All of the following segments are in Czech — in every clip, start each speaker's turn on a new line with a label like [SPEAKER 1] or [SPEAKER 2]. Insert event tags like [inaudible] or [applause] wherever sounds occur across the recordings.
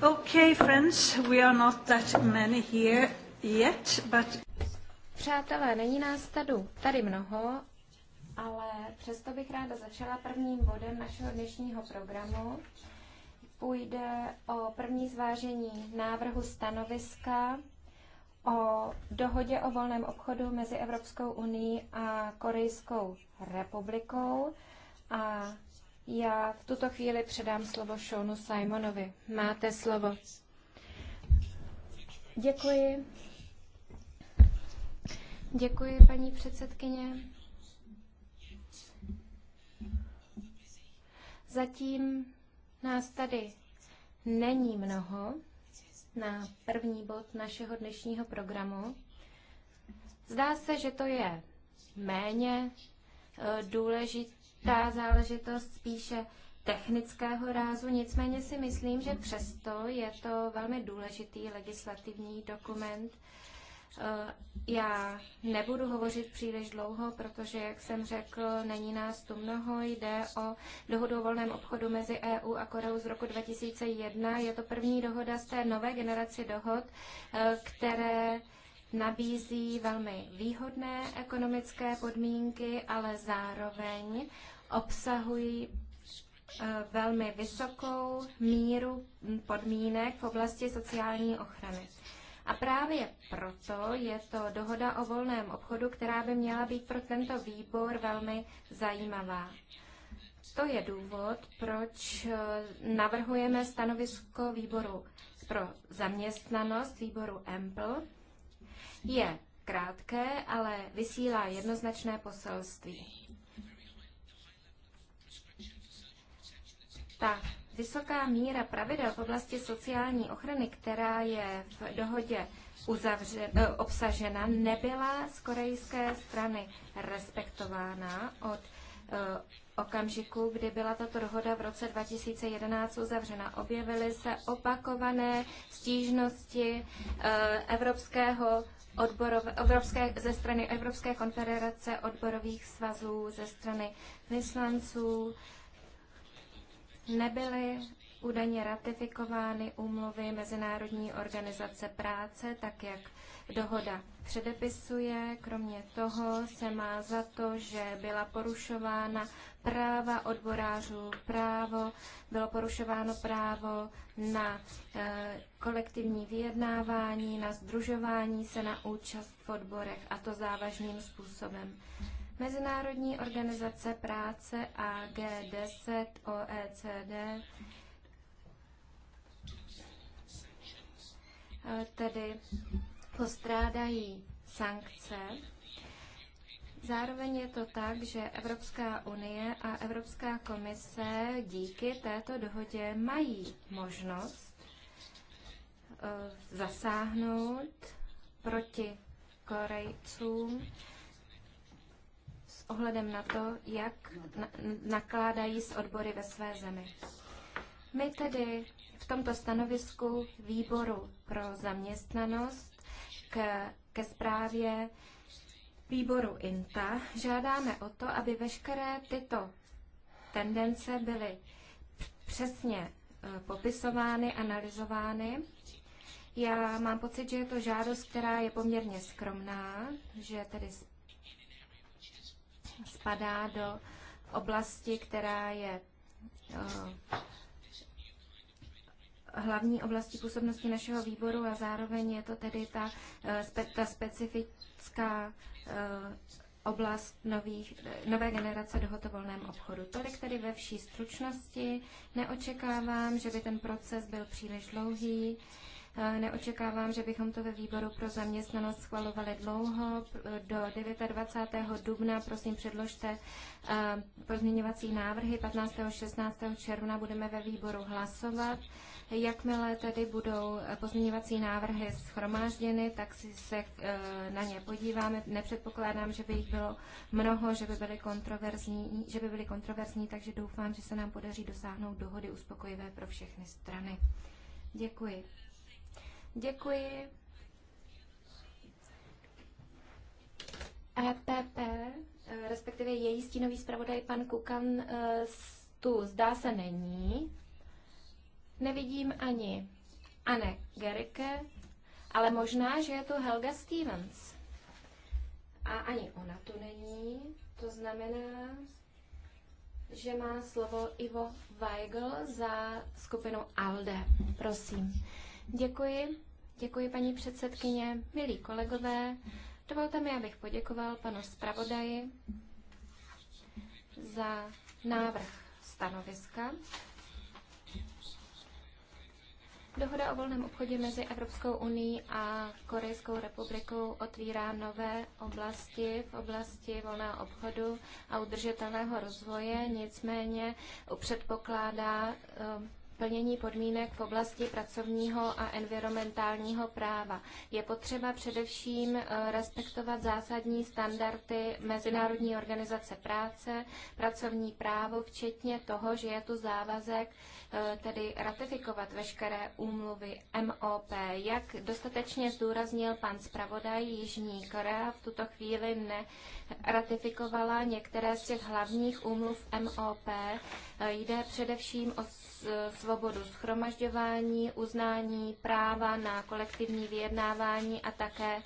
[SPEAKER 1] Okay, friends, we are not that many here yet, but...
[SPEAKER 2] Přátelé, není nás tady, tady mnoho, ale přesto bych ráda začala prvním bodem našeho dnešního programu. Půjde o první zvážení návrhu stanoviska o dohodě o volném obchodu mezi Evropskou unii a Korejskou republikou. A já v tuto chvíli předám slovo Seanu Simonovi. Máte slovo. Děkuji. Děkuji, paní předsedkyně. Zatím nás tady není mnoho na první bod našeho dnešního programu. Zdá se, že to je méně eh, důležitý ta záležitost spíše technického rázu, nicméně si myslím, že přesto je to velmi důležitý legislativní dokument. Eh, já nebudu hovořit příliš dlouho, protože, jak jsem řekl, není nás tu mnoho. Jde o dohodu o volném obchodu mezi EU a Koreou z roku 2001. Je to první dohoda z té nové generaci dohod, eh, které nabízí velmi výhodné ekonomické podmínky, ale zároveň obsahují eh, velmi vysokou míru podmínek v oblasti sociální ochrany. A právě proto je to dohoda o volném obchodu, která by měla být pro tento výbor velmi zajímavá. To je důvod, proč eh, navrhujeme stanovisko výboru pro zaměstnanost, výboru EMPL. Je krátké, ale vysílá jednoznačné poselství. Ta vysoká míra pravidel v oblasti sociální ochrany, která je v dohodě uzavře, eh, obsažena, nebyla z korejské strany respektována od eh, okamžiku, kdy byla tato dohoda v roce 2011 uzavřena. Objevily se opakované stížnosti eh, Evropského odborov, Evropské, ze strany Evropské konfederace odborových svazů, ze strany vyslanců, nebyly údajně ratifikovány úmluvy Mezinárodní organizace práce, tak jak dohoda předepisuje. Kromě toho se má za to, že byla porušována práva odborářů, právo, bylo porušováno právo na e, kolektivní vyjednávání, na združování se na účast v odborech a to závažným způsobem. Mezinárodní organizace práce a G10 OECD e, tedy postrádají sankce. Zároveň je to tak, že Evropská unie a Evropská komise díky této dohodě mají možnost e, zasáhnout proti Korejcům ohledem na to, jak nakládají s odbory ve své zemi. My tedy v tomto stanovisku výboru pro zaměstnanost k, ke zprávě výboru INTA žádáme o to, aby veškeré tyto tendence byly přesně e, popisovány, analyzovány. Já mám pocit, že je to žádost, která je poměrně skromná, že tedy spadá do oblasti, která je eh, hlavní oblasti působnosti našeho výboru a zároveň je to tedy ta, eh, spe, ta specifická eh, oblast nových, nové generace dohotovolném obchodu. Tolik tedy ve vší stručnosti. Neočekávám, že by ten proces byl příliš dlouhý. Neočekávám, že bychom to ve výboru pro zaměstnanost schvalovali dlouho. Do 29. dubna prosím předložte pozměňovací návrhy. 15. 16. června budeme ve výboru hlasovat. Jakmile tedy budou e, pozměňovací návrhy schromážděny, tak si se e, na ně podíváme. Nepředpokládám, že by jich bylo mnoho, že by byly kontroverzní, že by byly kontroverzní takže doufám, že se nám podaří dosáhnout dohody uspokojivé pro všechny strany. Děkuji. Děkuji. EPP, eh, respektive její stínový zpravodaj pan Kukan, eh, tu zdá se není. Nevidím ani Anne Gerke, ale možná, že je to Helga Stevens. A ani ona tu není. To znamená, že má slovo Ivo Weigl za skupinu ALDE. Prosím. Děkuji. Děkuji, paní předsedkyně. Milí kolegové, dovolte mi, abych poděkoval panu zpravodaji za návrh stanoviska. Dohoda o volném obchodě mezi Evropskou unii a Korejskou republikou otvírá nové oblasti v oblasti volného obchodu a udržitelného rozvoje, nicméně předpokládá eh, plnění podmínek v oblasti pracovního a environmentálního práva. Je potřeba především eh, respektovat zásadní standardy Mezinárodní organizace práce, pracovní právo, včetně toho, že je tu závazek eh, tedy ratifikovat veškeré úmluvy MOP. Jak dostatečně zdůraznil pan zpravodaj, Jižní Korea v tuto chvíli neratifikovala některé z těch hlavních úmluv MOP, Jde především o svobodu schromažďování, uznání práva na kolektivní vyjednávání a také e,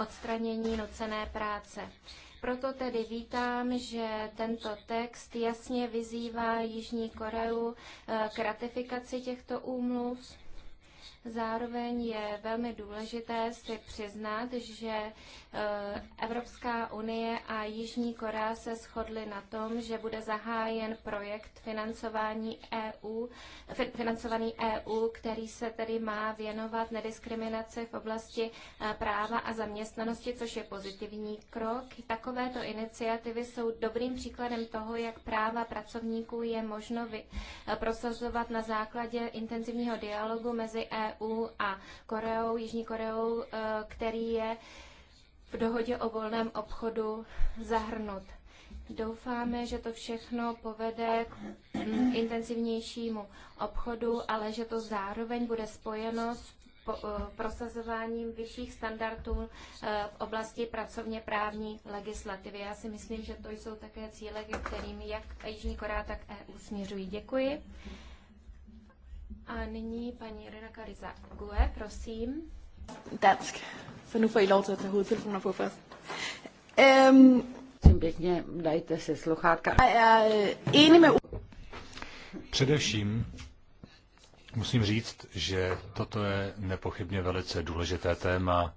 [SPEAKER 2] odstranění nocené práce. Proto tedy vítám, že tento text jasně vyzývá Jižní Koreu e, k ratifikaci těchto úmluv. Zároveň je velmi důležité si přiznat, že Eh, Evropská unie a Jižní Korea se shodly na tom, že bude zahájen projekt financování EU, financovaný EU, který se tedy má věnovat nediskriminaci v oblasti eh, práva a zaměstnanosti, což je pozitivní krok. Takovéto iniciativy jsou dobrým příkladem toho, jak práva pracovníků je možno vy, eh, prosazovat na základě intenzivního dialogu mezi EU a Koreou, Jižní Koreou, který je v dohodě o volném obchodu zahrnut. Doufáme, že to všechno povede k intenzivnějšímu obchodu, ale že to zároveň bude spojeno s eh, prosazováním vyšších standardů eh, v oblasti pracovně právní legislativy. Já si myslím, že to jsou také cíle, kterým jak Jižní Korea, tak EU směřují. Děkuji. A nyní paní Renaka Riza Gue, prosím.
[SPEAKER 3] Dansk. For nu får I lov til at tage hovedtelefoner på først. Øhm, Prosím pěkně, dajte si sluchátka. Já er,
[SPEAKER 1] øh,
[SPEAKER 4] Především musím říct, že toto je nepochybně velice důležité téma.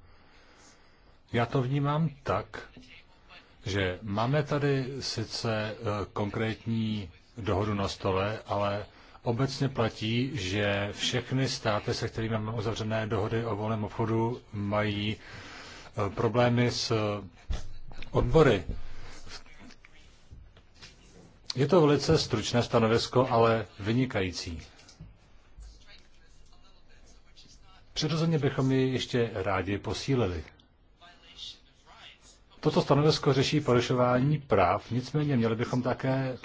[SPEAKER 4] Já to vnímám tak, že máme tady sice eh, konkrétní dohodu na stole, ale Obecně platí, že všechny státy, se kterými máme uzavřené dohody o volném obchodu, mají e, problémy s e, odbory. Je to velice stručné stanovisko, ale vynikající. Přirozeně bychom ji ještě rádi posílili. Toto stanovisko řeší porušování práv, nicméně měli bychom také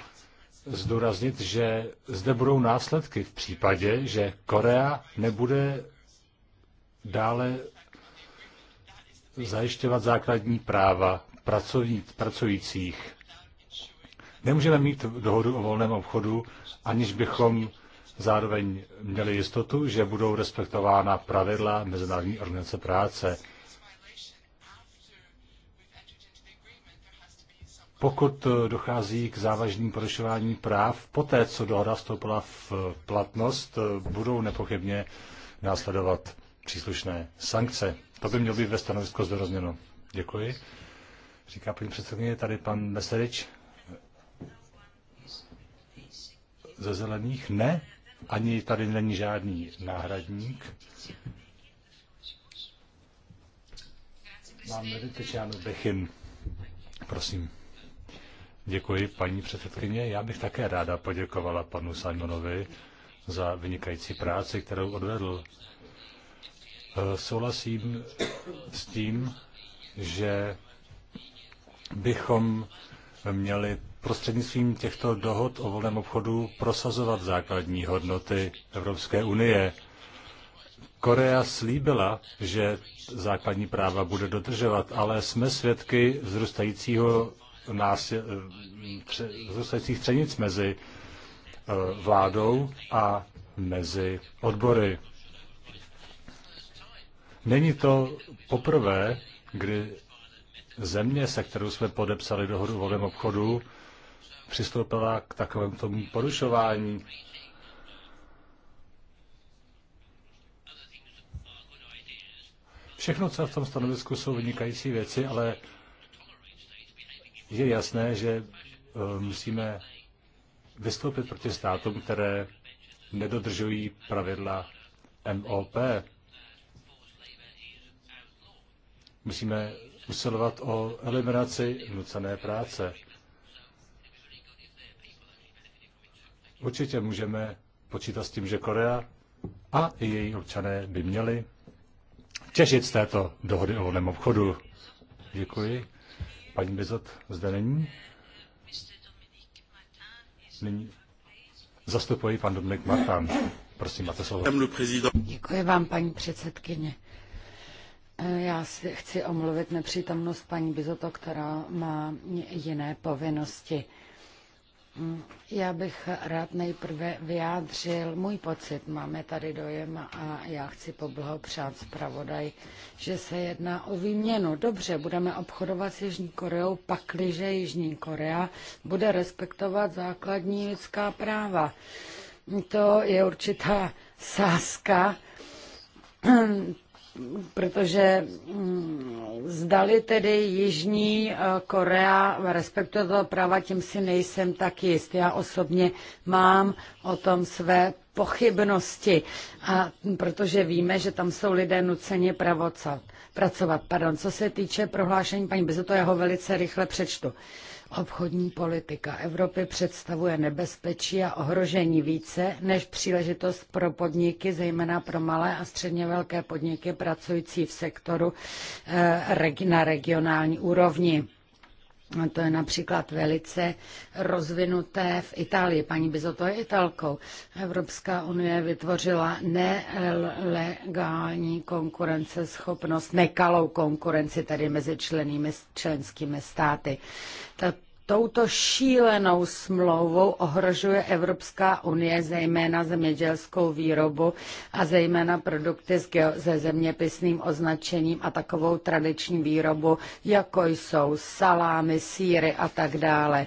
[SPEAKER 4] zdůraznit, že zde budou následky v případě, že Korea nebude dále zajišťovat základní práva pracujících. Nemůžeme mít dohodu o volném obchodu, aniž bychom zároveň měli jistotu, že budou respektována pravidla Mezinárodní organizace práce. pokud eh, dochází k závažným porušování práv, poté, co dohoda vstoupila v eh, platnost, eh, budou nepochybně následovat příslušné sankce. To by mělo být ve stanovisko zdorozněno. Děkuji. Říká paní předsedkyně, tady pan Meserič ze zelených. Ne, ani tady není žádný náhradník. Máme Tečánu Bechin. Prosím. Děkuji, paní předsedkyně. Já bych také ráda poděkovala panu Simonovi za vynikající práci, kterou odvedl. E, souhlasím s tím, že bychom měli prostřednictvím těchto dohod o volném obchodu prosazovat základní hodnoty Evropské unie. Korea slíbila, že základní práva bude dodržovat, ale jsme svědky vzrůstajícího nás eh, zůstajících střenic mezi eh, vládou a mezi odbory. Není to poprvé, kdy země, se kterou jsme podepsali dohodu o obchodu, přistoupila k takovému tomu porušování. Všechno, co v tom stanovisku jsou vynikající věci, ale je jasné, že eh, musíme vystoupit proti státům, které nedodržují pravidla MOP. Musíme usilovat o eliminaci nucené práce. Určitě můžeme počítat s tím, že Korea a i její občané by měli těžit z této dohody o volném obchodu. Děkuji. Paní Bezat zde není. Nyní zastupuje pan Dominik Martán. Prosím, máte slovo. Děkuji
[SPEAKER 3] vám, paní předsedkyně. E, já si chci omluvit nepřítomnost paní Bizoto, která má jiné povinnosti. Já bych rád nejprve vyjádřil můj pocit. Máme tady dojem a já chci poblahopřát zpravodaj, že se jedná o výměnu. Dobře, budeme obchodovat s Jižní Koreou, pakliže Jižní Korea bude respektovat základní lidská práva. To je určitá sázka protože mm, zdali tedy Jižní eh, Korea respektuje to práva, tím si nejsem tak jist. Já osobně mám o tom své pochybnosti, a, protože víme, že tam jsou lidé nuceně pravocat, pracovat. Pardon. Co se týče prohlášení paní Bezeto, já ho velice rychle přečtu. Obchodní politika Evropy představuje nebezpečí a ohrožení více než příležitost pro podniky, zejména pro malé a středně velké podniky pracující v sektoru eh, na regionální úrovni. To je například velice rozvinuté v Itálii. Paní Bizoto je Italkou. Evropská unie vytvořila nelegální konkurenceschopnost, nekalou konkurenci tedy mezi členými, členskými státy. Ta touto šílenou smlouvou ohrožuje Evropská unie zejména zemědělskou výrobu a zejména produkty se zeměpisným označením a takovou tradiční výrobu, jako jsou salámy, síry a tak dále.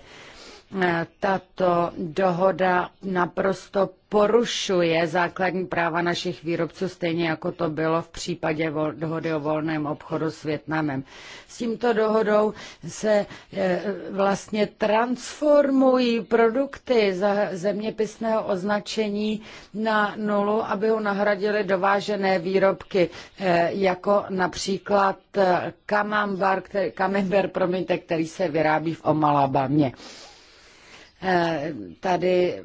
[SPEAKER 3] Eh, tato dohoda naprosto porušuje základní práva našich výrobců, stejně jako to bylo v případě dohody o volném obchodu s Větnamem. S tímto dohodou se eh, vlastně transformují produkty za zeměpisného označení na nulu, aby ho nahradili dovážené výrobky, eh, jako například kamember, který, kamember promiňte, který se vyrábí v Omalabamě. Eh, tady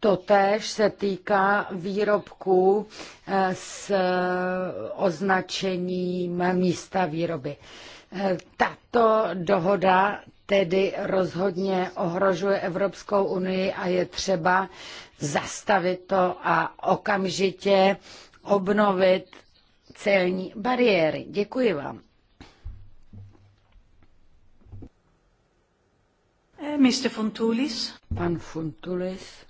[SPEAKER 3] Totéž se týká výrobků eh, s označením místa výroby. Eh, tato dohoda tedy rozhodně ohrožuje Evropskou unii a je třeba zastavit to a okamžitě obnovit celní bariéry. Děkuji vám. Eh, Mr. Fontulis. Pan Fontulis.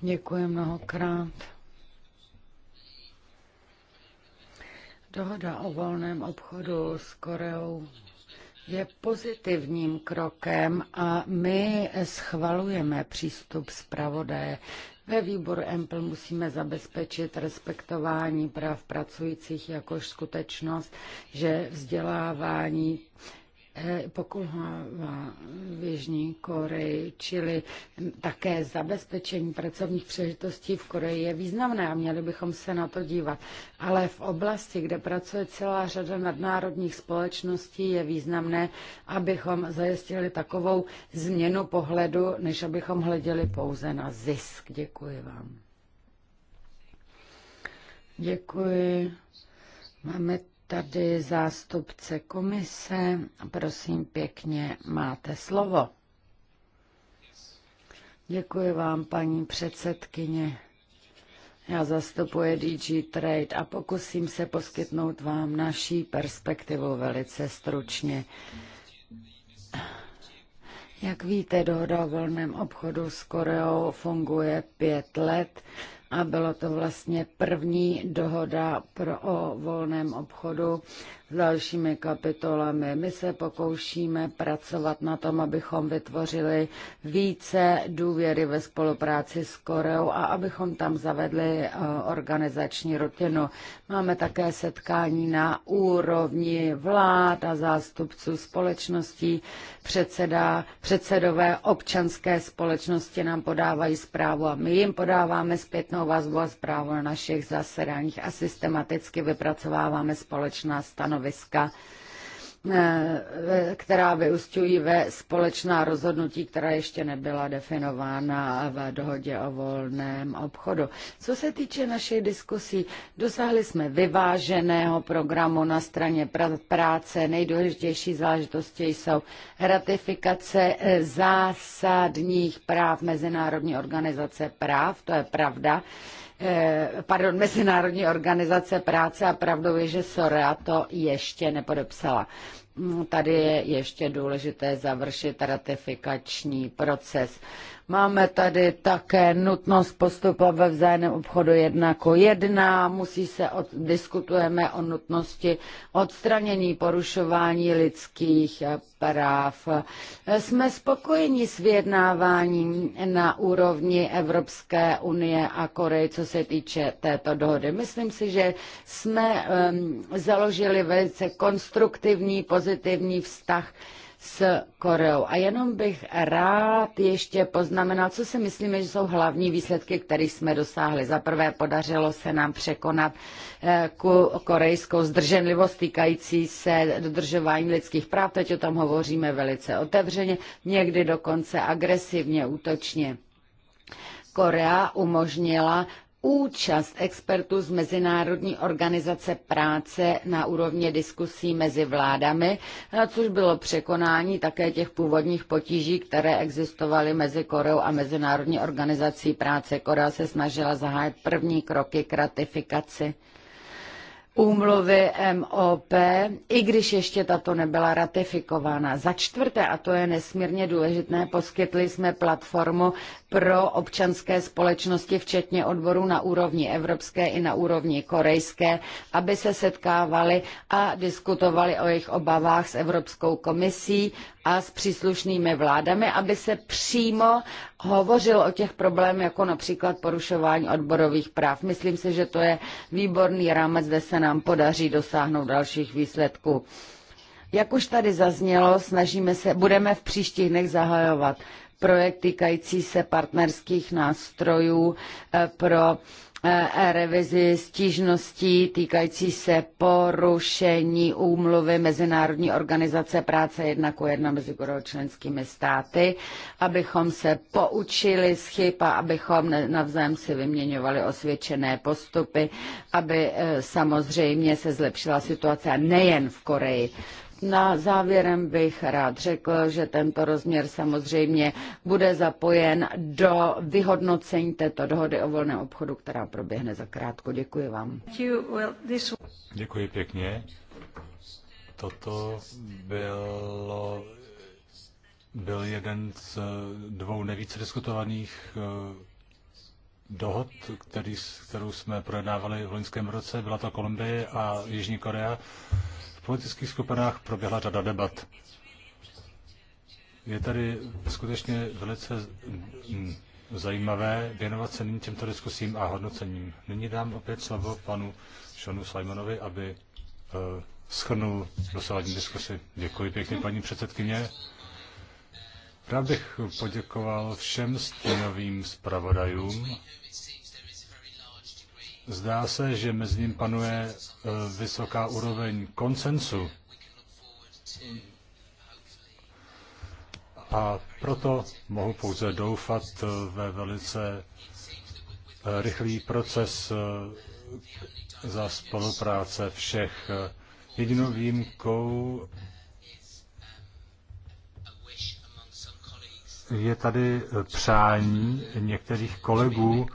[SPEAKER 3] Děkuji mnohokrát. Dohoda o volném obchodu s Koreou je pozitivním krokem a my schvalujeme přístup zpravodaje. Ve výboru EMPL musíme zabezpečit respektování práv pracujících jakož skutečnost, že vzdělávání Eh, pokulhává v Jižní Koreji, čili také zabezpečení pracovních příležitostí v Koreji je významné a měli bychom se na to dívat. Ale v oblasti, kde pracuje celá řada nadnárodních společností, je významné, abychom zajistili takovou změnu pohledu, než abychom hleděli pouze na zisk. Děkuji vám. Děkuji. Máme tady zástupce komise. Prosím pěkně, máte slovo. Děkuji vám, paní předsedkyně. Já zastupuji DG Trade a pokusím se poskytnout vám naší perspektivu velice stručně. Jak víte, dohoda o volném obchodu s Koreou funguje pět let a bylo to vlastně první dohoda pro, o volném obchodu dalšími kapitolami. My se pokoušíme pracovat na tom, abychom vytvořili více důvěry ve spolupráci s Koreou a abychom tam zavedli eh, organizační rutinu. Máme také setkání na úrovni vlád a zástupců společností. Předseda, předsedové občanské společnosti nám podávají zprávu a my jim podáváme zpětnou vazbu a zprávu na našich zasedáních a systematicky vypracováváme společná stanoviska stanoviska eh, která vyústňují ve společná rozhodnutí, která ještě nebyla definována v dohodě o volném obchodu. Co se týče našich diskusí, dosáhli jsme vyváženého programu na straně práce. Nejdůležitější záležitosti jsou ratifikace eh, zásadních práv Mezinárodní organizace práv, to je pravda Eh, pardon, Mezinárodní organizace práce a pravdou je, že SORA to ještě nepodepsala. Mm, tady je ještě důležité završit ratifikační proces. Máme tady také nutnost postupovat ve vzájemném obchodu jedna jako jedna. Musí se od, diskutujeme o nutnosti odstranění porušování lidských eh, práv. Jsme spokojeni s vyjednáváním na úrovni Evropské unie a Koreje, co se týče této dohody. Myslím si, že jsme um, založili velice konstruktivní, pozitivní vztah s Koreou. A jenom bych rád ještě poznamenal, co si myslíme, že jsou hlavní výsledky, které jsme dosáhli. Za prvé podařilo se nám překonat eh, korejskou zdrženlivost týkající se dodržování lidských práv. Teď o tom hovoříme velice otevřeně, někdy dokonce agresivně, útočně. Korea umožnila účast expertů z Mezinárodní organizace práce na úrovni diskusí mezi vládami, eh, což bylo překonání také těch původních potíží, které existovaly mezi Koreou a Mezinárodní organizací práce. Korea se snažila zahájit první kroky k ratifikaci úmluvy MOP, i když ještě tato nebyla ratifikována. Za čtvrté, a to je nesmírně důležité, poskytli jsme platformu pro občanské společnosti, včetně odborů na úrovni evropské i na úrovni korejské, aby se setkávali a diskutovali o jejich obavách s Evropskou komisí a s příslušnými vládami, aby se přímo hovořil o těch problémech, jako například porušování odborových práv. Myslím si, že to je výborný rámec, kde se nám podaří dosáhnout dalších výsledků. Jak už tady zaznělo, snažíme se, budeme v příštích dnech zahajovat projekt týkající se partnerských nástrojů eh, pro eh, revizi stížností týkající se porušení úmluvy Mezinárodní organizace práce jedna ku jedna mezi členskými státy, abychom se poučili z chyb a abychom navzájem si vyměňovali osvědčené postupy, aby eh, samozřejmě se zlepšila situace nejen v Koreji. Na závěrem bych rád řekl, že tento rozměr samozřejmě bude zapojen do vyhodnocení této dohody o volném obchodu, která proběhne za krátko. Děkuji vám.
[SPEAKER 4] Děkuji pěkně. Toto bylo, byl jeden z dvou nejvíce diskutovaných eh, dohod, který, kterou jsme projednávali v loňském roce. Byla to Kolumbie a Jižní Korea politických skupinách proběhla řada debat. Je tady skutečně velice mm, mm, zajímavé věnovat se nyní těmto diskusím a hodnocením. Nyní dám opět slovo panu Šonu Slajmanovi, aby eh, schrnul dosávadní diskusy. Děkuji pěkně, paní předsedkyně. Rád bych poděkoval všem stínovým zpravodajům Zdá se, že mezi ním panuje e, vysoká úroveň konsensu. A proto mohu pouze doufat e, ve velice e, rychlý proces za spolupráce všech. Jedinou výjimkou je tady přání některých kolegů,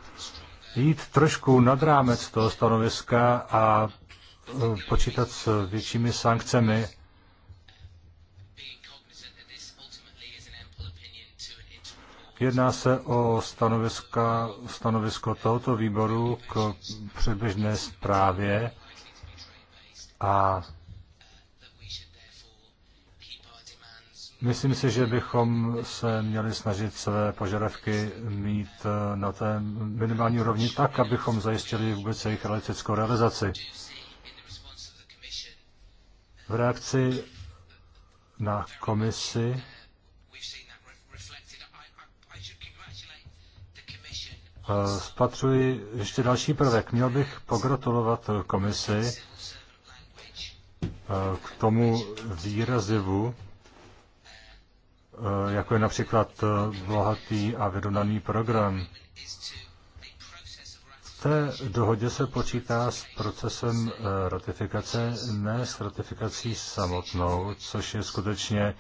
[SPEAKER 4] jít trošku nad rámec toho stanoviska a e, počítat s většími sankcemi. Jedná se o stanoviska, stanovisko tohoto výboru k předběžné zprávě a Myslím si, že bychom se měli snažit své požadavky mít eh, na té minimální úrovni tak, abychom zajistili vůbec jejich realistickou realizaci. V reakci na komisi eh, spatřuji ještě další prvek. Měl bych pogratulovat komisi eh, k tomu výrazivu, Eh, jako je například eh, bohatý a vyrovnaný program. V té dohodě se počítá s procesem eh, ratifikace, ne s ratifikací samotnou, což je skutečně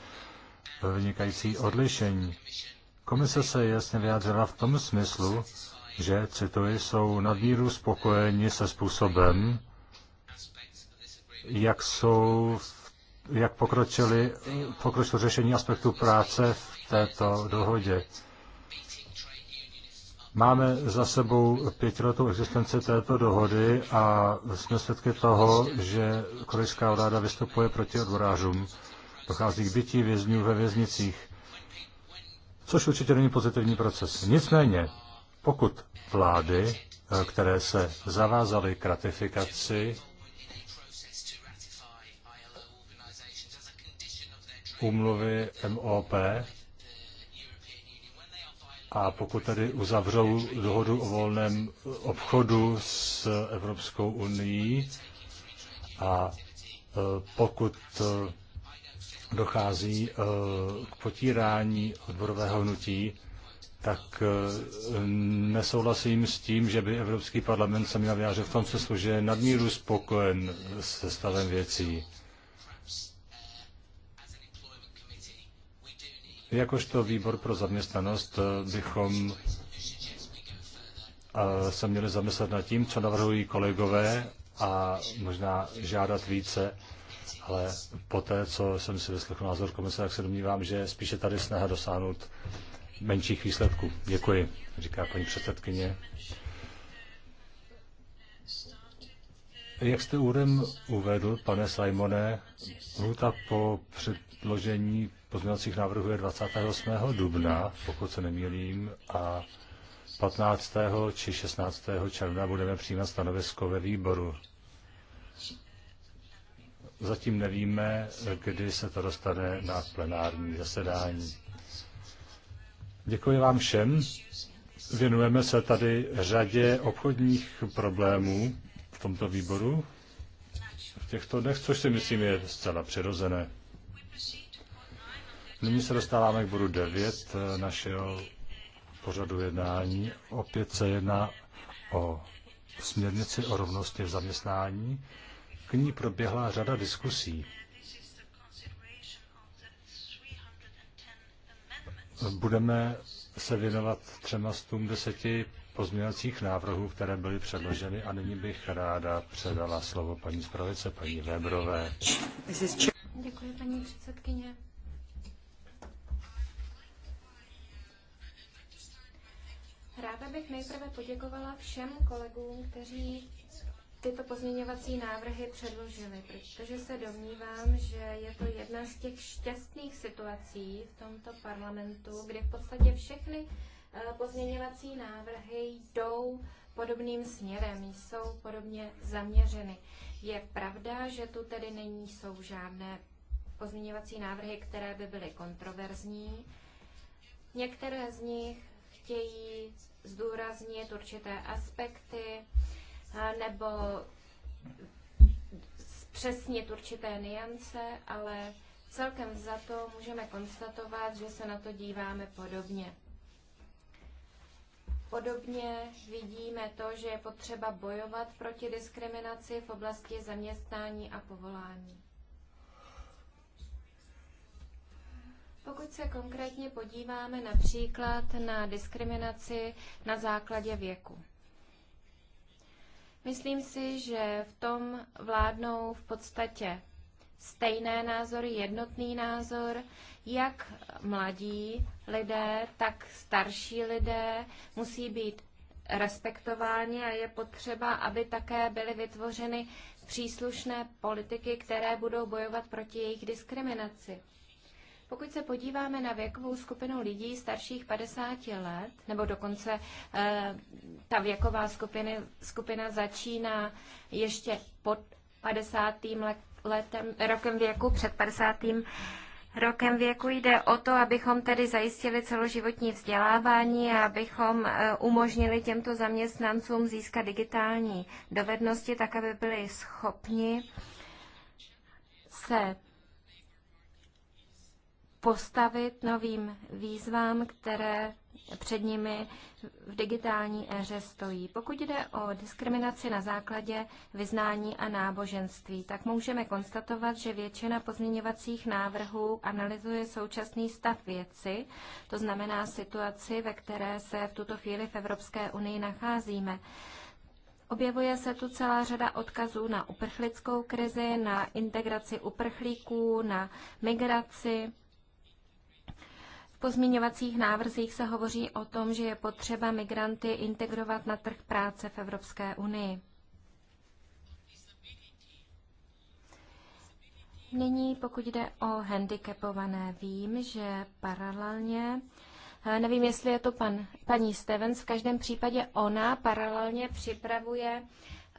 [SPEAKER 4] vynikající odlišení. Komise se jasně vyjádřila v tom smyslu, že, cituji, jsou nadmíru spokojeni se způsobem, jak jsou v jak pokročili, pokročilo řešení aspektu práce v této dohodě. Máme za sebou pětiletou existenci této dohody a jsme svědky toho, že korejská vláda vystupuje proti odborářům. Dochází k bytí vězňů ve věznicích, což určitě není pozitivní proces. Nicméně, pokud vlády, eh, které se zavázaly k ratifikaci úmluvy MOP a pokud tedy uzavřou dohodu o volném obchodu s Evropskou unii a e, pokud e, dochází e, k potírání odborového hnutí, tak nesouhlasím s tím, že by Evropský parlament se měl vyjádřit v tom smyslu, že je nadmíru spokojen se stavem věcí. Jakožto výbor pro zaměstnanost eh, bychom eh, se měli zamyslet nad tím, co navrhují kolegové a možná žádat více, ale po té, co jsem si vyslechl názor komise, tak se domnívám, že spíše tady snaha dosáhnout menších výsledků. Děkuji, říká paní předsedkyně. Jak jste úvodem uvedl, pane Simone, lhuta po předložení pozměňovacích návrhů je 28. dubna, pokud se nemýlím, a 15. či 16. června budeme přijímat stanovisko ve výboru. Zatím nevíme, kdy se to dostane na plenární zasedání. Děkuji vám všem. Věnujeme se tady řadě obchodních problémů tomto výboru v těchto dnech, což si myslím je zcela přirozené. Nyní se dostáváme k bodu 9 eh, našeho pořadu jednání. Opět se jedná o směrnici o rovnosti v zaměstnání. K ní proběhla řada diskusí. Budeme se věnovat třema z deseti pozměňovacích návrhů, které byly předloženy a nyní bych ráda předala slovo paní zpravice, paní Weberové.
[SPEAKER 2] Děkuji, paní předsedkyně. Ráda bych nejprve poděkovala všem kolegům, kteří tyto pozměňovací návrhy předložili, protože se domnívám, že je to jedna z těch šťastných situací v tomto parlamentu, kde v podstatě všechny Eh, pozměňovací návrhy jdou podobným směrem, jsou podobně zaměřeny. Je pravda, že tu tedy není, jsou žádné pozměňovací návrhy, které by byly kontroverzní. Některé z nich chtějí zdůraznit určité aspekty eh, nebo zpřesnit určité niance, ale celkem za to můžeme konstatovat, že se na to díváme podobně. Podobně vidíme to, že je potřeba bojovat proti diskriminaci v oblasti zaměstnání a povolání. Pokud se konkrétně podíváme například na diskriminaci na základě věku. Myslím si, že v tom vládnou v podstatě stejné názory, jednotný názor, jak mladí, lidé, tak starší lidé musí být respektováni a je potřeba, aby také byly vytvořeny příslušné politiky, které budou bojovat proti jejich diskriminaci. Pokud se podíváme na věkovou skupinu lidí starších 50 let, nebo dokonce e, ta věková skupiny, skupina začíná ještě pod 50. letem, rokem věku, před 50 rokem věku. Jde o to, abychom tedy zajistili celoživotní vzdělávání a abychom e, umožnili těmto zaměstnancům získat digitální dovednosti, tak aby byli schopni se postavit novým výzvám, které před nimi v digitální éře stojí. Pokud jde o diskriminaci na základě vyznání a náboženství, tak můžeme konstatovat, že většina pozměňovacích návrhů analyzuje současný stav věci, to znamená situaci, ve které se v tuto chvíli v Evropské unii nacházíme. Objevuje se tu celá řada odkazů na uprchlickou krizi, na integraci uprchlíků, na migraci, pozměňovacích návrzích se hovoří o tom, že je potřeba migranty integrovat na trh práce v Evropské unii. Nyní, pokud jde o handicapované, vím, že paralelně, eh, nevím, jestli je to pan, paní Stevens, v každém případě ona paralelně připravuje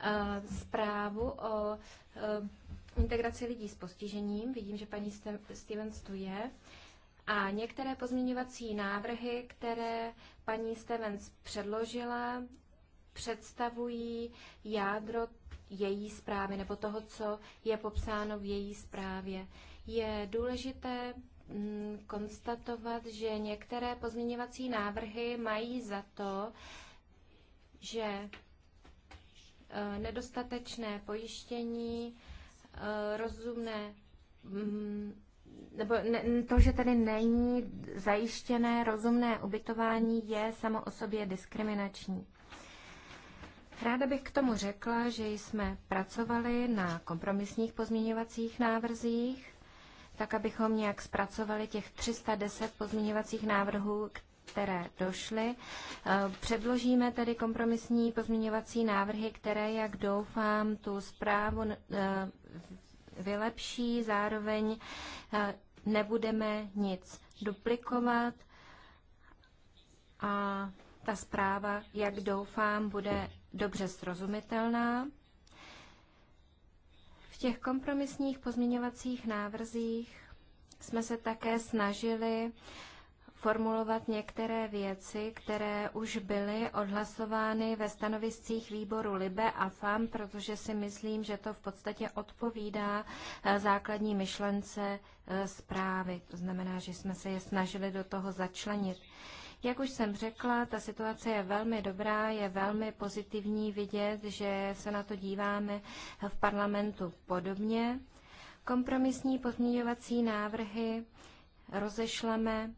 [SPEAKER 2] uh, zprávu o uh, integraci lidí s postižením. Vidím, že paní Stevens tu je. Uh, a některé pozměňovací návrhy, které paní Stevens předložila, představují jádro její zprávy nebo toho, co je popsáno v její zprávě. Je důležité mm, konstatovat, že některé pozměňovací návrhy mají za to, že e, nedostatečné pojištění, e, rozumné mm, nebo to, že tady není zajištěné rozumné ubytování, je samo o sobě diskriminační. Ráda bych k tomu řekla, že jsme pracovali na kompromisních pozměňovacích návrzích, tak abychom nějak zpracovali těch 310 pozměňovacích návrhů, které došly. Eh, předložíme tady kompromisní pozměňovací návrhy, které, jak doufám, tu zprávu eh, vylepší, zároveň eh, nebudeme nic duplikovat a ta zpráva, jak doufám, bude dobře srozumitelná. V těch kompromisních pozměňovacích návrzích jsme se také snažili formulovat některé věci, které už byly odhlasovány ve stanoviscích výboru Libe a FAM, protože si myslím, že to v podstatě odpovídá eh, základní myšlence eh, zprávy. To znamená, že jsme se je snažili do toho začlenit. Jak už jsem řekla, ta situace je velmi dobrá, je velmi pozitivní vidět, že se na to díváme eh, v parlamentu podobně. Kompromisní pozměňovací návrhy rozešleme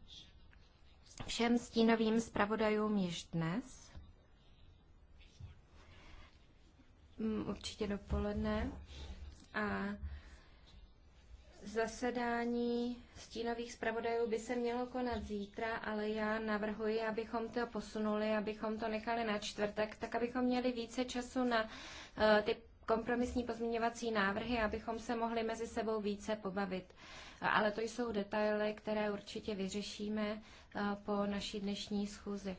[SPEAKER 2] všem stínovým zpravodajům již dnes. Mm, určitě dopoledne. A zasedání stínových zpravodajů by se mělo konat zítra, ale já navrhuji, abychom to posunuli, abychom to nechali na čtvrtek, tak abychom měli více času na eh, ty kompromisní pozměňovací návrhy, abychom se mohli mezi sebou více pobavit ale to jsou detaily, které určitě vyřešíme eh, po naší dnešní schůzi.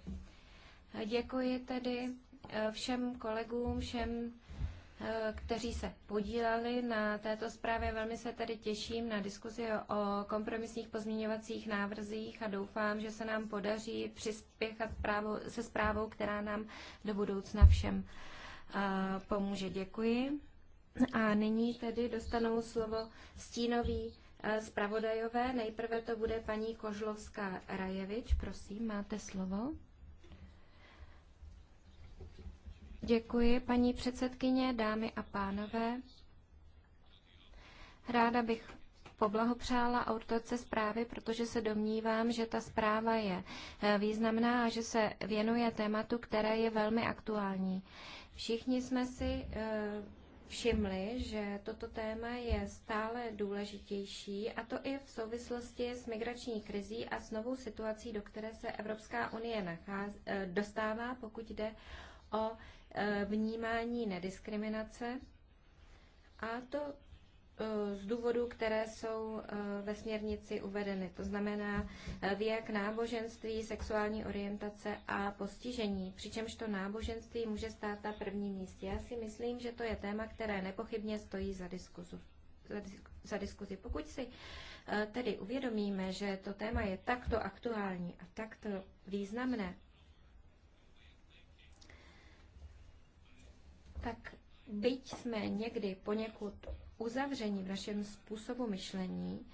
[SPEAKER 2] Děkuji tedy eh, všem kolegům, všem, eh, kteří se podíleli na této zprávě. Velmi se tedy těším na diskuzi o kompromisních pozměňovacích návrzích a doufám, že se nám podaří přispěchat se zprávou, která nám do budoucna všem pomůže. Děkuji. A nyní tedy dostanou slovo stínový Eh, zpravodajové. Nejprve to bude paní Kožlovská Rajevič. Prosím, máte slovo. Děkuji, paní předsedkyně, dámy a pánové. Ráda bych poblahopřála autorce zprávy, protože se domnívám, že ta zpráva je eh, významná a že se věnuje tématu, které je velmi aktuální. Všichni jsme si eh, všimli, že toto téma je stále důležitější, a to i v souvislosti s migrační krizí a s novou situací, do které se Evropská unie nachází, eh, dostává, pokud jde o eh, vnímání nediskriminace. A to z důvodů, které jsou eh, ve směrnici uvedeny, to znamená eh, věk, náboženství, sexuální orientace a postižení, přičemž to náboženství může stát na prvním místě. Já si myslím, že to je téma, které nepochybně stojí za diskuzu. Za, za diskuzi. Pokud si eh, tedy uvědomíme, že to téma je takto aktuální a takto významné, tak byť jsme někdy poněkud uzavření v našem způsobu myšlení,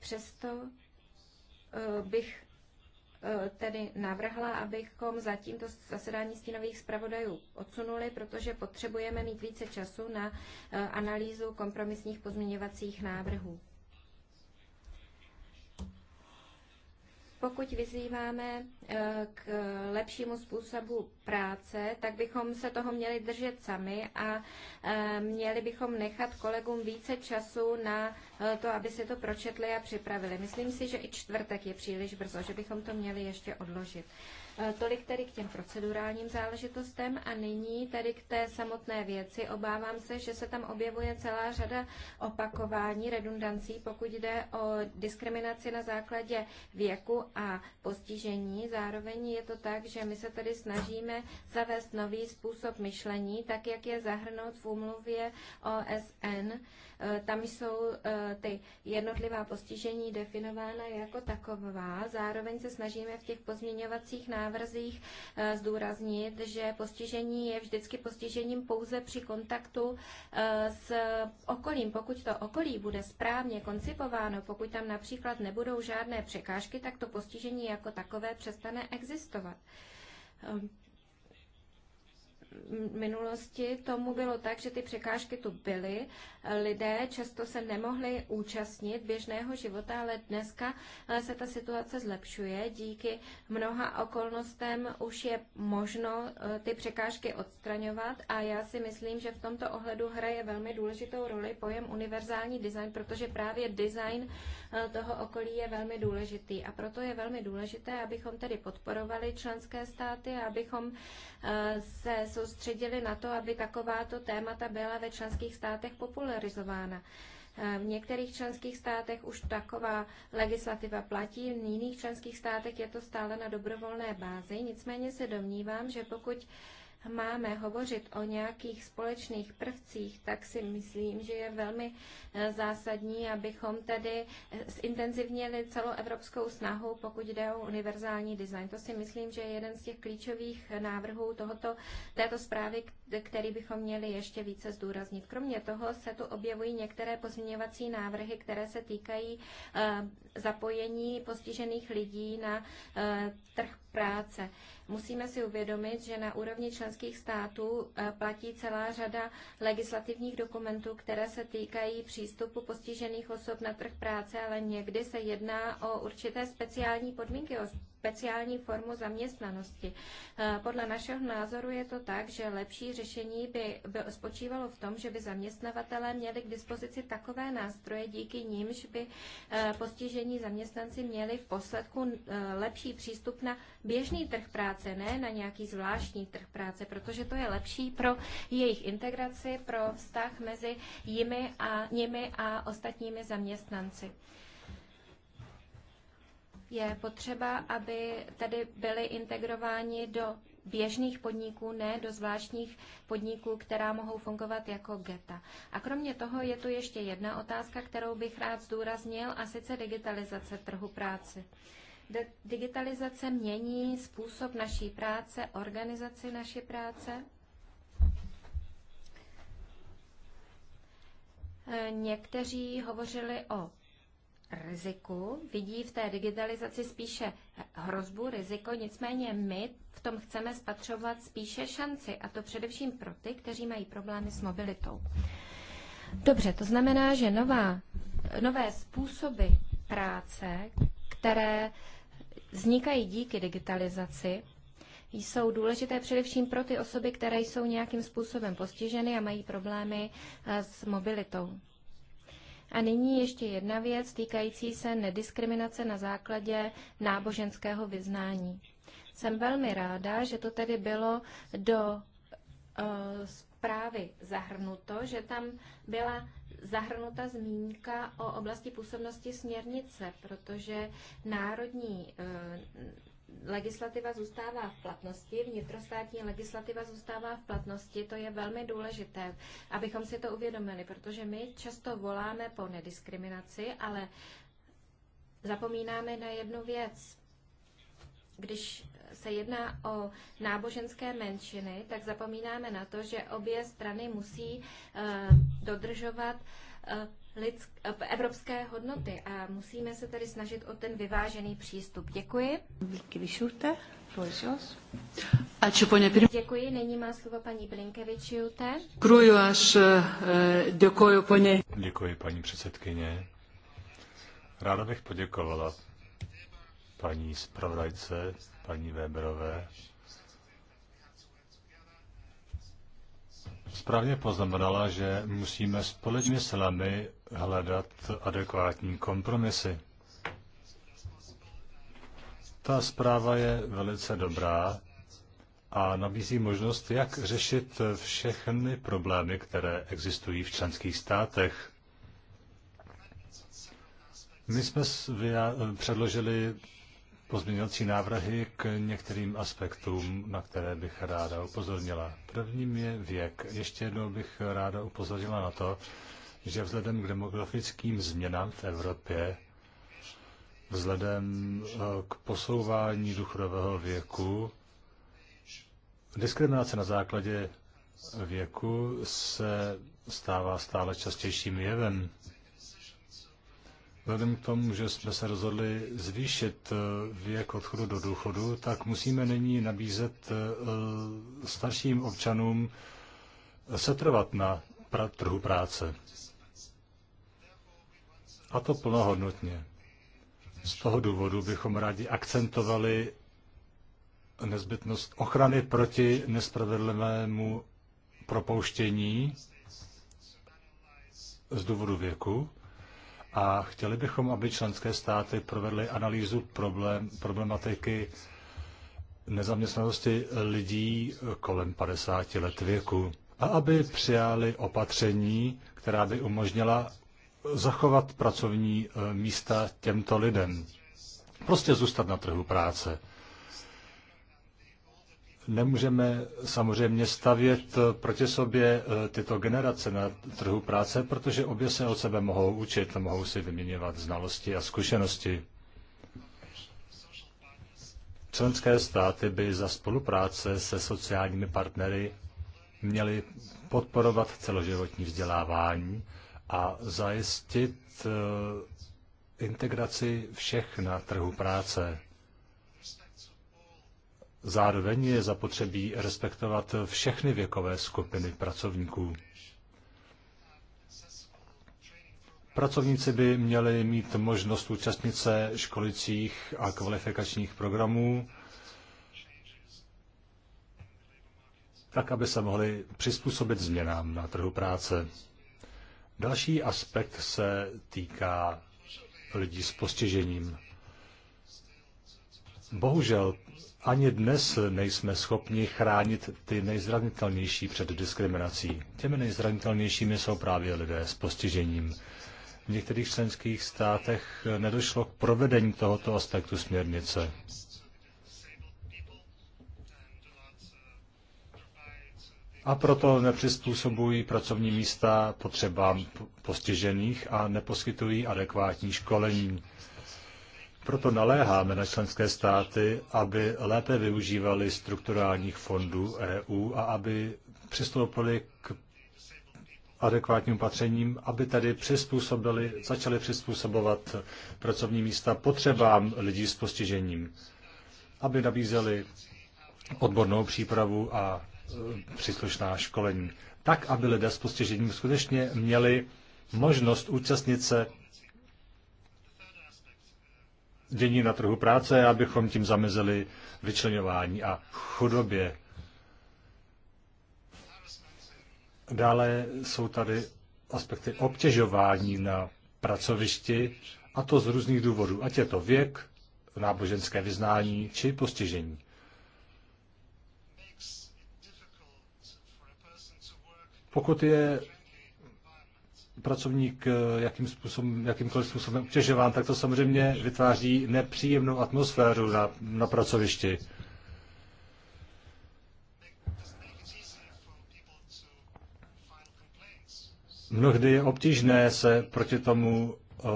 [SPEAKER 2] přesto eh, bych eh, tedy navrhla, abychom zatím to zasedání stínových zpravodajů odsunuli, protože potřebujeme mít více času na eh, analýzu kompromisních pozměňovacích návrhů. pokud vyzýváme eh, k lepšímu způsobu práce, tak bychom se toho měli držet sami a eh, měli bychom nechat kolegům více času na eh, to, aby si to pročetli a připravili. Myslím si, že i čtvrtek je příliš brzo, že bychom to měli ještě odložit. Eh, tolik tedy k těm procedurálním záležitostem a nyní tedy k té samotné věci. Obávám se, že se tam objevuje celá řada opakování, redundancí, pokud jde o diskriminaci na základě věku a postižení. Zároveň je to tak, že my se tady snažíme zavést nový způsob myšlení, tak jak je zahrnout v úmluvě OSN Eh, tam jsou eh, ty jednotlivá postižení definována jako taková. Zároveň se snažíme v těch pozměňovacích návrzích eh, zdůraznit, že postižení je vždycky postižením pouze při kontaktu s okolím. Pokud to okolí bude správně koncipováno, pokud tam například nebudou žádné překážky, tak to postižení jako takové přestane existovat. Ehm, minulosti tomu bylo tak, že ty překážky tu byly, lidé často se nemohli účastnit běžného života, ale dneska eh, se ta situace zlepšuje. Díky mnoha okolnostem už je možno eh, ty překážky odstraňovat a já si myslím, že v tomto ohledu hraje velmi důležitou roli pojem univerzální design, protože právě design eh, toho okolí je velmi důležitý a proto je velmi důležité, abychom tedy podporovali členské státy, abychom se soustředili na to, aby takováto témata byla ve členských státech popularizována. Eh, v některých členských státech už taková legislativa platí, v jiných členských státech je to stále na dobrovolné bázi. Nicméně se domnívám, že pokud máme hovořit o nějakých společných prvcích, tak si myslím, že je velmi eh, zásadní, abychom tedy eh, zintenzivnili celoevropskou snahu, pokud jde o univerzální design. To si myslím, že je jeden z těch klíčových návrhů tohoto, této zprávy, který bychom měli ještě více zdůraznit. Kromě toho se tu objevují některé pozměňovací návrhy, které se týkají eh, zapojení postižených lidí na trh práce. Musíme si uvědomit, že na úrovni členských států eh, platí celá řada legislativních dokumentů, které se týkají přístupu postižených osob na trh práce, ale někdy se jedná o určité speciální podmínky speciální formu zaměstnanosti. Eh, podle našeho názoru je to tak, že lepší řešení by, by spočívalo v tom, že by zaměstnavatelé měli k dispozici takové nástroje, díky nímž by eh, postižení zaměstnanci měli v posledku eh, lepší přístup na běžný trh práce, ne na nějaký zvláštní trh práce, protože to je lepší pro jejich integraci, pro vztah mezi jimi a nimi a ostatními zaměstnanci je potřeba, aby tady byly integrováni do běžných podniků, ne do zvláštních podniků, která mohou fungovat jako geta. A kromě toho je tu ještě jedna otázka, kterou bych rád zdůraznil, a sice digitalizace trhu práce. Digitalizace mění způsob naší práce, organizaci naší práce. E, někteří hovořili o riziku, vidí v té digitalizaci spíše hrozbu, riziko, nicméně my v tom chceme spatřovat spíše šanci, a to především pro ty, kteří mají problémy s mobilitou. Dobře, to znamená, že nová, nové způsoby práce, které vznikají díky digitalizaci, jsou důležité především pro ty osoby, které jsou nějakým způsobem postiženy a mají problémy eh, s mobilitou. A nyní ještě jedna věc týkající se nediskriminace na základě náboženského vyznání. Jsem velmi ráda, že to tedy bylo do eh, zprávy zahrnuto, že tam byla zahrnuta zmínka o oblasti působnosti směrnice, protože národní eh, legislativa zůstává v platnosti, vnitrostátní legislativa zůstává v platnosti, to je velmi důležité, abychom si to uvědomili, protože my často voláme po nediskriminaci, ale zapomínáme na jednu věc. Když se jedná o náboženské menšiny, tak zapomínáme na to, že obě strany musí uh, dodržovat uh, lidsk, eh, evropské hodnoty a musíme se tady snažit o ten vyvážený přístup. Děkuji. Děkuji, nyní má slovo paní
[SPEAKER 4] Blinkevičiute.
[SPEAKER 1] až eh, děkuji
[SPEAKER 4] Děkuji paní předsedkyně. Ráda bych poděkovala paní zpravodajce, paní Weberové správně poznamenala, že musíme společně s lami hledat adekvátní kompromisy. Ta zpráva je velice dobrá a nabízí možnost, jak řešit všechny problémy, které existují v členských státech. My jsme předložili pozměňovací návrhy k některým aspektům, na které bych ráda upozornila. Prvním je věk. Ještě jednou bych ráda upozornila na to, že vzhledem k demografickým změnám v Evropě, vzhledem eh, k posouvání důchodového věku, diskriminace na základě věku se stává stále častějším jevem. Vzhledem k tomu, že jsme se rozhodli zvýšit eh, věk odchodu do důchodu, tak musíme nyní nabízet eh, starším občanům eh, setrvat na trhu práce. A to plnohodnotně. Z toho důvodu bychom rádi akcentovali nezbytnost ochrany proti nespravedlivému propouštění z důvodu věku a chtěli bychom, aby členské státy provedly analýzu problém, problematiky nezaměstnanosti lidí kolem 50 let věku a aby přijali opatření, která by umožnila zachovat pracovní eh, místa těmto lidem. Prostě zůstat na trhu práce. Nemůžeme samozřejmě stavět proti sobě eh, tyto generace na trhu práce, protože obě se od sebe mohou učit, mohou si vyměňovat znalosti a zkušenosti. Členské státy by za spolupráce se sociálními partnery měly podporovat celoživotní vzdělávání a zajistit eh, integraci všech na trhu práce. Zároveň je zapotřebí respektovat všechny věkové skupiny pracovníků. Pracovníci by měli mít možnost účastnit se školicích a kvalifikačních programů, tak aby se mohli přizpůsobit změnám na trhu práce. Další aspekt se týká lidí s postižením. Bohužel ani dnes nejsme schopni chránit ty nejzranitelnější před diskriminací. Těmi nejzranitelnějšími jsou právě lidé s postižením. V některých členských státech nedošlo k provedení tohoto aspektu směrnice. A proto nepřizpůsobují pracovní místa potřebám postižených a neposkytují adekvátní školení. Proto naléháme na členské státy, aby lépe využívali strukturálních fondů EU a aby přistoupili k adekvátním opatřením, aby tady přizpůsobili, začali přizpůsobovat pracovní místa potřebám lidí s postižením, aby nabízeli odbornou přípravu a e, příslušná školení. Tak, aby lidé s postižením skutečně měli možnost účastnit se dění na trhu práce, abychom tím zamezili vyčlenování a chudobě. Dále jsou tady aspekty obtěžování na pracovišti, a to z různých důvodů, ať je to věk, náboženské vyznání či postižení. Pokud je pracovník eh, jakým způsobem, jakýmkoliv způsobem obtěžován, tak to samozřejmě vytváří nepříjemnou atmosféru na, na pracovišti. Mnohdy je obtížné se proti tomu uh,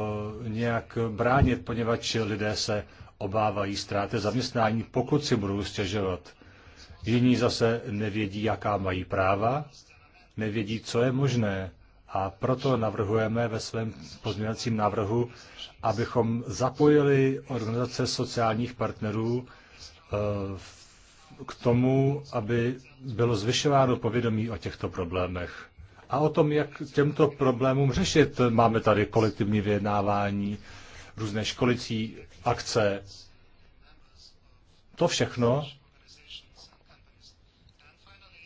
[SPEAKER 4] nějak bránit, poněvadž lidé se obávají ztráty zaměstnání, pokud si budou stěžovat. Jiní zase nevědí, jaká mají práva, nevědí, co je možné. A proto navrhujeme ve svém pozměňovacím návrhu, abychom zapojili organizace sociálních partnerů eh, k tomu, aby bylo zvyšováno povědomí o těchto problémech. A o tom, jak těmto problémům řešit, máme tady kolektivní vyjednávání, různé školicí akce. To všechno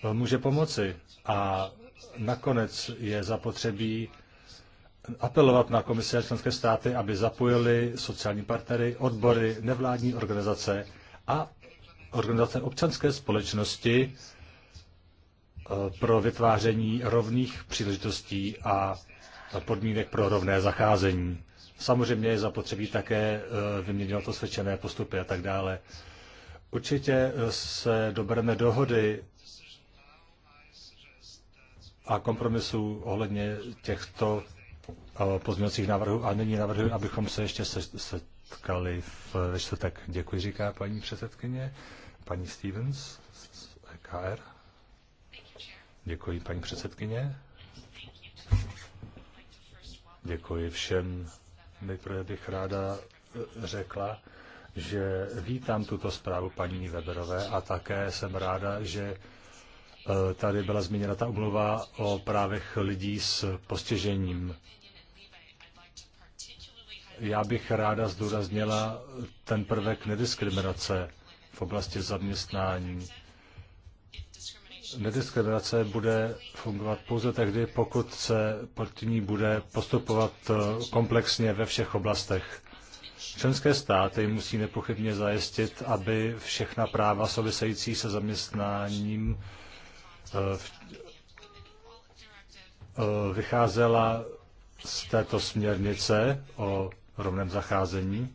[SPEAKER 4] eh, může pomoci. A Nakonec je zapotřebí apelovat na komise a členské státy, aby zapojili sociální partnery, odbory, nevládní organizace a organizace občanské společnosti eh, pro vytváření rovných příležitostí a podmínek pro rovné zacházení. Samozřejmě je zapotřebí také eh, vyměňovat osvědčené postupy a tak dále. Určitě eh, se dobereme dohody a kompromisů ohledně těchto eh, pozměňovacích návrhů a nyní navrhuji, abychom se ještě setkali ve čtvrtek. Děkuji, říká paní předsedkyně. Paní Stevens z EKR. Děkuji, paní předsedkyně. Děkuji všem. Nejprve bych ráda eh, řekla, že vítám tuto zprávu paní Weberové a také jsem ráda, že Eh, tady byla zmíněna ta umluva o právech lidí s postižením. Já bych ráda zdůraznila ten prvek nediskriminace v oblasti zaměstnání. Nediskriminace bude fungovat pouze tehdy, pokud se proti ní bude postupovat eh, komplexně ve všech oblastech. Členské státy musí nepochybně zajistit, aby všechna práva související se zaměstnáním vycházela z této směrnice o rovném zacházení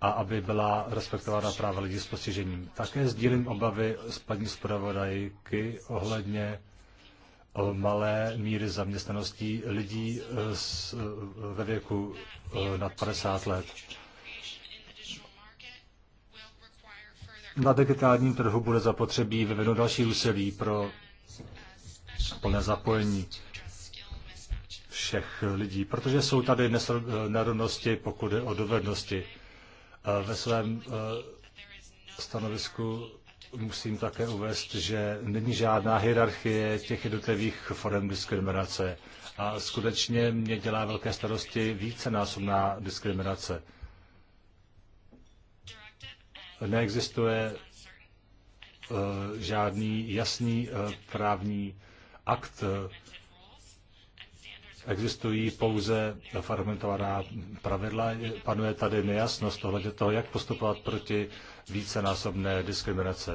[SPEAKER 4] a aby byla respektována práva lidí s postižením. Také sdílím obavy s paní zpravodajky ohledně eh, malé míry zaměstnaností lidí eh, eh, ve věku nad 50 let. Na digitálním trhu bude zapotřebí vyvinout další úsilí pro plné zapojení všech lidí, protože jsou tady nerovnosti, pokud je o dovednosti. Ve svém eh, stanovisku musím také uvést, že není žádná hierarchie těch jednotlivých forem diskriminace. A skutečně mě dělá velké starosti více násobná diskriminace neexistuje eh, žádný jasný eh, právní akt. Existují pouze fragmentovaná pravidla, panuje tady nejasnost ohledně toho, jak postupovat proti vícenásobné diskriminaci.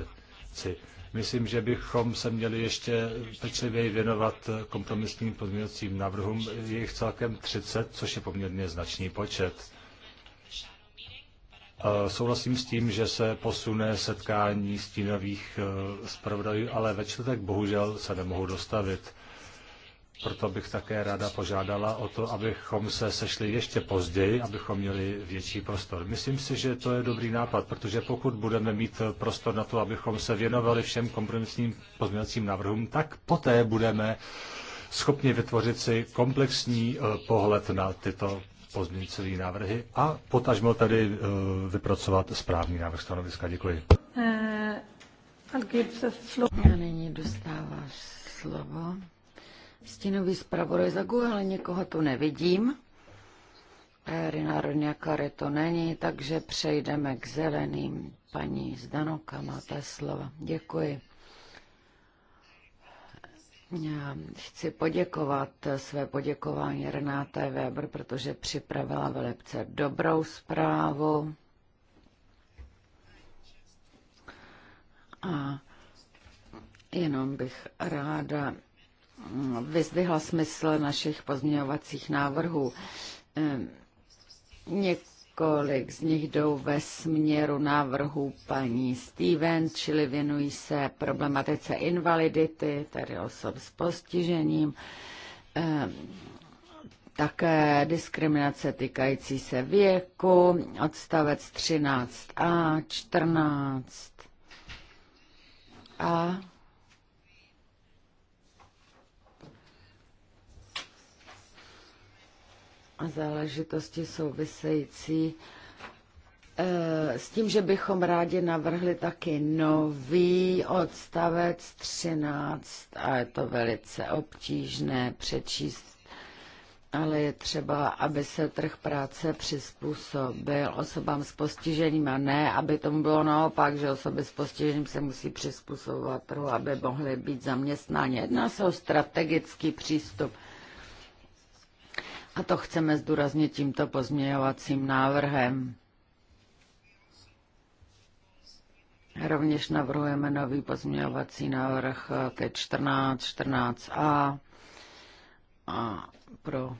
[SPEAKER 4] Myslím, že bychom se měli ještě pečlivěji věnovat kompromisním pozměňovacím návrhům. Je jich celkem 30, což je poměrně značný počet. Eh, souhlasím s tím, že se posune setkání stínových eh, zpravodajů, ale ve čtvrtek bohužel se nemohu dostavit. Proto bych také ráda požádala o to, abychom se sešli ještě později, abychom měli větší prostor. Myslím si, že to je dobrý nápad, protože pokud budeme mít eh, prostor na to, abychom se věnovali všem kompromisním pozměňovacím návrhům, tak poté budeme schopni vytvořit si komplexní pohled na tyto pozměňující návrhy a potažmo tady eh, vypracovat správný návrh stanoviska. Děkuji.
[SPEAKER 3] Eh, a nyní dostáváš slovo. Stínový zpravodaj za Google, ale někoho tu nevidím. Eh, Rina Roniakare to není, takže přejdeme k zeleným. Paní Zdanoka, máte slovo. Děkuji. Já chci poděkovat své poděkování Renáte Weber, protože připravila velice dobrou zprávu. A jenom bych ráda mm, vyzdvihla smysl našich pozměňovacích návrhů. Ehm, něk- kolik z nich jdou ve směru návrhu paní Stevens, čili věnují se problematice invalidity, tedy osob s postižením, eh, také diskriminace týkající se věku, odstavec 13a, 14 a záležitosti související eh, s tím, že bychom rádi navrhli taky nový odstavec 13 a je to velice obtížné přečíst, ale je třeba, aby se trh práce přizpůsobil osobám s postižením a ne, aby tomu bylo naopak, že osoby s postižením se musí přizpůsobovat trhu, aby mohly být zaměstnáni. Jedná se o strategický přístup a to chceme zdůraznit tímto pozměňovacím návrhem. Rovněž navrhujeme nový pozměňovací návrh t 14, 14a a pro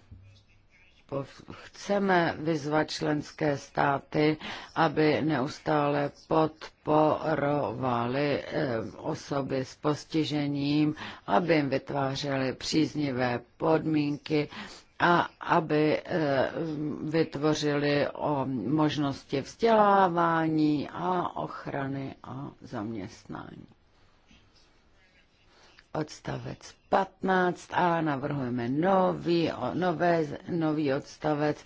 [SPEAKER 3] chceme vyzvat členské státy, aby neustále podporovali eh, osoby s postižením, aby jim vytvářely příznivé podmínky a aby eh, vytvořili o možnosti vzdělávání a ochrany a zaměstnání. Odstavec 15 a navrhujeme nový, nové, nový odstavec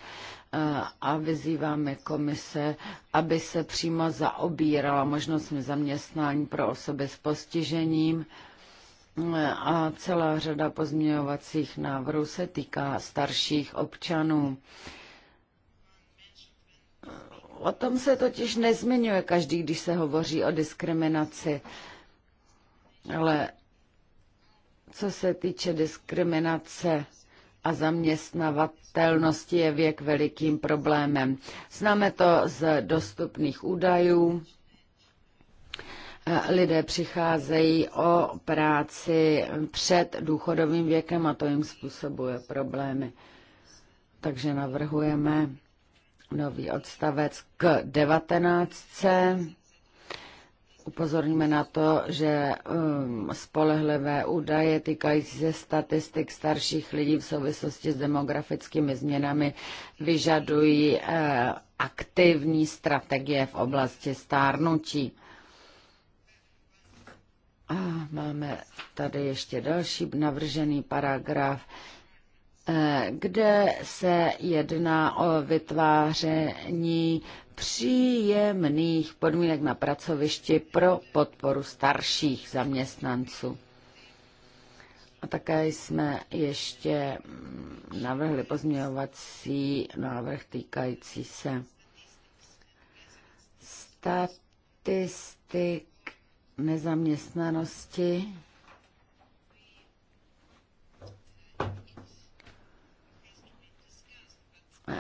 [SPEAKER 3] eh, a vyzýváme komise, aby se přímo zaobírala možnostmi zaměstnání pro osoby s postižením a celá řada pozměňovacích návrhů se týká starších občanů. O tom se totiž nezmiňuje každý, když se hovoří o diskriminaci. Ale co se týče diskriminace a zaměstnavatelnosti, je věk velikým problémem. Známe to z dostupných údajů lidé přicházejí o práci před důchodovým věkem a to jim způsobuje problémy. Takže navrhujeme nový odstavec k 19. Upozorníme na to, že um, spolehlivé údaje týkající se statistik starších lidí v souvislosti s demografickými změnami vyžadují uh, aktivní strategie v oblasti stárnutí. A máme tady ještě další navržený paragraf, eh, kde se jedná o vytváření příjemných podmínek na pracovišti pro podporu starších zaměstnanců. A také jsme ještě navrhli pozměňovací návrh týkající se statistik nezaměstnanosti.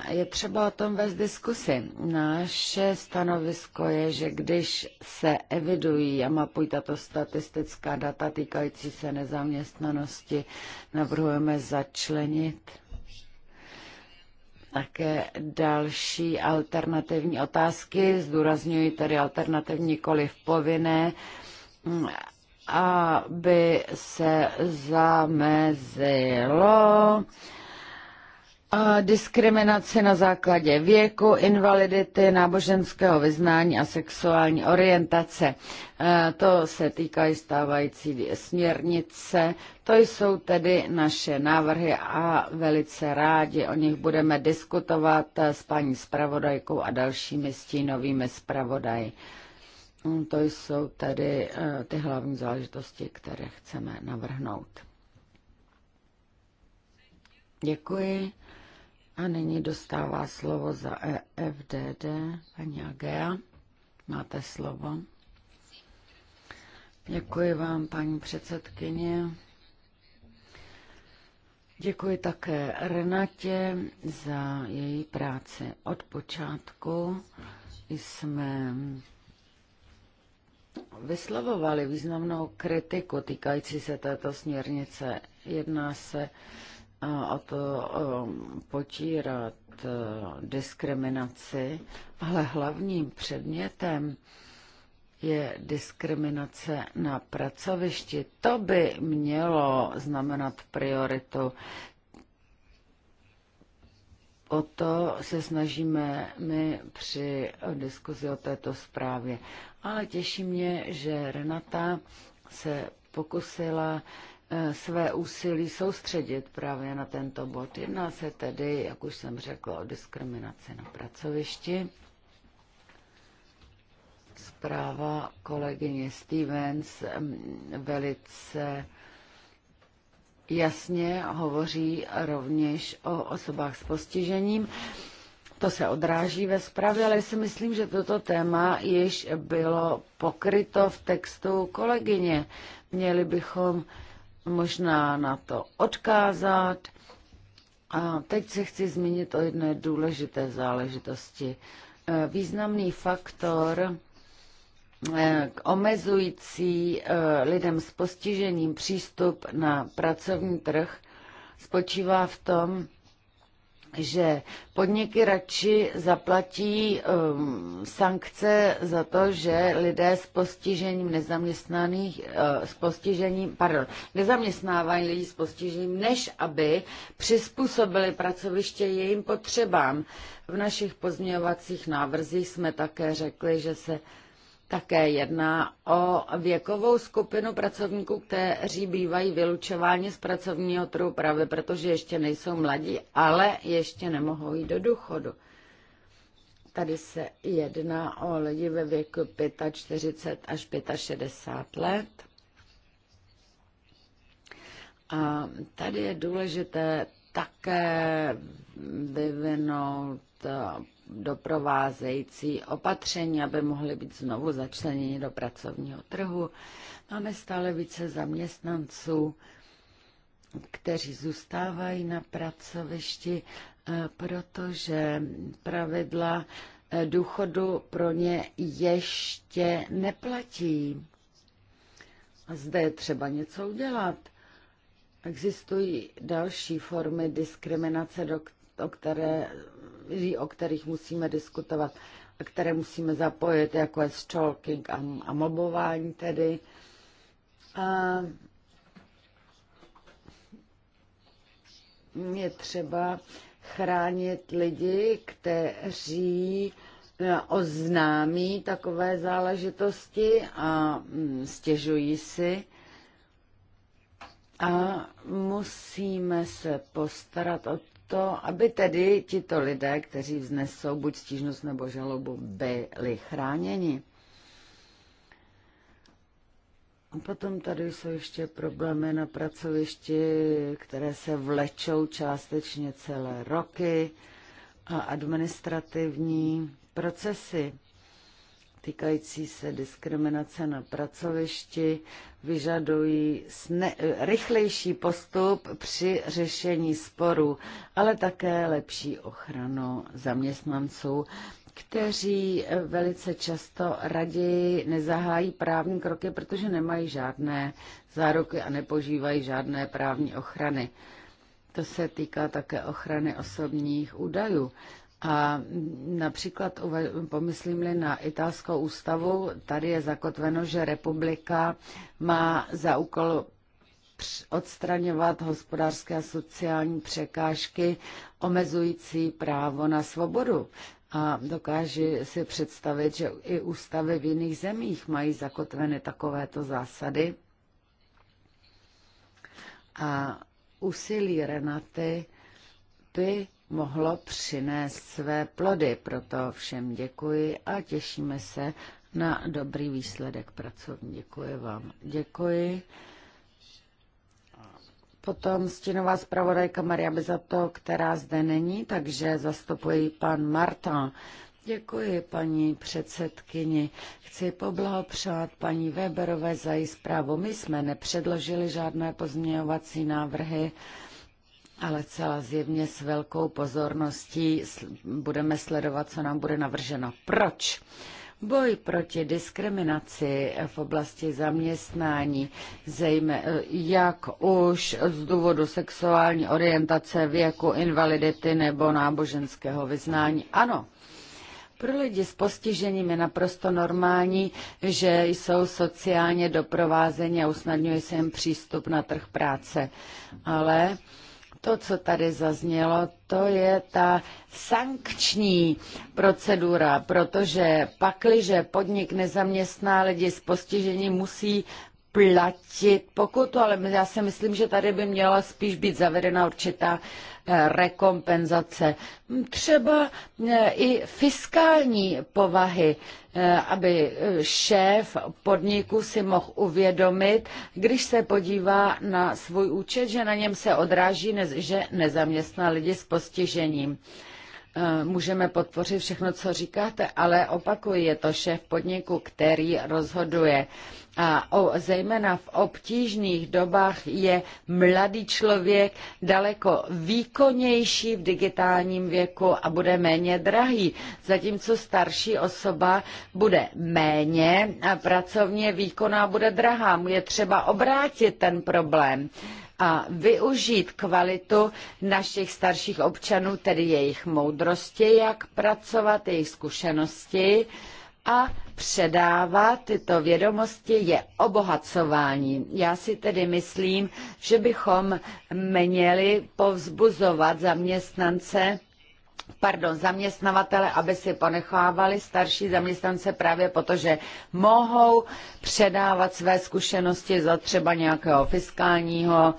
[SPEAKER 3] Je třeba o tom vést diskusy. Naše stanovisko je, že když se evidují a mapují tato statistická data týkající se nezaměstnanosti, navrhujeme začlenit také další alternativní otázky, zdůrazňuji tedy alternativní, nikoli povinné, aby se zamezilo diskriminaci na základě věku, invalidity, náboženského vyznání a sexuální orientace. E, to se týká i stávající směrnice. To jsou tedy naše návrhy a velice rádi o nich budeme diskutovat s paní spravodajkou a dalšími stínovými zpravodaji. To jsou tedy e, ty hlavní záležitosti, které chceme navrhnout. Děkuji. A nyní dostává slovo za e FDD paní Agea. Máte slovo. Děkuji vám, paní předsedkyně. Děkuji také Renatě za její práci. Od počátku jsme vyslovovali významnou kritiku týkající se této směrnice. Jedná se a to potírat e, diskriminaci, ale hlavním předmětem je diskriminace na pracovišti. To by mělo znamenat prioritu. O to se snažíme my při diskuzi o této zprávě. Ale těší mě, že Renata se pokusila své úsilí soustředit právě na tento bod. Jedná se tedy, jak už jsem řekla, o diskriminaci na pracovišti. Zpráva kolegyně Stevens mm, velice jasně hovoří rovněž o osobách s postižením. To se odráží ve zprávě, ale si myslím, že toto téma již bylo pokryto v textu kolegyně. Měli bychom možná na to odkázat. A teď se chci zmínit o jedné důležité záležitosti. E, významný faktor e, k omezující e, lidem s postižením přístup na pracovní trh spočívá v tom, že podniky radši zaplatí um, sankce za to, že lidé s postižením nezaměstnaných, uh, s postižením, pardon, nezaměstnávají lidí s postižením, než aby přizpůsobili pracoviště jejím potřebám. V našich pozměňovacích návrzích jsme také řekli, že se uh, také jedná o věkovou skupinu pracovníků, kteří bývají vylučováni z pracovního trhu právě protože ještě nejsou mladí, ale ještě nemohou jít do důchodu. Tady se jedná o lidi ve věku 45 až 65 let. A tady je důležité také vyvinout doprovázející opatření, aby mohly být znovu začleněni do pracovního trhu. Máme stále více zaměstnanců, kteří zůstávají na pracovišti, e, protože pravidla e, důchodu pro ně ještě neplatí. A zde je třeba něco udělat. Existují další formy diskriminace, do, o které o kterých musíme diskutovat a které musíme zapojit, jako je stalking a, a mobování tedy. A je třeba chránit lidi, kteří eh, oznámí takové záležitosti a mm, stěžují si. A musíme se postarat o to, aby tedy tito lidé, kteří vznesou buď stížnost nebo žalobu, byli chráněni. A potom tady jsou ještě problémy na pracovišti, které se vlečou částečně celé roky a administrativní procesy týkající se diskriminace na pracovišti vyžadují sne- rychlejší postup při řešení sporů, ale také lepší ochranu zaměstnanců, kteří eh, velice často raději nezahájí právní kroky, protože nemají žádné záruky a nepožívají žádné právní ochrany. To se týká také ochrany osobních údajů. A například pomyslím-li na italskou ústavu, tady je zakotveno, že republika má za úkol odstraňovat hospodářské a sociální překážky omezující právo na svobodu. A dokáže si představit, že i ústavy v jiných zemích mají zakotveny takovéto zásady. A úsilí Renaty by mohlo přinést své plody. Proto všem děkuji a těšíme se na dobrý výsledek pracovní. Děkuji vám. Děkuji. Potom stínová zpravodajka Maria Bezato, která zde není, takže zastupuji pan Martin. Děkuji, paní předsedkyni. Chci poblahopřát paní Weberové za její zprávu. My jsme nepředložili žádné pozměňovací návrhy ale celá zjevně s velkou pozorností budeme sledovat, co nám bude navrženo. Proč? Boj proti diskriminaci v oblasti zaměstnání, zejména jak už z důvodu sexuální orientace, věku, invalidity nebo náboženského vyznání. Ano, pro lidi s postižením je naprosto normální, že jsou sociálně doprovázeni a usnadňuje se jim přístup na trh práce. Ale to, co tady zaznělo, to je ta sankční procedura, protože pakliže podnik nezaměstná lidi s postižením, musí platit pokutu, ale já si myslím, že tady by měla spíš být zavedena určitá eh, rekompenzace. Třeba eh, i fiskální povahy, eh, aby šéf podniku si mohl uvědomit, když se podívá na svůj účet, že na něm se odráží, že nezaměstná lidi s postižením. Eh, můžeme podpořit všechno, co říkáte, ale opakuji, je to šéf podniku, který rozhoduje. A o, zejména v obtížných dobách je mladý člověk daleko výkonnější v digitálním věku a bude méně drahý, zatímco starší osoba bude méně a pracovně výkonná bude drahá. Mu je třeba obrátit ten problém a využít kvalitu našich starších občanů, tedy jejich moudrosti, jak pracovat, jejich zkušenosti a předávat tyto vědomosti je obohacování. Já si tedy myslím, že bychom měli povzbuzovat zaměstnance, pardon, zaměstnavatele, aby si ponechávali starší zaměstnance právě proto, že mohou předávat své zkušenosti za třeba nějakého fiskálního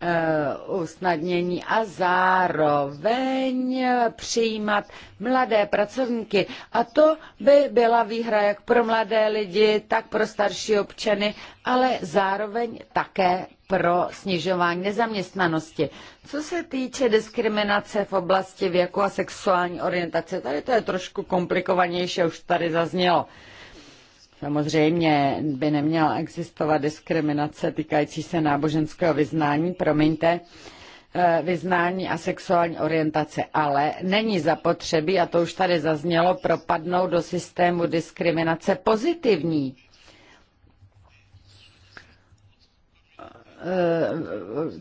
[SPEAKER 3] eh, usnadnění a zároveň přijímat mladé pracovníky. A to by byla výhra jak pro mladé lidi, tak pro starší občany, ale zároveň také pro snižování nezaměstnanosti. Co se týče diskriminace v oblasti věku a sexuální orientace, tady to je trošku komplikovanější, už tady zaznělo. Samozřejmě by neměla existovat diskriminace týkající se náboženského vyznání, promiňte, eh, vyznání a sexuální orientace, ale není zapotřebí, a to už tady zaznělo, propadnout do systému diskriminace pozitivní Eh,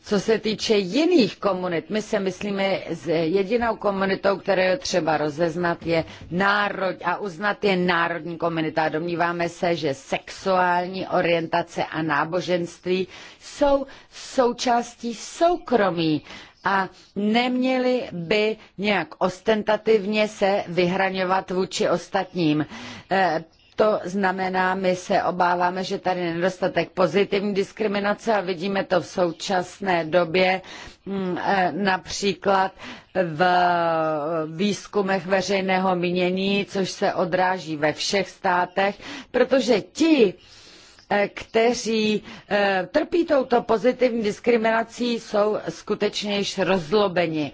[SPEAKER 3] co se týče jiných komunit, my se myslíme, s jedinou komunitou, které je třeba rozeznat, je národ a uznat je národní komunita. Domníváme se, že sexuální orientace a náboženství jsou součástí soukromí a neměli by nějak ostentativně se vyhraňovat vůči ostatním. Eh, to znamená, my se obáváme, že tady je nedostatek pozitivní diskriminace a vidíme to v současné době mm, e, například v výzkumech veřejného mínění, což se odráží ve všech státech, protože ti, e, kteří e, trpí touto pozitivní diskriminací, jsou skutečně již rozlobeni.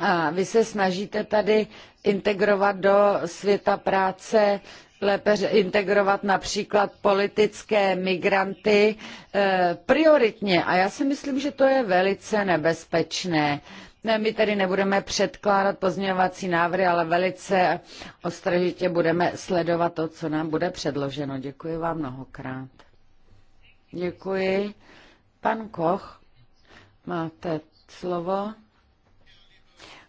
[SPEAKER 3] A vy se snažíte tady integrovat do světa práce lépe integrovat například politické migranty eh, prioritně. A já si myslím, že to je velice nebezpečné. my tedy nebudeme předkládat pozměňovací návrhy, ale velice ostražitě budeme sledovat to, co nám bude předloženo. Děkuji vám mnohokrát. Děkuji. Pan Koch, máte slovo.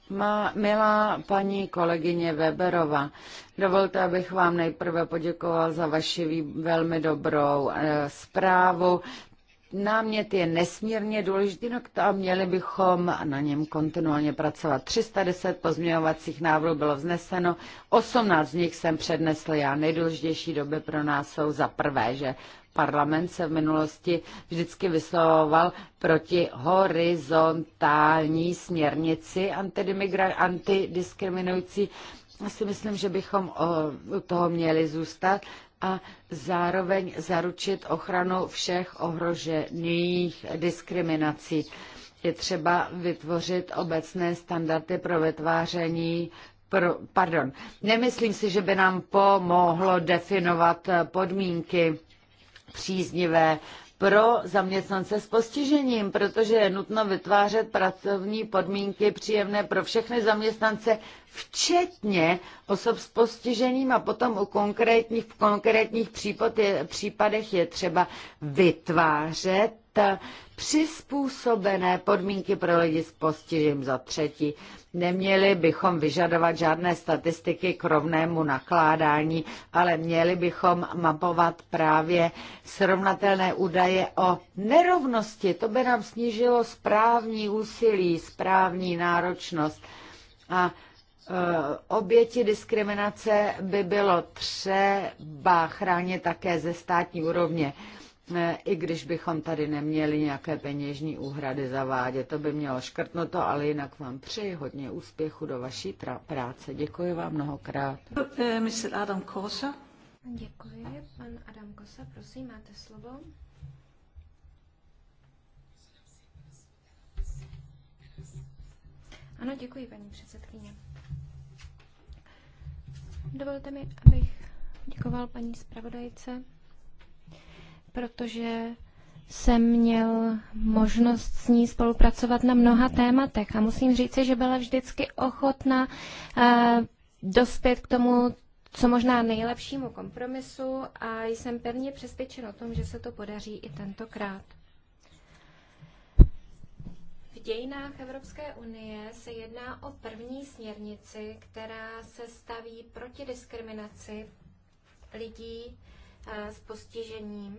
[SPEAKER 3] Má, milá paní kolegyně Weberova, dovolte, abych vám nejprve poděkoval za vaši velmi dobrou e, zprávu. Námět je nesmírně důležitý no a měli bychom na něm kontinuálně pracovat. 310 pozměňovacích návrhů bylo vzneseno, 18 z nich jsem přednesl já. Nejdůležitější doby pro nás jsou za prvé, že parlament se v minulosti vždycky vyslovoval proti horizontální směrnici antidiskriminující. Já si myslím, že bychom u toho měli zůstat a zároveň zaručit ochranu všech ohrožených diskriminací. Je třeba vytvořit obecné standardy pro vytváření pro, pardon, nemyslím si, že by nám pomohlo definovat podmínky příznivé pro zaměstnance s postižením, protože je nutno vytvářet pracovní podmínky příjemné pro všechny zaměstnance, včetně osob s postižením a potom u konkrétních, v konkrétních případech je třeba vytvářet přizpůsobené podmínky pro lidi s postižením za třetí. Neměli bychom vyžadovat žádné statistiky k rovnému nakládání, ale měli bychom mapovat právě srovnatelné údaje o nerovnosti. To by nám snížilo správní úsilí, správní náročnost. A eh, Oběti diskriminace by bylo třeba chránit také ze státní úrovně i když bychom tady neměli nějaké peněžní úhrady zavádět. To by mělo škrtnuto, ale jinak vám přeji hodně úspěchu do vaší práce. Děkuji vám mnohokrát. Eh,
[SPEAKER 1] Mr. Adam Kosa. Děkuji. Pan
[SPEAKER 2] Adam Kosa, prosím, máte slovo. Ano, děkuji, paní předsedkyně. Dovolte mi, abych děkoval paní zpravodajce protože jsem měl možnost s ní spolupracovat na mnoha tématech a musím říci, že byla vždycky ochotna eh, dospět k tomu, co možná nejlepšímu kompromisu a jsem pevně přesvědčen o tom, že se to podaří i tentokrát. V dějinách Evropské unie se jedná o první směrnici, která se staví proti diskriminaci lidí eh, s postižením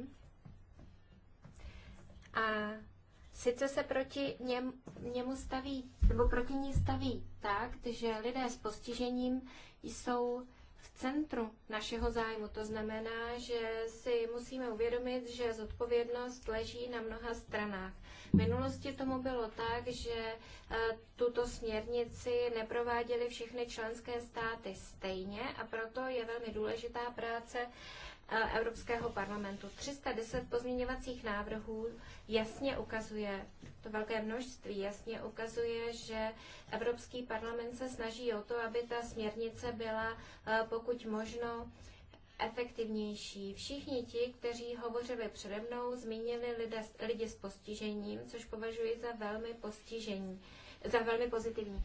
[SPEAKER 2] a sice se proti něm, němu staví, nebo proti ní staví tak, že lidé s postižením jsou v centru našeho zájmu. To znamená, že si musíme uvědomit, že zodpovědnost leží na mnoha stranách. V minulosti tomu bylo tak, že e, tuto směrnici neprováděly všechny členské státy stejně a proto je velmi důležitá práce Evropského parlamentu. 310 pozměňovacích návrhů jasně ukazuje, to velké množství jasně ukazuje, že Evropský parlament se snaží o to, aby ta směrnice byla eh, pokud možno efektivnější. Všichni ti, kteří hovořili přede mnou, zmínili lidé, lidi s postižením, což považuji za velmi postižení, za velmi pozitivní.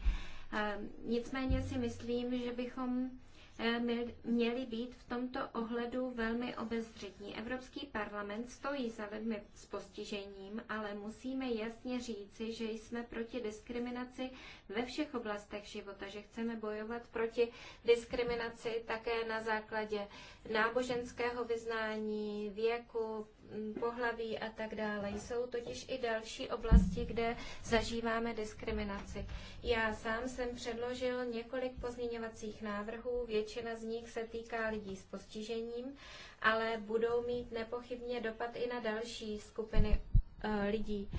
[SPEAKER 2] Eh, nicméně si myslím, že bychom Eh, měli být v tomto ohledu velmi obezřetní. Evropský parlament stojí za lidmi s postižením, ale musíme jasně říci, že jsme proti diskriminaci ve všech oblastech života, že chceme bojovat proti diskriminaci také na základě náboženského vyznání, věku, Mm, pohlaví a tak dále. Jsou totiž i další oblasti, kde zažíváme diskriminaci. Já sám jsem předložil několik pozměňovacích návrhů, většina z nich se týká lidí s postižením, ale budou mít nepochybně dopad i na další skupiny e, lidí.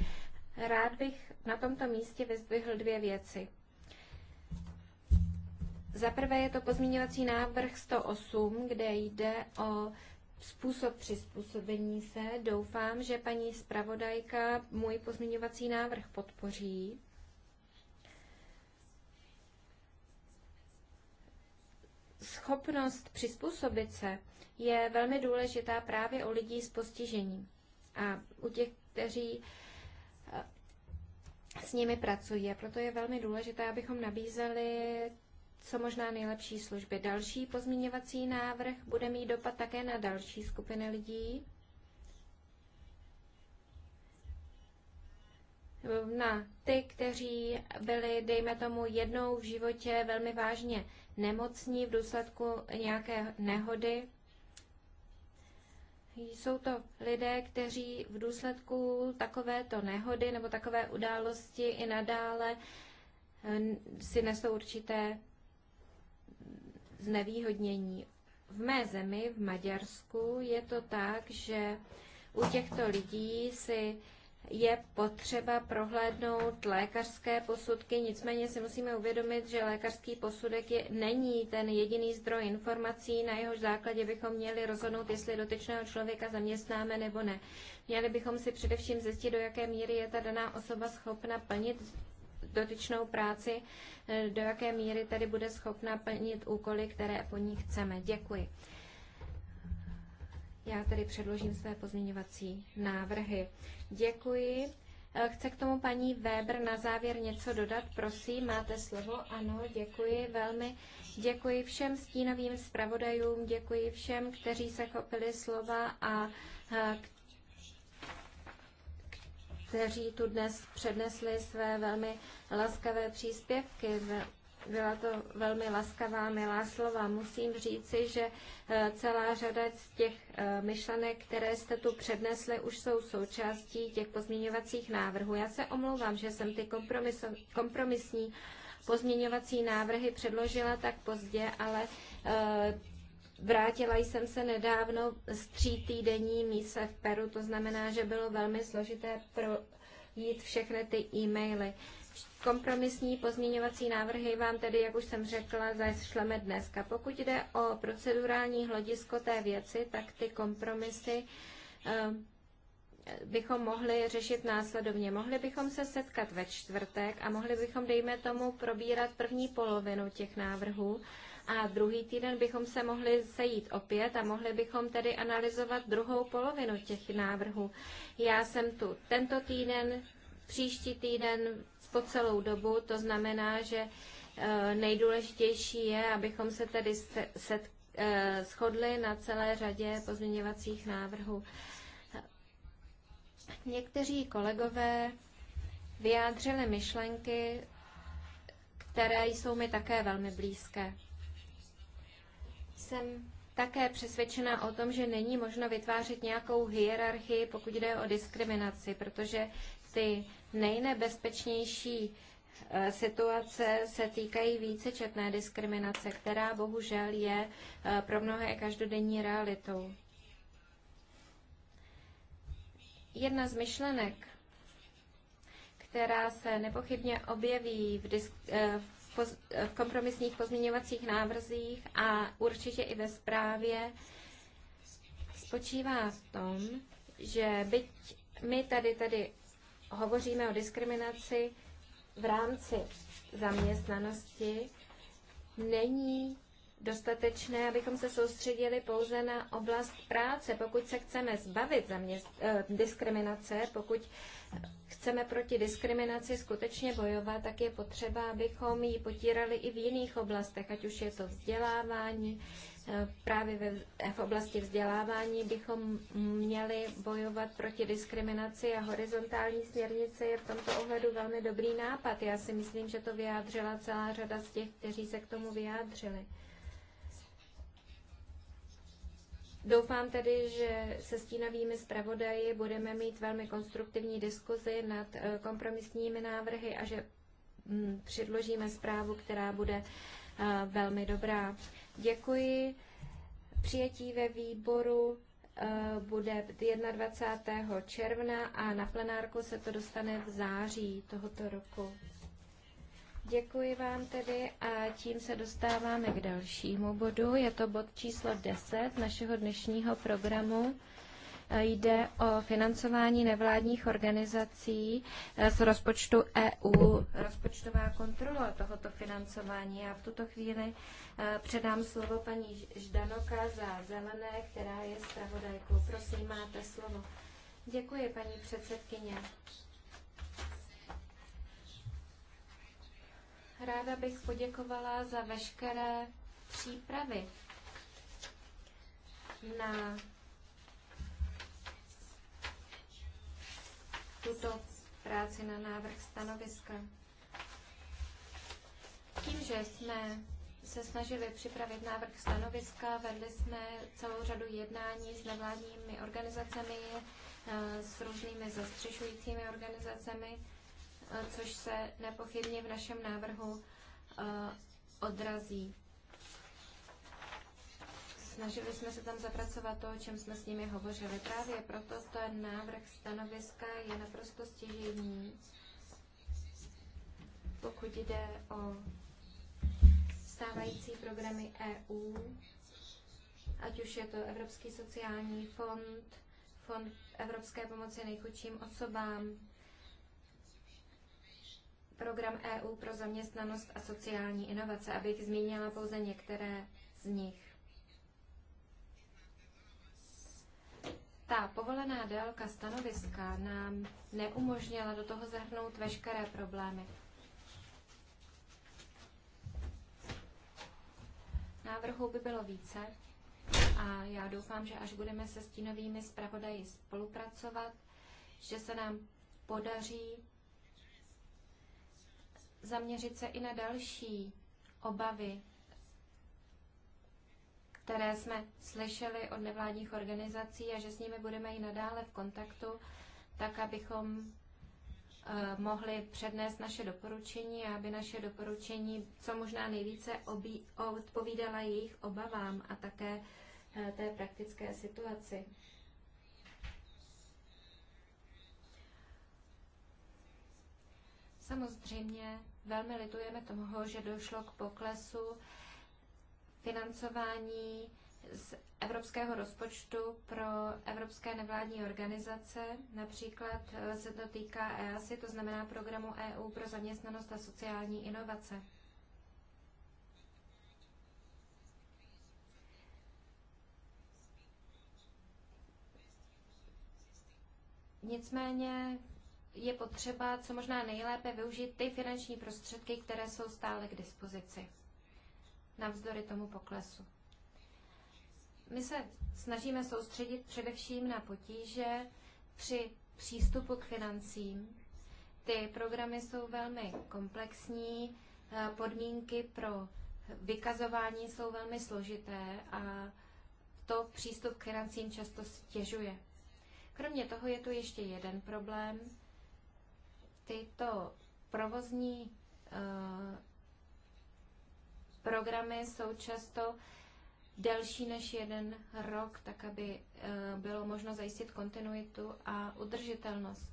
[SPEAKER 2] Rád bych na tomto místě vyzdvihl dvě věci. Za prvé je to pozměňovací návrh 108, kde jde o způsob přizpůsobení se. Doufám, že paní zpravodajka můj pozměňovací návrh podpoří. Schopnost přizpůsobit se je velmi důležitá právě u lidí s postižením a u těch, kteří eh, s nimi pracují. A proto je velmi důležité, abychom nabízeli co možná nejlepší služby. Další pozměňovací návrh bude mít dopad také na další skupiny lidí. Na ty, kteří byli, dejme tomu, jednou v životě velmi vážně nemocní v důsledku nějaké nehody. Jsou to lidé, kteří v důsledku takovéto nehody nebo takové události i nadále eh, si nesou určité znevýhodnění. V mé zemi, v Maďarsku, je to tak, že u těchto lidí si je potřeba prohlédnout lékařské posudky, nicméně si musíme uvědomit, že lékařský posudek je, není ten jediný zdroj informací, na jehož základě bychom měli rozhodnout, jestli dotyčného člověka zaměstnáme nebo ne. Měli bychom si především zjistit, do jaké míry je ta daná osoba schopna plnit dotyčnou práci, eh, do jaké míry tedy bude schopna plnit úkoly, které po ní chceme. Děkuji. Já tedy předložím své pozměňovací návrhy. Děkuji. Eh, chce k tomu paní Weber na závěr něco dodat? Prosím, máte slovo. Ano, děkuji velmi. Děkuji všem stínovým zpravodajům, děkuji všem, kteří se chopili slova a kteří eh, kteří tu dnes přednesli své velmi laskavé příspěvky. Byla to velmi laskavá, milá slova. Musím říci, že eh, celá řada z těch eh, myšlenek, které jste tu přednesli, už jsou součástí těch pozměňovacích návrhů. Já se omlouvám, že jsem ty kompromisní pozměňovací návrhy předložila tak pozdě, ale eh, Vrátila jsem se nedávno z tří týdenní mise v Peru, to znamená, že bylo velmi složité projít všechny ty e-maily. Kompromisní pozměňovací návrhy vám tedy, jak už jsem řekla, zašleme dneska. Pokud jde o procedurální hledisko té věci, tak ty kompromisy um, bychom mohli řešit následovně. Mohli bychom se setkat ve čtvrtek a mohli bychom, dejme tomu, probírat první polovinu těch návrhů a druhý týden bychom se mohli sejít opět a mohli bychom tedy analyzovat druhou polovinu těch návrhů. Já jsem tu tento týden, příští týden, po celou dobu, to znamená, že e, nejdůležitější je, abychom se tedy set, set, shodli na celé řadě pozměňovacích návrhů. Někteří kolegové vyjádřili myšlenky, které jsou mi také velmi blízké. Jsem také přesvědčena o tom, že není možno vytvářet nějakou hierarchii, pokud jde o diskriminaci, protože ty nejnebezpečnější eh, situace se týkají vícečetné diskriminace, která bohužel je eh, pro mnohé každodenní realitou. Jedna z myšlenek, která se nepochybně objeví v, disk, eh, v, poz, eh, v kompromisních pozměňovacích návrzích a určitě i ve zprávě, spočívá v tom, že byť my tady tady hovoříme o diskriminaci v rámci zaměstnanosti, není dostatečné, abychom se soustředili pouze na oblast práce. Pokud se chceme zbavit zaměst, eh, diskriminace, pokud chceme proti diskriminaci skutečně bojovat, tak je potřeba, abychom ji potírali i v jiných oblastech, ať už je to vzdělávání. Eh, právě eh, v oblasti vzdělávání bychom měli bojovat proti diskriminaci a horizontální směrnice je v tomto ohledu velmi dobrý nápad. Já si myslím, že to vyjádřila celá řada z těch, kteří se k tomu vyjádřili. Doufám tedy, že se stínovými zpravodaji budeme mít velmi konstruktivní diskuzi nad eh, kompromisními návrhy a že mm, předložíme zprávu, která bude eh, velmi dobrá. Děkuji. Přijetí ve výboru eh, bude 21. června a na plenárku se to dostane v září tohoto roku. Děkuji vám tedy a tím se dostáváme k dalšímu bodu. Je to bod číslo 10 našeho dnešního programu. Jde o financování nevládních organizací eh, z rozpočtu EU, rozpočtová kontrola tohoto financování. Já v tuto chvíli eh, předám slovo paní Ždanoka za zelené, která je zpravodajkou. Prosím, máte slovo. Děkuji, paní předsedkyně. Ráda bych poděkovala za veškeré přípravy na tuto práci na návrh stanoviska. Tím, že jsme se snažili připravit návrh stanoviska, vedli jsme celou řadu jednání s nevládními organizacemi, eh, s různými zastřešujícími organizacemi. Eh, což se nepochybně v našem návrhu eh, odrazí. Snažili jsme se tam zapracovat to, o čem jsme s nimi hovořili. Právě proto ten návrh stanoviska je naprosto stěžení, pokud jde o stávající programy EU, ať už je to Evropský sociální fond, Fond Evropské pomoci nejchudším osobám, program EU pro zaměstnanost a sociální inovace, abych zmínila pouze některé z nich. Ta povolená délka stanoviska nám neumožnila do toho zahrnout veškeré problémy. Návrhů by bylo více a já doufám, že až budeme se stínovými zpravodaji spolupracovat, že se nám podaří zaměřit se i na další obavy, které jsme slyšeli od nevládních organizací a že s nimi budeme i nadále v kontaktu, tak abychom eh, mohli přednést naše doporučení a aby naše doporučení co možná nejvíce obí, odpovídala jejich obavám a také eh, té praktické situaci. Samozřejmě velmi litujeme toho, že došlo k poklesu financování z evropského rozpočtu pro evropské nevládní organizace. Například eh, se to týká EASI, to znamená programu EU pro zaměstnanost a sociální inovace. Nicméně je potřeba co možná nejlépe využít ty finanční prostředky, které jsou stále k dispozici, navzdory tomu poklesu. My se snažíme soustředit především na potíže při přístupu k financím. Ty programy jsou velmi komplexní, eh, podmínky pro vykazování jsou velmi složité a to přístup k financím často stěžuje. Kromě toho je tu ještě jeden problém, tyto provozní eh, programy jsou často delší než jeden rok, tak aby eh, bylo možno zajistit kontinuitu a udržitelnost.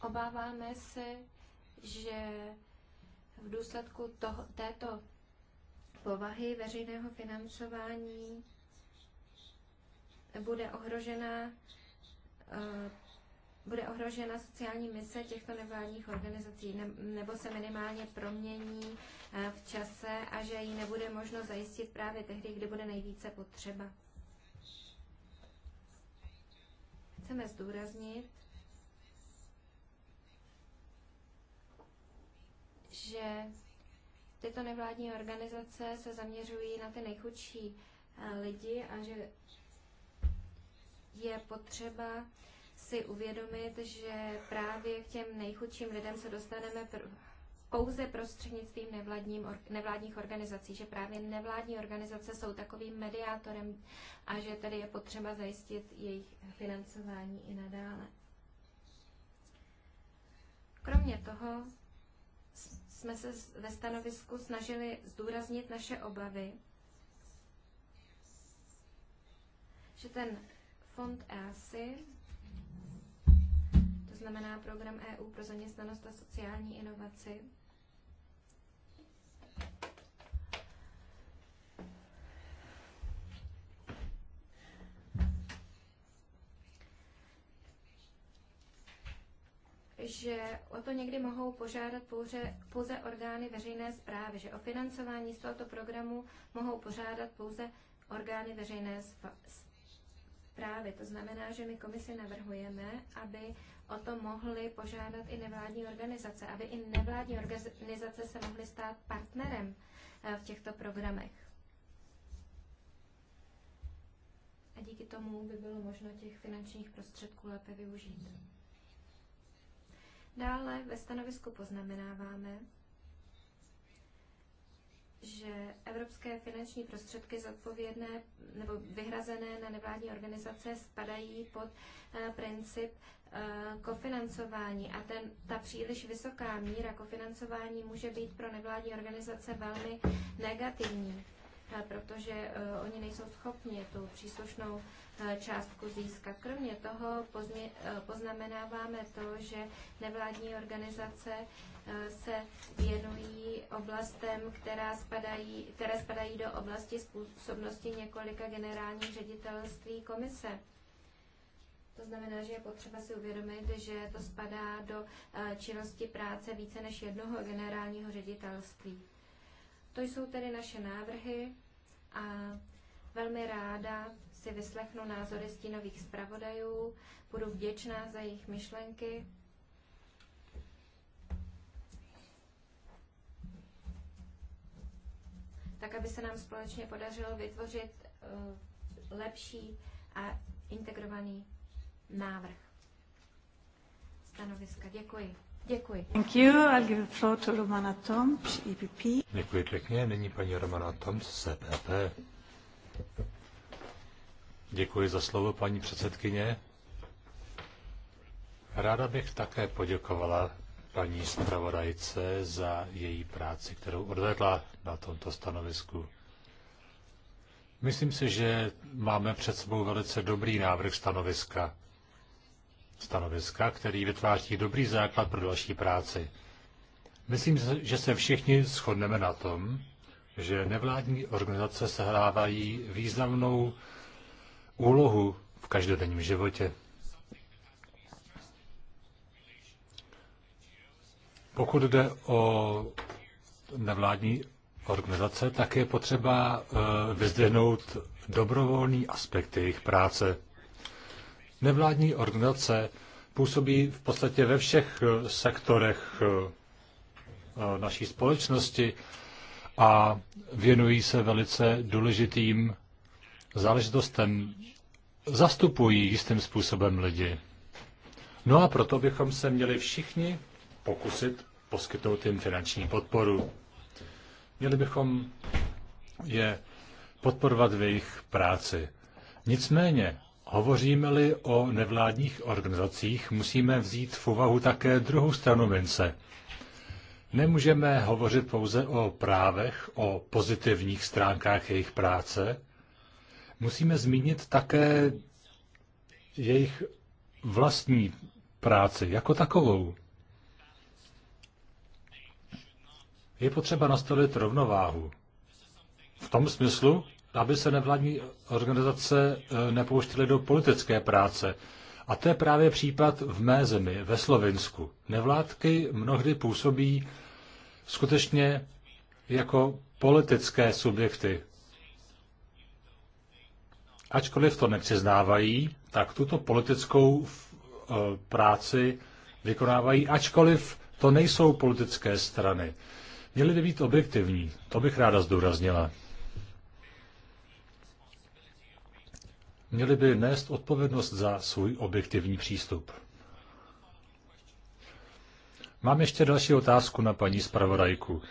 [SPEAKER 2] Obáváme se, že v důsledku toho, této povahy veřejného financování bude ohrožena Eh, bude ohrožena sociální mise těchto nevládních organizací nebo se minimálně promění eh, v čase a že ji nebude možno zajistit právě tehdy, kdy bude nejvíce potřeba. Chceme zdůraznit, že tyto nevládní organizace se zaměřují na ty nejchudší eh, lidi a že je potřeba si uvědomit, že právě k těm nejchudším lidem se dostaneme pr- pouze prostřednictvím nevládním, or- nevládních organizací, že právě nevládní organizace jsou takovým mediátorem a že tady je potřeba zajistit jejich financování i nadále. Kromě toho jsme se ve stanovisku snažili zdůraznit naše obavy, že ten Fond EASY, to znamená Program EU pro zaměstnanost a sociální inovaci. že o to někdy mohou požádat pouze, pouze orgány veřejné zprávy, že o financování z tohoto programu mohou požádat pouze orgány veřejné zprávy právě To znamená, že my komisi navrhujeme, aby o to mohly požádat i nevládní organizace, aby i nevládní organizace se mohly stát partnerem eh, v těchto programech. A díky tomu by bylo možno těch finančních prostředků lépe využít. Dále ve stanovisku poznamenáváme, že evropské finanční prostředky zodpovědné nebo vyhrazené na nevládní organizace spadají pod eh, princip eh, kofinancování a ten, ta příliš vysoká míra kofinancování může být pro nevládní organizace velmi negativní, eh, protože oni nejsou schopni tu příslušnou částku získat. Kromě toho poznamenáváme to, že nevládní organizace se věnují oblastem, která spadají, které spadají do oblasti způsobnosti několika generálních ředitelství komise. To znamená, že je potřeba si uvědomit, že to spadá do eh, činnosti práce více než jednoho generálního ředitelství. To jsou tedy naše návrhy a velmi ráda si vyslechnu názory stínových zpravodajů, budu vděčná za jejich myšlenky. tak aby se nám společně podařilo vytvořit eh, lepší a integrovaný návrh stanoviska. Děkuji. Děkuji.
[SPEAKER 1] Thank you. I'll give the floor to Romana Toms, EPP.
[SPEAKER 4] Děkuji pěkně. není paní Romana Toms, CPP. E Děkuji za slovo, paní předsedkyně. Ráda bych také poděkovala paní zpravodajce za její práci, kterou odvedla na tomto stanovisku. Myslím si, že máme před sebou velice dobrý návrh stanoviska. Stanoviska, který vytváří dobrý základ pro další práci. Myslím, že se všichni shodneme na tom, že nevládní organizace sehrávají významnou úlohu v každodenním životě. Pokud jde o nevládní organizace, tak je potřeba eh, vyzdvihnout dobrovolný aspekt jejich práce. Nevládní organizace působí v podstatě ve všech eh, sektorech eh, naší společnosti a věnují se velice důležitým záležitostem. Zastupují jistým způsobem lidi. No a proto bychom se měli všichni pokusit poskytnout jim finanční podporu. Měli bychom je podporovat v jejich práci. Nicméně, hovoříme-li o nevládních organizacích, musíme vzít v úvahu také druhou stranu mince. Nemůžeme hovořit pouze o právech, o pozitivních stránkách jejich práce. Musíme zmínit také jejich vlastní práci jako takovou. Je potřeba nastavit rovnováhu. V tom smyslu, aby se nevládní organizace eh, nepouštily do politické práce. A to je právě případ v mé zemi, ve Slovinsku. Nevládky mnohdy působí skutečně jako politické subjekty. Ačkoliv to nepřiznávají, tak tuto politickou eh, práci vykonávají, ačkoliv to nejsou politické strany. Měli by být objektivní, to bych ráda zdůraznila. Měli by nést odpovědnost za svůj objektivní přístup. Mám ještě další otázku na paní zpravodajku.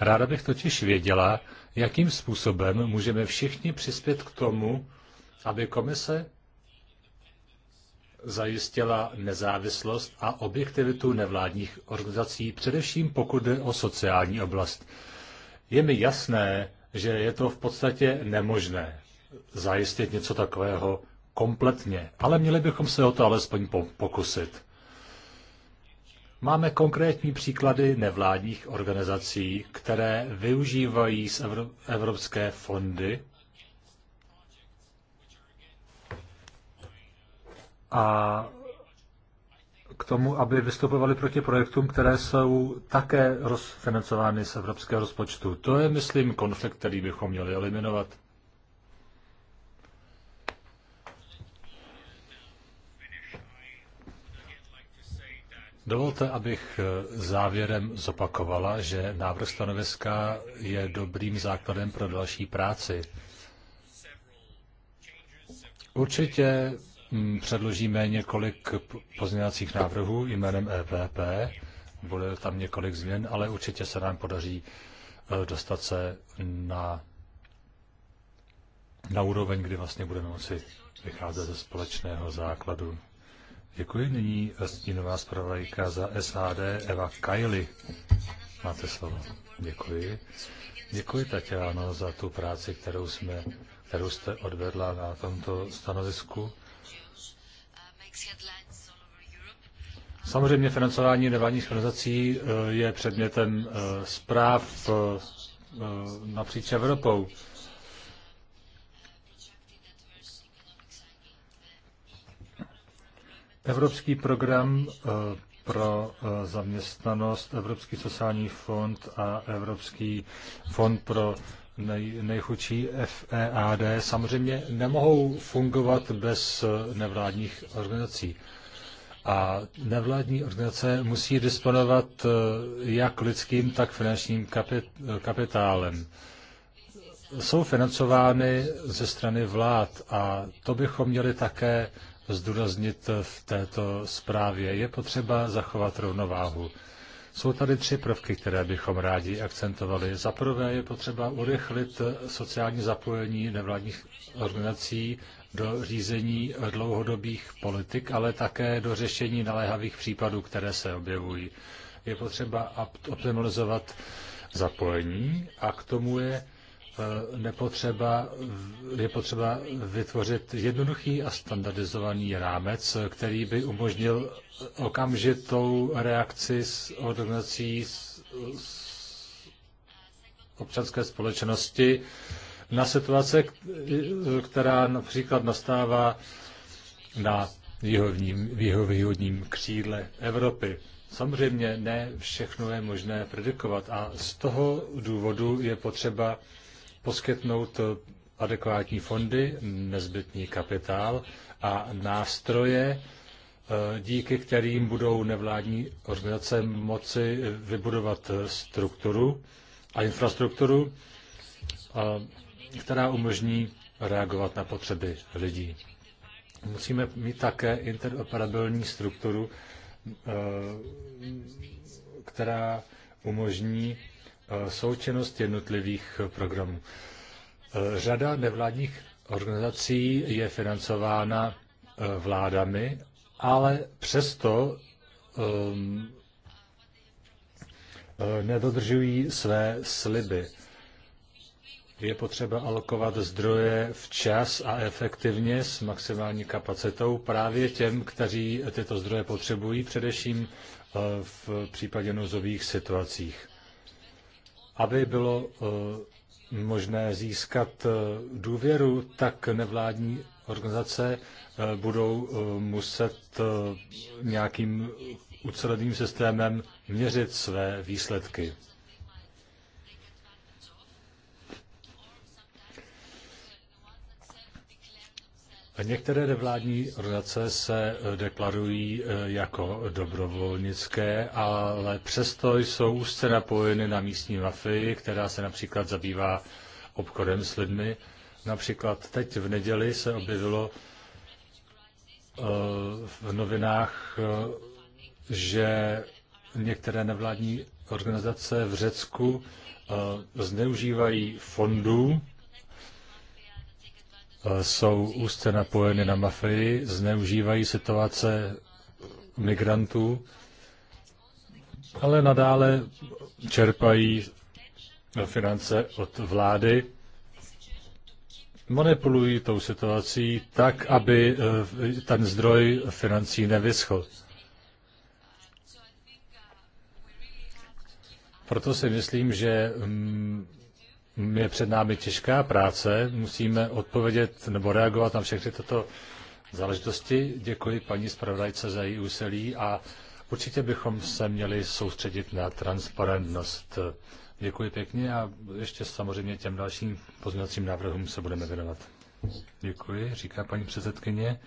[SPEAKER 4] Ráda bych totiž věděla, jakým způsobem můžeme všichni přispět k tomu, aby komise zajistila nezávislost a objektivitu nevládních organizací, především pokud jde o sociální oblast. Je mi jasné, že je to v podstatě nemožné zajistit něco takového kompletně, ale měli bychom se o to alespoň pokusit. Máme konkrétní příklady nevládních organizací, které využívají z evropské fondy a k tomu, aby vystupovali proti projektům, které jsou také rozfinancovány z evropského rozpočtu. To je, myslím, konflikt, který bychom měli eliminovat. Dovolte, abych závěrem zopakovala, že návrh stanoviska je dobrým základem pro další práci. Určitě Mm, předložíme několik pozměňovacích návrhů jménem EPP. Bude tam několik změn, ale určitě se nám podaří eh, dostat se na, na úroveň, kdy vlastně budeme moci vycházet ze společného základu. Děkuji. Nyní stínová zpravodajka za SAD Eva Kajli. Máte slovo. Děkuji. Děkuji, Tatiano, za tu práci, kterou, jsme, kterou jste odvedla na tomto stanovisku. Samozřejmě financování nevládních organizací eh, je předmětem eh, zpráv eh, napříč Evropou. Evropský program pro zaměstnanost, Evropský sociální fond a Evropský fond pro nej, nejchudší FEAD samozřejmě nemohou fungovat bez eh, nevládních organizací. A nevládní organizace musí disponovat eh, jak lidským, tak finančním kapitálem. Jsou financovány ze strany vlád a to bychom měli také zdůraznit v této zprávě. Je potřeba zachovat rovnováhu. Jsou tady tři prvky, které bychom rádi akcentovali. Za prvé je potřeba urychlit sociální zapojení nevládních organizací do řízení dlouhodobých politik, ale také do řešení naléhavých případů, které se objevují. Je potřeba optimalizovat zapojení a k tomu je Eh, nepotřeba, je potřeba vytvořit jednoduchý a standardizovaný rámec, eh, který by umožnil okamžitou reakci s organizací s, s občanské společnosti na situace, eh, která například nastává na jihovním, jihovýhodním křídle Evropy. Samozřejmě ne všechno je možné predikovat a z toho důvodu je potřeba poskytnout eh, adekvátní fondy, nezbytný kapitál a nástroje, eh, díky kterým budou nevládní organizace moci eh, vybudovat strukturu a infrastrukturu, která umožní reagovat na potřeby lidí. Musíme mít také interoperabilní strukturu, která umožní součinnost jednotlivých programů. E, řada nevládních organizací je financována e, vládami, ale přesto um, nedodržují své sliby. Je potřeba alokovat zdroje včas a efektivně s maximální kapacitou právě těm, kteří tyto zdroje potřebují, především v případě nouzových situacích aby bylo eh, možné získat eh, důvěru, tak nevládní organizace eh, budou muset nějakým uceleným systémem měřit své výsledky. Některé nevládní organizace se eh, deklarují eh, jako dobrovolnické, ale přesto jsou úzce napojeny na místní mafii, která se například zabývá obchodem s lidmi. Například teď v neděli se objevilo eh, v novinách, že některé nevládní organizace v Řecku zneužívají fondů Eh, jsou úzce napojeny na mafii, zneužívají situace migrantů, ale nadále čerpají finance od vlády, manipulují tou situací tak, aby eh, ten zdroj financí nevyschl. Proto si myslím, že mm, je před námi těžká práce, musíme odpovědět nebo reagovat na všechny tyto záležitosti. Děkuji paní zpravodajce za její úsilí a určitě bychom se měli soustředit na transparentnost. Děkuji pěkně a ještě samozřejmě těm dalším pozměňovacím návrhům se budeme věnovat. Děkuji, říká paní předsedkyně.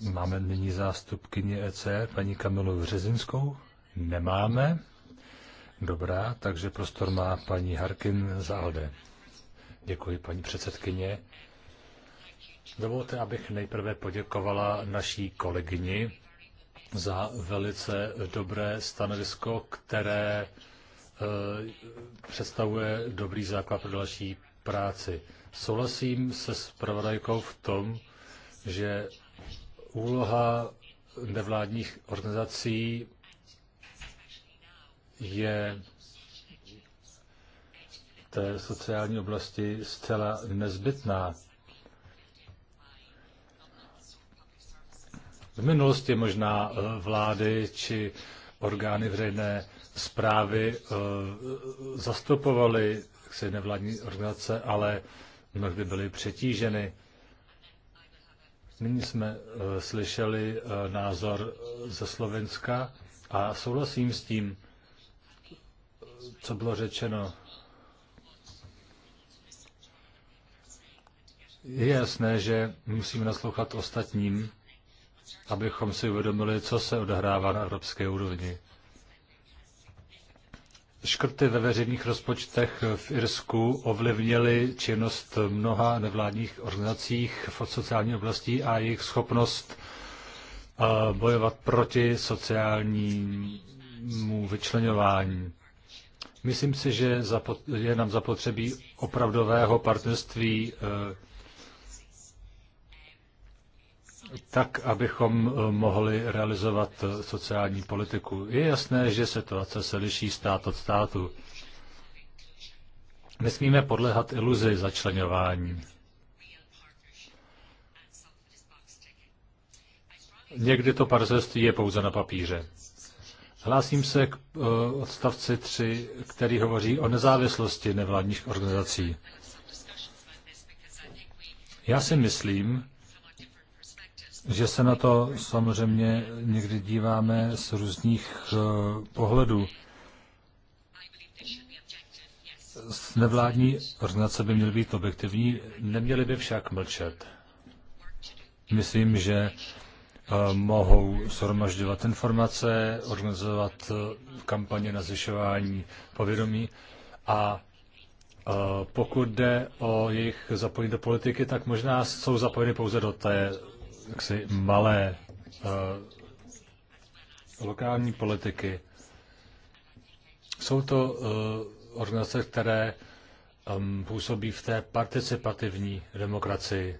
[SPEAKER 4] Máme nyní zástupkyně ECR, paní Kamilu Vřezinskou? Nemáme. Dobrá, takže prostor má paní Harkin za Alde. Děkuji, paní předsedkyně. Dovolte, abych nejprve poděkovala naší kolegyni za velice dobré stanovisko, které eh, představuje dobrý základ pro další práci. Souhlasím se spravodajkou v tom, že úloha nevládních organizací je té sociální oblasti zcela nezbytná. V minulosti možná eh, vlády či orgány veřejné zprávy eh, zastupovaly se nevládní organizace, ale mnohdy byly přetíženy. Nyní jsme eh, slyšeli názor ze Slovenska a souhlasím s tím, co bylo řečeno. Je jasné, že musíme naslouchat ostatním, abychom si uvědomili, co se odehrává na evropské úrovni. Škrty ve veřejných rozpočtech v Irsku ovlivnily činnost mnoha nevládních organizacích v sociální oblasti a jejich schopnost eh, bojovat proti sociálnímu vyčlenování. Myslím si, že je nám zapotřebí opravdového partnerství eh, tak, abychom eh, mohli realizovat eh, sociální politiku. Je jasné, že situace se liší stát od státu. Nesmíme podlehat iluzi začlenování. Někdy to partnerství je pouze na papíře. Hlásím se k eh, odstavci 3, který hovoří o nezávislosti nevládních organizací. Já si myslím, že se na to samozřejmě někdy díváme z různých eh, pohledů. Nevládní organizace by měly být objektivní, neměly by však mlčet. Myslím, že Eh, mohou shromažďovat informace, organizovat eh, kampaně na zvyšování povědomí a eh, pokud jde o jejich zapojení do politiky, tak možná jsou zapojeny pouze do té jaksi malé lokální politiky. Jsou to organizace, které působí v té participativní demokracii.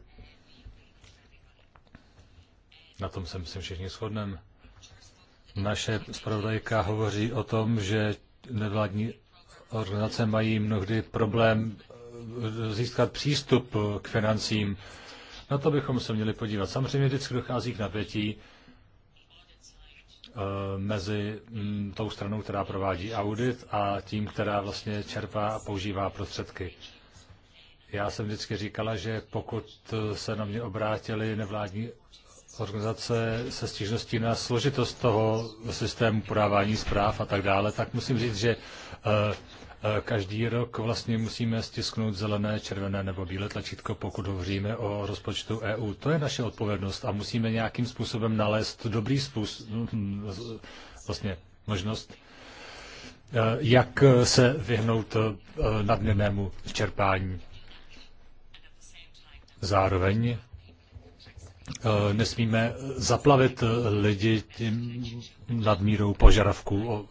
[SPEAKER 4] Na tom se myslím všichni shodneme. Naše zpravodajka hovoří o tom, že nevládní organizace mají mnohdy problém získat přístup k financím. Na to bychom se měli podívat. Samozřejmě vždycky dochází k napětí eh, mezi mm, tou stranou, která provádí audit a tím, která vlastně čerpá a používá prostředky. Já jsem vždycky říkala, že pokud se na mě obrátili nevládní organizace se stížností na složitost toho systému podávání zpráv a tak dále, tak musím říct, že eh, eh, každý rok vlastně musíme stisknout zelené, červené nebo bílé tlačítko, pokud hovoříme o rozpočtu EU. To je naše odpovědnost a musíme nějakým způsobem nalézt dobrý způsob, vlastně možnost, eh, jak se vyhnout nadměrnému čerpání. Zároveň Eh, nesmíme zaplavit lidi tím nadmírou požadavků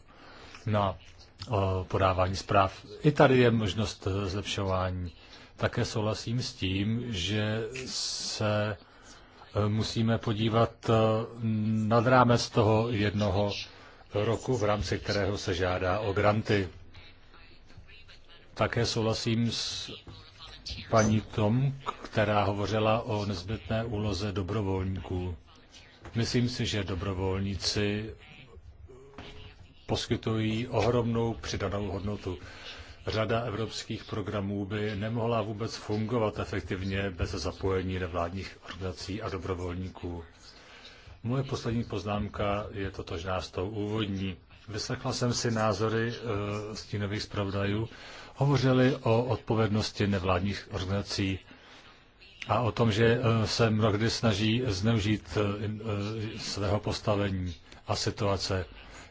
[SPEAKER 4] na eh, podávání zpráv. I tady je možnost eh, zlepšování. Také souhlasím s tím, že se musíme podívat nad rámec toho jednoho roku, v rámci kterého se žádá o granty. Také souhlasím s paní Tom, která hovořila o nezbytné úloze dobrovolníků. Myslím si, že dobrovolníci poskytují ohromnou přidanou hodnotu. Řada evropských programů by nemohla vůbec fungovat efektivně bez zapojení nevládních organizací a dobrovolníků. Moje poslední poznámka je totožná s tou úvodní. Vyslechla jsem si názory e, stínových zpravodajů hovořili o odpovědnosti nevládních organizací a o tom, že eh, se mnohdy snaží zneužít eh, eh, svého postavení a situace.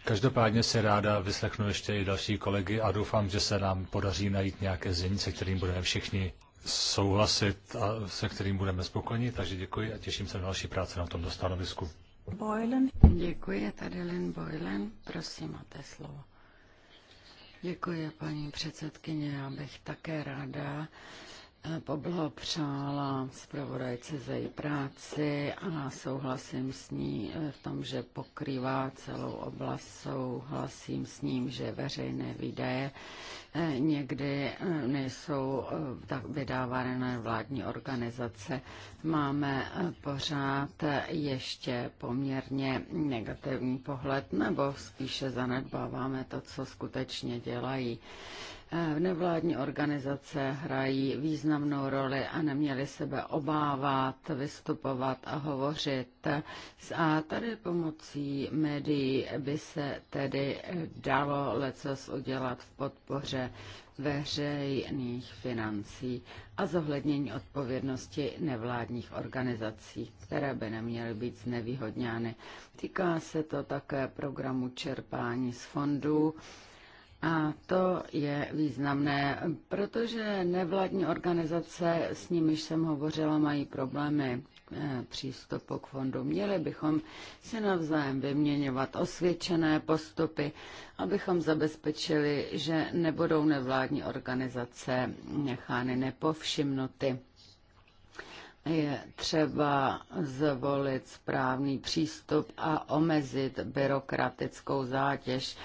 [SPEAKER 4] Každopádně si ráda vyslechnu ještě i další kolegy a doufám, že se nám podaří najít nějaké znění, se kterým budeme všichni souhlasit a se kterým budeme spokojeni. Takže děkuji a těším se na další práce na tomto stanovisku.
[SPEAKER 3] Boylan. Děkuji, tady Lynn Boylan. Prosím, máte slovo. Děkuji, paní předsedkyně. Já bych také ráda eh, poblahopřála zpravodajce za její práci a souhlasím s ní eh, v tom, že pokrývá celou oblast. Souhlasím s ním, že veřejné výdaje Eh, někdy eh, nejsou eh, tak vydávány na vládní organizace. Máme pořád ještě poměrně negativní pohled, nebo spíše zanedbáváme to, co skutečně dělají. Eh, nevládní organizace hrají významnou roli a neměli sebe obávat, vystupovat a hovořit. A tady pomocí médií by se tedy dalo lecos udělat v podpoře veřejných financí a zohlednění odpovědnosti nevládních organizací, které by neměly být znevýhodňány. Týká se to také programu čerpání z fondů a to je významné, protože nevládní organizace, s nimiž jsem hovořila, mají problémy eh, přístupu k fondu. Měli bychom si navzájem vyměňovat osvědčené postupy, abychom zabezpečili, že nebudou nevládní organizace nechány nepovšimnuty. Je třeba zvolit správný přístup a omezit byrokratickou zátěž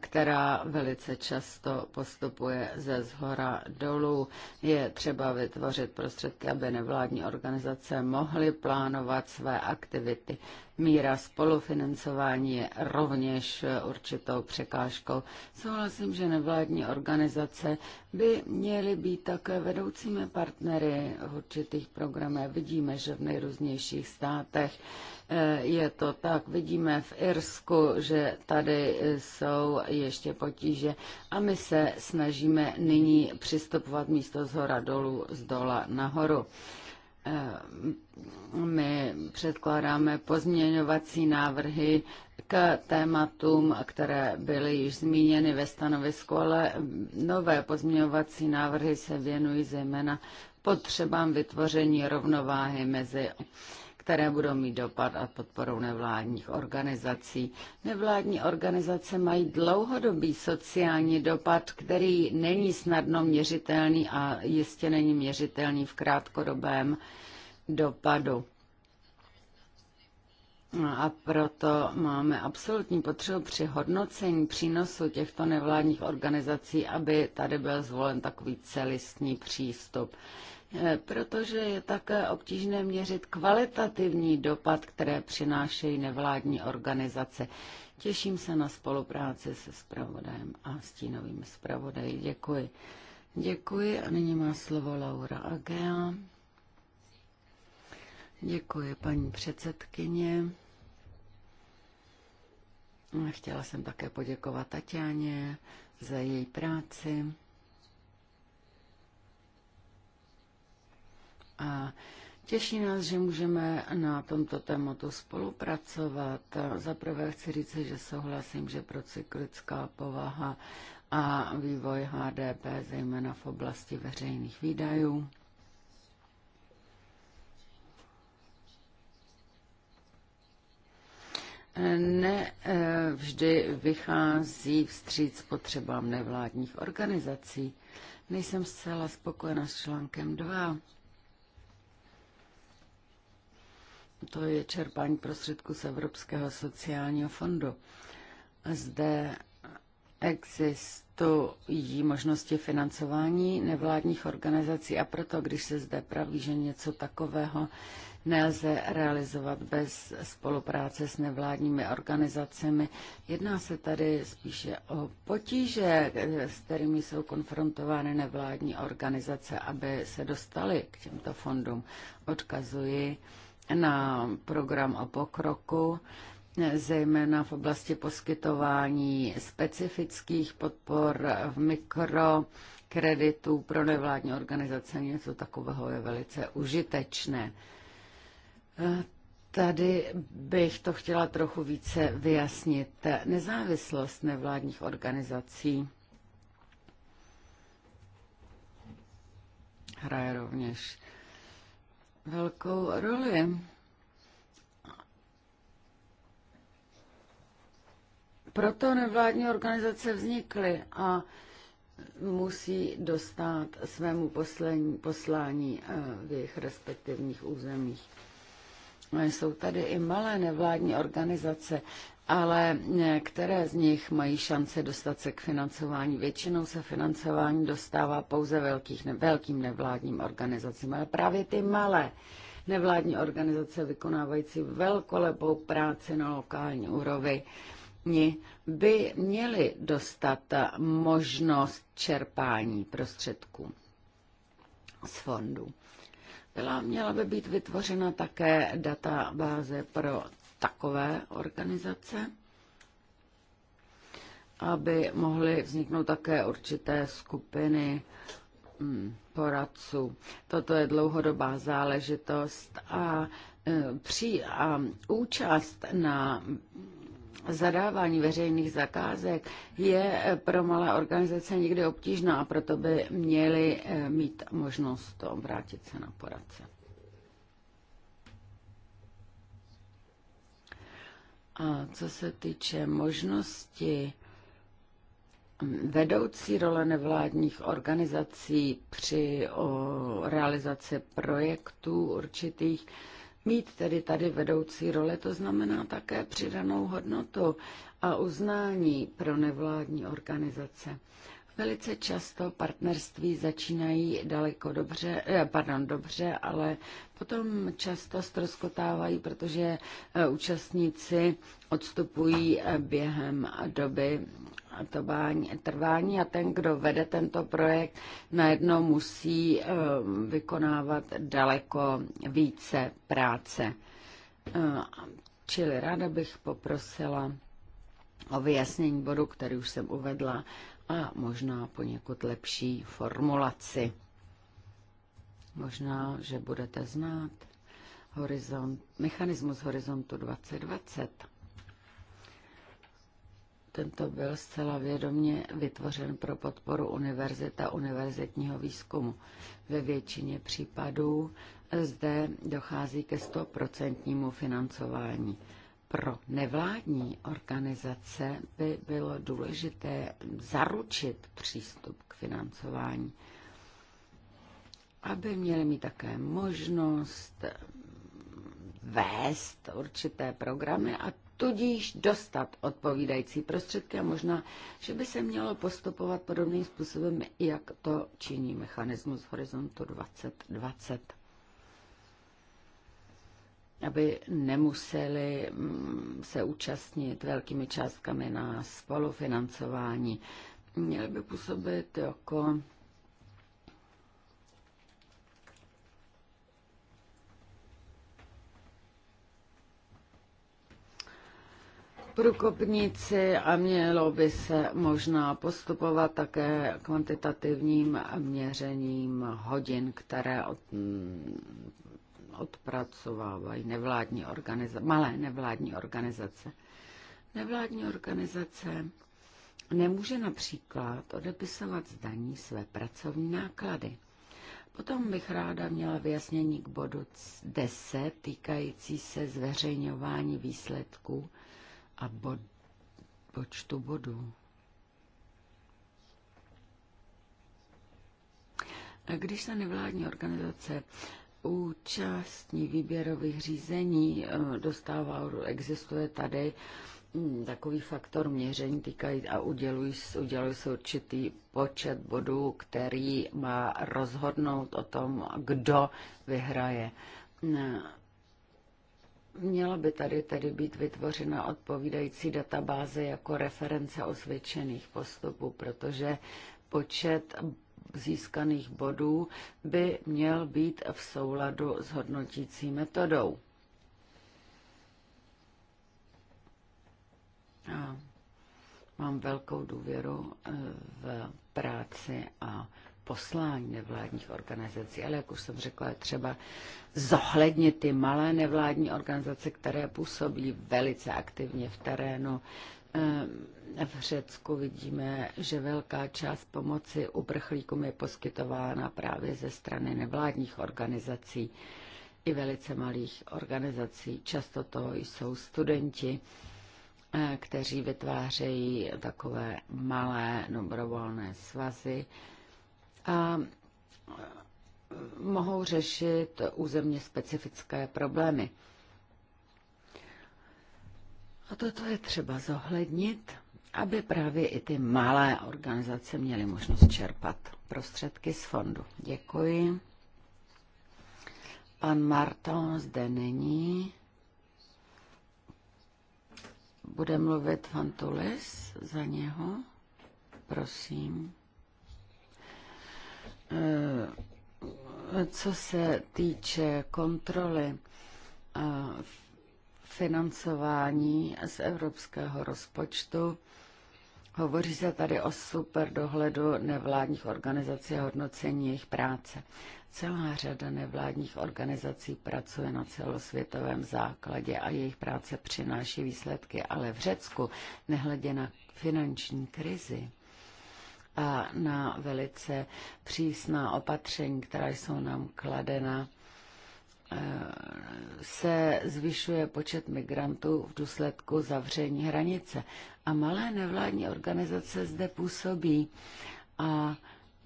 [SPEAKER 3] která velice často postupuje ze zhora dolů. Je třeba vytvořit prostředky, aby nevládní organizace mohly plánovat své aktivity Míra spolufinancování je rovněž eh, určitou překážkou. Souhlasím, že nevládní organizace by měly být také vedoucími partnery v určitých programech. Vidíme, že v nejrůznějších státech eh, je to tak. Vidíme v Irsku, že tady eh, jsou ještě potíže a my se snažíme nyní přistupovat místo z hora dolů, z dola nahoru. Eh, my předkládáme pozměňovací návrhy k tématům, které byly již zmíněny ve stanovisku, ale nové pozměňovací návrhy se věnují zejména potřebám vytvoření rovnováhy mezi které budou mít dopad a podporou nevládních organizací. Nevládní organizace mají dlouhodobý sociální dopad, který není snadno měřitelný a jistě není měřitelný v krátkodobém dopadu. A proto máme absolutní potřebu při hodnocení přínosu těchto nevládních organizací, aby tady byl zvolen takový celistní přístup. Eh, protože je také obtížné měřit kvalitativní dopad, které přinášejí nevládní organizace. Těším se na spolupráci se spravodajem a stínovým spravodaji. Děkuji. Děkuji a nyní má slovo Laura Agea. Děkuji, paní předsedkyně. Chtěla jsem také poděkovat Tatianě za její práci. A Těší nás, že můžeme na tomto tématu spolupracovat. Zaprvé chci říct, že souhlasím, že pro cyklická povaha a vývoj HDP, zejména v oblasti veřejných výdajů, ne eh, vždy vychází vstříc potřebám nevládních organizací. Nejsem zcela spokojena s článkem 2 to je čerpání prostředků z Evropského sociálního fondu. Zde existují možnosti financování nevládních organizací a proto, když se zde praví, že něco takového nelze realizovat bez spolupráce s nevládními organizacemi. Jedná se tady spíše o potíže, s kterými jsou konfrontovány nevládní organizace, aby se dostaly k těmto fondům. Odkazuji na program o pokroku, zejména v oblasti poskytování specifických podpor v mikro kreditů pro nevládní organizace. Něco takového je velice užitečné. Tady bych to chtěla trochu více vyjasnit. Nezávislost nevládních organizací hraje rovněž velkou roli. Proto nevládní organizace vznikly a musí dostat svému poslání, poslání eh, v jejich respektivních územích. Jsou tady i malé nevládní organizace, ale které z nich mají šance dostat se k financování? Většinou se financování dostává pouze velkých, ne, velkým nevládním organizacím, ale právě ty malé nevládní organizace vykonávající velkolepou práci na lokální úrovni by měly dostat možnost čerpání prostředků z fondů byla, měla by být vytvořena také databáze pro takové organizace, aby mohly vzniknout také určité skupiny mm, poradců. Toto je dlouhodobá záležitost a, e, při, a účast na zadávání veřejných zakázek je pro malé organizace někdy obtížná a proto by měly eh, mít možnost obrátit se na poradce. A co se týče možnosti mm, vedoucí role nevládních organizací při o, realizaci projektů určitých, mít tedy tady vedoucí role, to znamená také přidanou hodnotu a uznání pro nevládní organizace. Velice často partnerství začínají daleko dobře, eh, pardon, dobře, ale potom často stroskotávají, protože eh, účastníci odstupují eh, během doby trvání, trvání a ten, kdo vede tento projekt, najednou musí ehm, vykonávat daleko více práce. Ehm, čili ráda bych poprosila o vyjasnění bodu, který už jsem uvedla, a možná poněkud lepší formulaci. Možná, že budete znát horizont, mechanismus horizontu 2020 tento byl zcela vědomě vytvořen pro podporu univerzita univerzitního výzkumu. Ve většině případů zde dochází ke 100% financování. Pro nevládní organizace by bylo důležité zaručit přístup k financování, aby měly mít také možnost vést určité programy a tudíž dostat odpovídající prostředky a možná, že by se mělo postupovat podobným způsobem, jak to činí mechanismus Horizontu 2020 aby nemuseli mm, se účastnit velkými částkami na spolufinancování. Měli by působit jako průkopníci a mělo by se možná postupovat také kvantitativním měřením hodin, které od, mm, odpracovávají nevládní organizace, malé nevládní organizace. Nevládní organizace nemůže například odepisovat zdaní své pracovní náklady. Potom bych ráda měla vyjasnění k bodu 10 týkající se zveřejňování výsledků a bod, počtu bodů. Když se nevládní organizace účastní výběrových řízení eh, dostává, existuje tady hm, takový faktor měření týkají a udělují, udělují se určitý počet bodů, který má rozhodnout o tom, kdo vyhraje. Měla by tady tedy být vytvořena odpovídající databáze jako reference osvědčených postupů, protože počet získaných bodů by měl být v souladu s hodnotící metodou. A mám velkou důvěru eh, v práci a poslání nevládních organizací, ale jak už jsem řekla, je třeba zohlednit ty malé nevládní organizace, které působí velice aktivně v terénu. Ehm, v Řecku vidíme, že velká část pomoci uprchlíkům je poskytována právě ze strany nevládních organizací i velice malých organizací. Často to jsou studenti, eh, kteří vytvářejí takové malé dobrovolné svazy, a eh, mohou řešit územně specifické problémy. A toto je třeba zohlednit, aby právě i ty malé organizace měly možnost čerpat prostředky z fondu. Děkuji. Pan Marton zde není. Bude mluvit Fantulis za něho. Prosím. Eh, co se týče kontroly eh, financování z evropského rozpočtu, hovoří se tady o super dohledu nevládních organizací a hodnocení jejich práce. Celá řada nevládních organizací pracuje na celosvětovém základě a jejich práce přináší výsledky, ale v Řecku, nehledě na finanční krizi, a na velice přísná opatření, která jsou nám kladena, eh, se zvyšuje počet migrantů v důsledku zavření hranice. A malé nevládní organizace zde působí a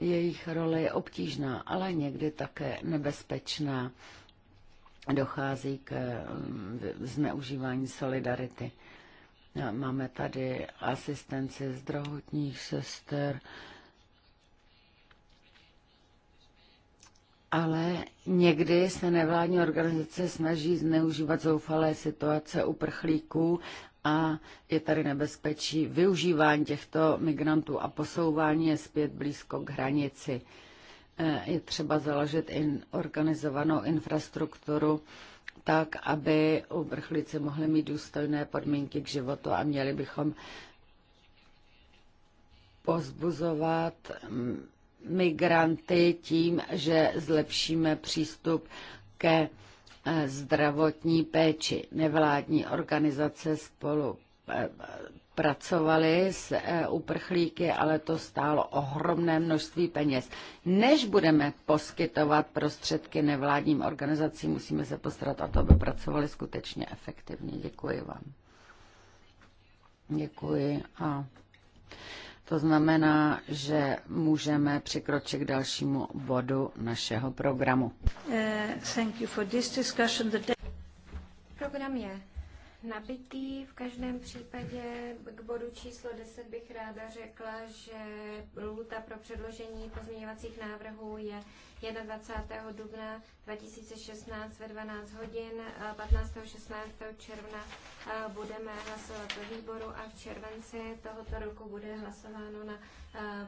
[SPEAKER 3] jejich role je obtížná, ale někdy také nebezpečná. Dochází k mm, zneužívání solidarity. Máme tady asistenci zdravotních sester, Ale někdy se nevládní organizace snaží zneužívat zoufalé situace uprchlíků a je tady nebezpečí využívání těchto migrantů a posouvání je zpět blízko k hranici. E, je třeba založit in organizovanou infrastrukturu tak, aby uprchlíci mohli mít důstojné podmínky k životu a měli bychom pozbuzovat migranty tím, že zlepšíme přístup ke eh, zdravotní péči. Nevládní organizace spolu eh, pracovali s eh, uprchlíky, ale to stálo ohromné množství peněz. Než budeme poskytovat prostředky nevládním organizacím, musíme se postarat o to, aby pracovali skutečně efektivně. Děkuji vám. Děkuji a to znamená, že můžeme přikročit k dalšímu bodu našeho programu.
[SPEAKER 1] Uh, thank you for this discussion. The Program je nabitý.
[SPEAKER 2] V každém případě k bodu číslo 10 bych ráda řekla, že lhůta pro předložení pozměňovacích návrhů je 21. dubna 2016 ve 12 hodin. 15. 16. června budeme hlasovat ve výboru a v červenci tohoto roku bude hlasováno na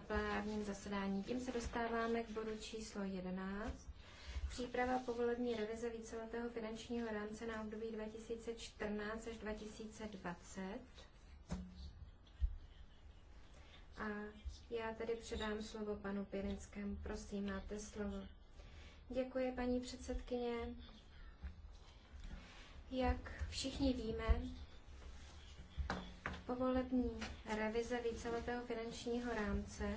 [SPEAKER 2] plenárním zasedání. Tím se dostáváme k bodu číslo 11. Příprava povolební revize víceletého finančního rámce na období 2014 až 2020. A já tady předám slovo panu Pirinskému. Prosím, máte slovo. Děkuji, paní předsedkyně. Jak všichni víme, povolební revize víceletého finančního rámce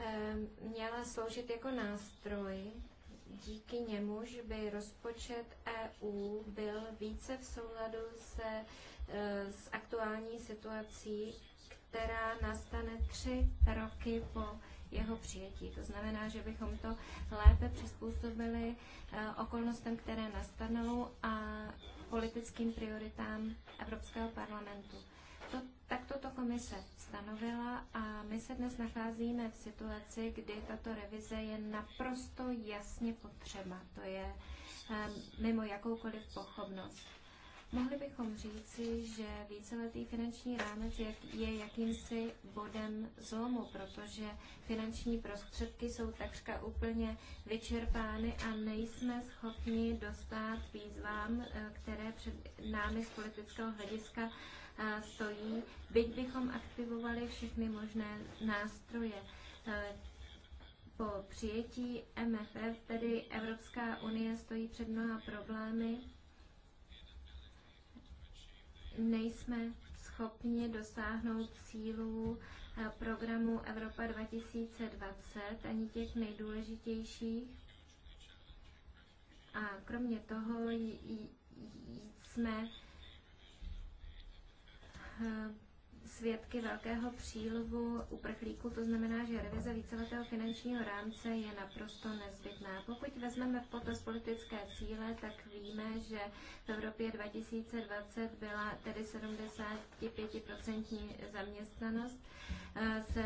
[SPEAKER 2] eh, měla sloužit jako nástroj díky němuž by rozpočet EU byl více v souladu se, e, s aktuální situací, která nastane tři roky po jeho přijetí. To znamená, že bychom to lépe přizpůsobili e, okolnostem, které nastanou a politickým prioritám Evropského parlamentu. To, tak toto komise stanovila a my se dnes nacházíme v situaci, kdy tato revize je naprosto jasně potřeba. To je ehm, mimo jakoukoliv pochopnost. Mohli bychom říci, že víceletý finanční rámec je, je jakýmsi bodem zlomu, protože finanční prostředky jsou takřka úplně vyčerpány a nejsme schopni dostat výzvám, eh, které před námi z politického hlediska stojí, byť bychom aktivovali všechny možné nástroje. E, po přijetí MFF tedy Evropská unie stojí před mnoha problémy. Nejsme schopni dosáhnout cílů e, programu Evropa 2020, ani těch nejdůležitějších. A kromě toho jsme svědky velkého přílivu uprchlíků, to znamená, že revize víceletého finančního rámce je naprosto nezbytná. Pokud vezmeme v potaz politické cíle, tak víme, že v Evropě 2020 byla tedy 75% zaměstnanost. Eh, z,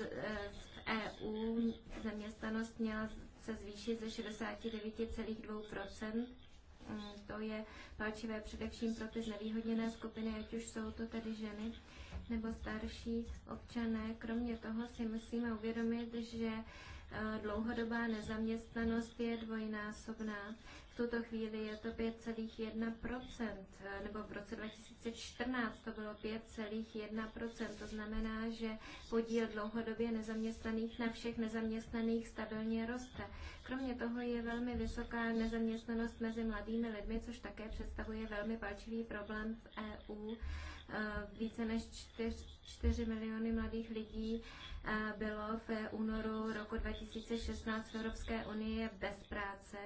[SPEAKER 2] eh, v EU zaměstnanost měla se zvýšit ze 69,2% to je palčivé především pro ty znevýhodněné skupiny, ať už jsou to tedy ženy nebo starší občané. Kromě toho si musíme uvědomit, že eh, dlouhodobá nezaměstnanost je dvojnásobná tuto chvíli je to 5,1%, eh, nebo v roce 2014 to bylo 5,1%. To znamená, že podíl dlouhodobě nezaměstnaných na všech nezaměstnaných stabilně roste. Kromě toho je velmi vysoká nezaměstnanost mezi mladými lidmi, což také představuje velmi palčivý problém v EU. Eh, více než 4, 4 miliony mladých lidí eh, bylo v únoru e roku 2016 v Evropské unii bez práce.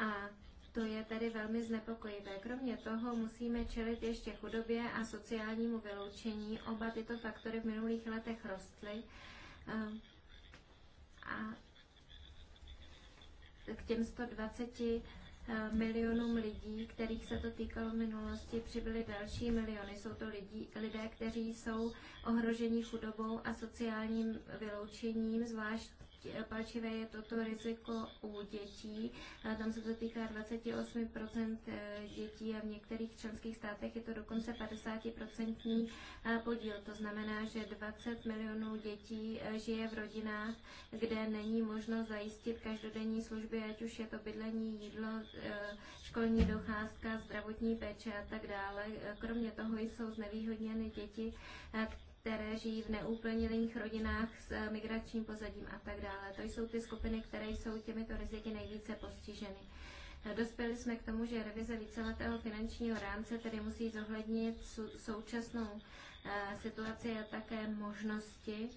[SPEAKER 2] A to je tedy velmi znepokojivé. Kromě toho musíme čelit ještě chudobě a sociálnímu vyloučení. Oba tyto faktory v minulých letech rostly. Ehm, a k těm 120 eh, milionům lidí, kterých se to týkalo v minulosti, přibyly další miliony. Jsou to lidi, lidé, kteří jsou ohroženi chudobou a sociálním vyloučením, zvlášť palčivé je toto riziko u dětí. Tam se to týká 28% eh, dětí a v některých členských státech je to dokonce 50% eh, podíl. To znamená, že 20 milionů dětí eh, žije v rodinách, kde není možno zajistit každodenní služby, ať už je to bydlení, jídlo, školní docházka, zdravotní péče a tak dále. Kromě toho jsou znevýhodněny děti, které žijí v neúplněných rodinách s eh, migračním pozadím a tak dále. To jsou ty skupiny, které jsou těmito riziky nejvíce postiženy. Eh, dospěli jsme k tomu, že revize víceletého finančního rámce tedy musí zohlednit současnou eh, situaci a také možnosti,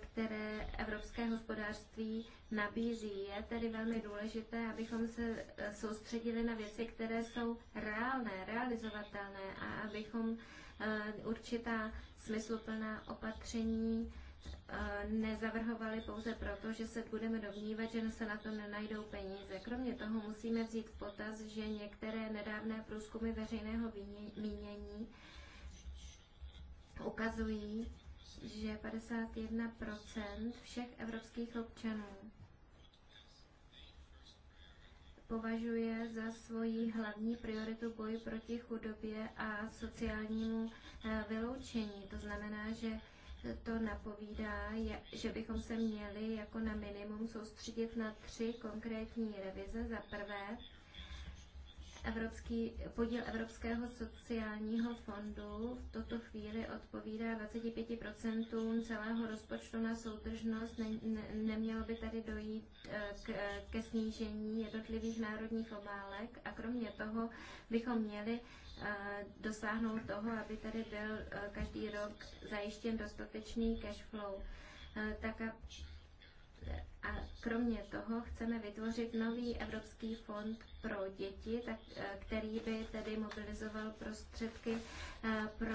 [SPEAKER 2] které evropské hospodářství nabízí. Je tedy velmi důležité, abychom se soustředili na věci, které jsou reálné, realizovatelné a abychom určitá smysluplná opatření eh, nezavrhovali pouze proto, že se budeme domnívat, že se na to nenajdou peníze. Kromě toho musíme vzít v potaz, že některé nedávné průzkumy veřejného mínění ukazují, že 51 všech evropských občanů považuje za svoji hlavní prioritu boj proti chudobě a sociálnímu eh, vyloučení. To znamená, že to napovídá, že bychom se měli jako na minimum soustředit na tři konkrétní revize. Za prvé, Evropský, podíl Evropského sociálního fondu v tuto chvíli odpovídá 25% celého rozpočtu na soudržnost. Ne, ne, nemělo by tady dojít eh, k, ke snížení jednotlivých národních obálek a kromě toho bychom měli eh, dosáhnout toho, aby tady byl eh, každý rok zajištěn dostatečný cash flow, tak a kromě toho chceme vytvořit nový Evropský fond pro děti, tak, eh, který by tedy mobilizoval prostředky eh, pro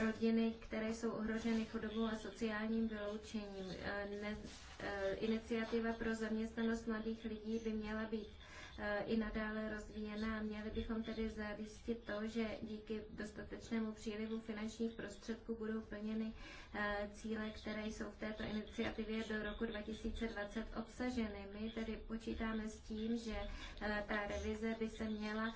[SPEAKER 2] rodiny, které jsou ohroženy chudobou a sociálním vyloučením. Eh, ne, iniciativa pro zaměstnanost mladých lidí by měla být Eh, i nadále rozvíjena a měli bychom tedy zajistit to, že díky dostatečnému přílivu finančních prostředků budou plněny eh, cíle, které jsou v této iniciativě do roku 2020 obsaženy. My tedy počítáme s tím, že eh, ta revize by se měla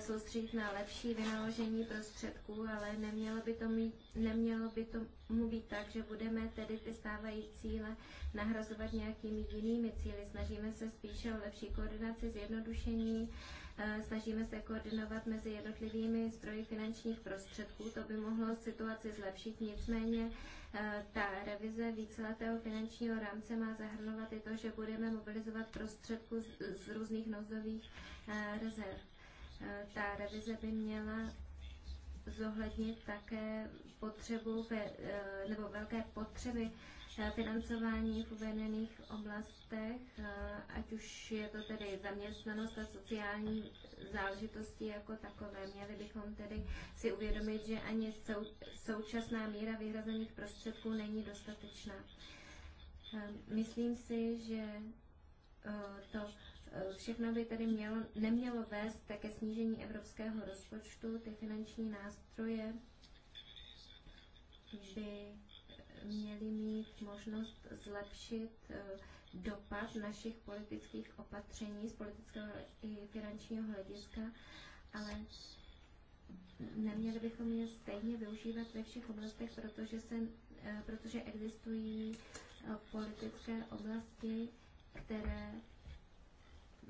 [SPEAKER 2] soustředit na lepší vynaložení prostředků, ale nemělo by to, mít, nemělo by to mluví tak, že budeme tedy ty stávající cíle nahrazovat nějakými jinými cíly. Snažíme se spíše o lepší koordinaci, zjednodušení, eh, snažíme se koordinovat mezi jednotlivými zdroji finančních prostředků. To by mohlo situaci zlepšit, nicméně eh, ta revize víceletého finančního rámce má zahrnovat i to, že budeme mobilizovat prostředku z, z různých nouzových eh, rezerv. Ta revize by měla zohlednit také potřebu e, nebo velké potřeby e, financování v uvedených oblastech, e, ať už je to tedy zaměstnanost a sociální záležitosti jako takové. Měli bychom tedy si uvědomit, že ani současná míra vyhrazených prostředků není dostatečná. Myslím si, že to Eh, všechno by tedy mělo, nemělo vést také snížení evropského rozpočtu. Ty finanční nástroje by eh, měly mít možnost zlepšit eh, dopad našich politických opatření z politického i finančního hlediska, ale neměli bychom je stejně využívat ve všech oblastech, protože, se, protože existují politické oblasti, které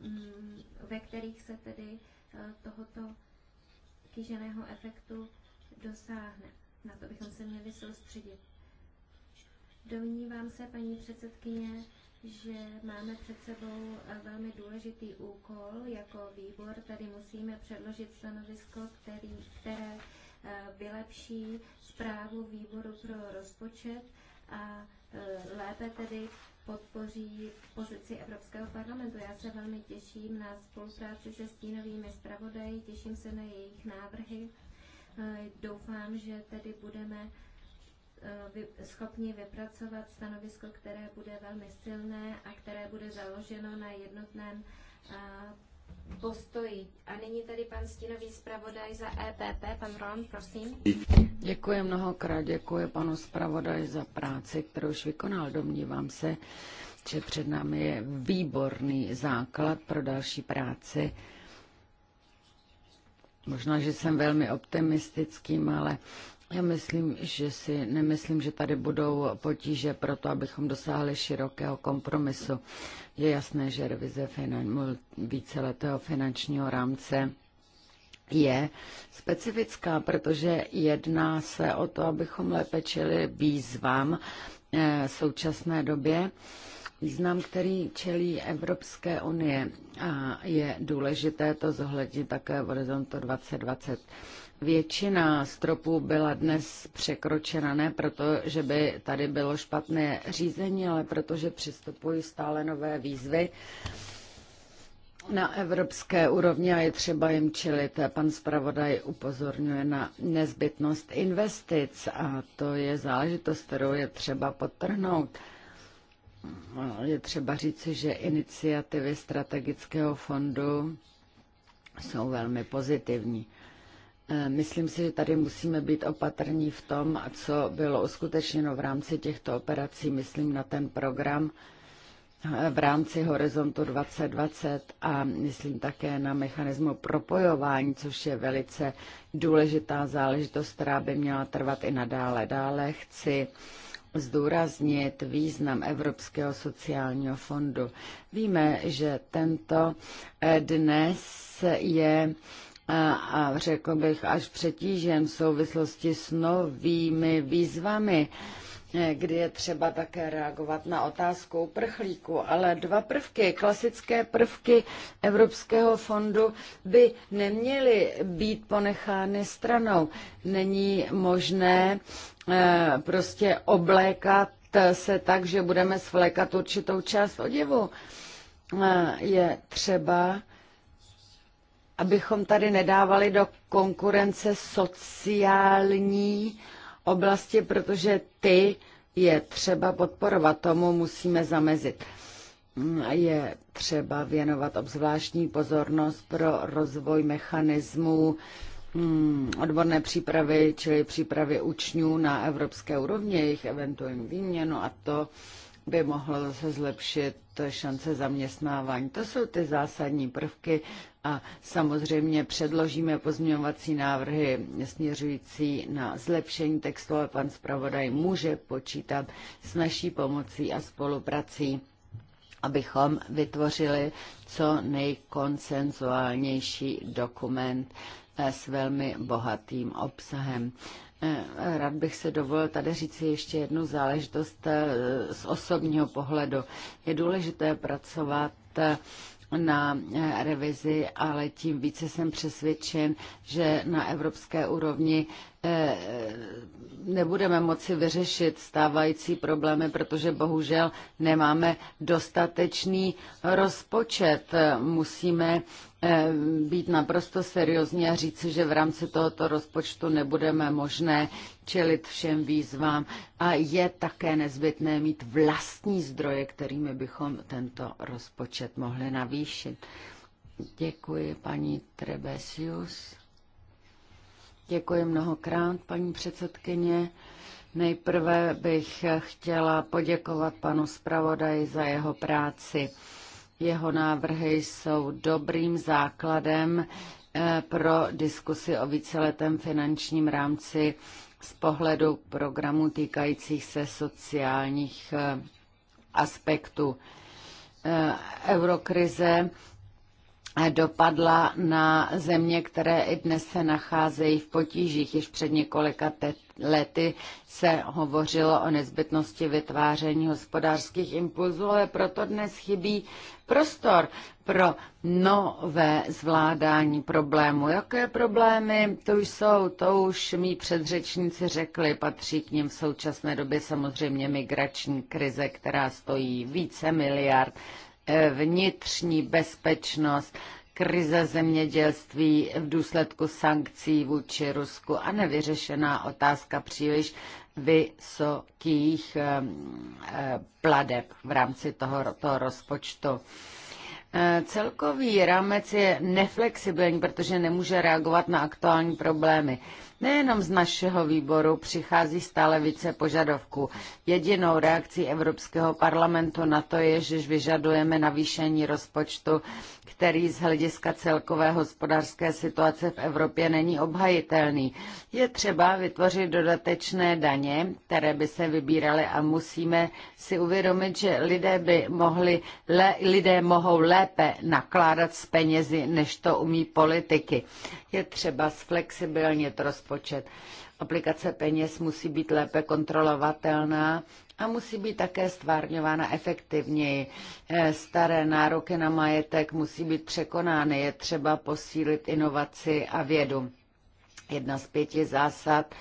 [SPEAKER 2] Mm, ve kterých se tedy eh, tohoto kýženého efektu dosáhne. Na to bychom se měli soustředit. Domnívám se, paní předsedkyně, že máme před sebou eh, velmi důležitý úkol. Jako výbor tady musíme předložit stanovisko, který, které eh, vylepší zprávu výboru pro rozpočet a lépe tedy podpoří pozici Evropského parlamentu. Já se velmi těším na spolupráci se stínovými zpravodaji, těším se na jejich návrhy. Eh, doufám, že tedy budeme eh, schopni vypracovat stanovisko, které bude velmi silné a které bude založeno na jednotném eh, postoji. A nyní tady pan stínový zpravodaj za EPP, pan Ron, prosím.
[SPEAKER 3] Děkuji mnohokrát, děkuji panu zpravodaji za práci, kterou už vykonal. Domnívám se, že před námi je výborný základ pro další práci. Možná, že jsem velmi optimistický, ale já myslím, že si nemyslím, že tady budou potíže pro to, abychom dosáhli širokého kompromisu. Je jasné, že revize finan- víceletého finančního rámce je specifická, protože jedná se o to, abychom lépe čili výzvám eh, v současné době. Význam, který čelí Evropské unie a je důležité to zohlednit také v horizontu 2020. Většina stropů byla dnes překročena ne proto, že by tady bylo špatné řízení, ale protože přistupují stále nové výzvy na evropské úrovni a je třeba jim čelit. Pan zpravodaj upozorňuje na nezbytnost investic a to je záležitost, kterou je třeba podtrhnout. Je třeba říci, že iniciativy strategického fondu jsou velmi pozitivní. E, myslím si, že tady musíme být opatrní v tom, co bylo uskutečněno v rámci těchto operací. Myslím na ten program v rámci Horizontu 2020 a myslím také na mechanismu propojování, což je velice důležitá záležitost, která by měla trvat i nadále. Dále chci zdůraznit význam Evropského sociálního fondu. Víme, že tento eh, dnes je eh, a, řekl bych až přetížen v souvislosti s novými výzvami kdy je třeba také reagovat na otázku uprchlíků. Ale dva prvky, klasické prvky Evropského fondu by neměly být ponechány stranou. Není možné eh, prostě oblékat se tak, že budeme svlékat určitou část oděvu. Eh, je třeba abychom tady nedávali do konkurence sociální oblasti, protože ty je třeba podporovat, tomu musíme zamezit. Je třeba věnovat obzvláštní pozornost pro rozvoj mechanismů hmm, odborné přípravy, čili přípravy učňů na evropské úrovni, jejich eventuální výměnu a to by mohlo zase zlepšit šance zaměstnávání. To jsou ty zásadní prvky a samozřejmě předložíme pozměňovací návrhy směřující na zlepšení textu, ale pan zpravodaj může počítat s naší pomocí a spoluprací abychom vytvořili co nejkonsenzuálnější dokument s velmi bohatým obsahem. Eh, rád bych se dovolil tady říct ještě jednu záležitost eh, z osobního pohledu. Je důležité pracovat eh, na revizi, ale tím více jsem přesvědčen, že na evropské úrovni Eh, nebudeme moci vyřešit stávající problémy, protože bohužel nemáme dostatečný rozpočet. Musíme eh, být naprosto seriózní a říci, že v rámci tohoto rozpočtu nebudeme možné čelit všem výzvám a je také nezbytné mít vlastní zdroje, kterými bychom tento rozpočet mohli navýšit. Děkuji, paní Trebesius. Děkuji mnohokrát, paní předsedkyně. Nejprve bych chtěla poděkovat panu zpravodaji za jeho práci. Jeho návrhy jsou dobrým základem eh, pro diskusi o víceletém finančním rámci z pohledu programů týkajících se sociálních eh, aspektů. Eh, eurokrize dopadla na země, které i dnes se nacházejí v potížích. Již před několika lety se hovořilo o nezbytnosti vytváření hospodářských impulzů, ale proto dnes chybí prostor pro nové zvládání problému. Jaké problémy to jsou, to už mý předřečníci řekli, patří k ním v současné době samozřejmě migrační krize, která stojí více miliard vnitřní bezpečnost, krize zemědělství v důsledku sankcí vůči Rusku a nevyřešená otázka příliš vysokých eh, eh, pladeb v rámci toho toho rozpočtu. Eh, celkový rámec je neflexibilní, protože nemůže reagovat na aktuální problémy. Nejenom z našeho výboru přichází stále více požadavků. Jedinou reakcí Evropského parlamentu na to je, že vyžadujeme navýšení rozpočtu, který z hlediska celkové hospodářské situace v Evropě není obhajitelný. Je třeba vytvořit dodatečné daně, které by se vybíraly a musíme si uvědomit, že lidé by mohli, le, lidé mohou lépe nakládat s penězi, než to umí politiky. Je třeba zflexibilnit rozpočtu rozpočet. Aplikace peněz musí být lépe kontrolovatelná a musí být také stvárňována efektivněji. Eh, staré nároky na majetek musí být překonány, je třeba posílit inovaci a vědu. Jedna z pěti zásad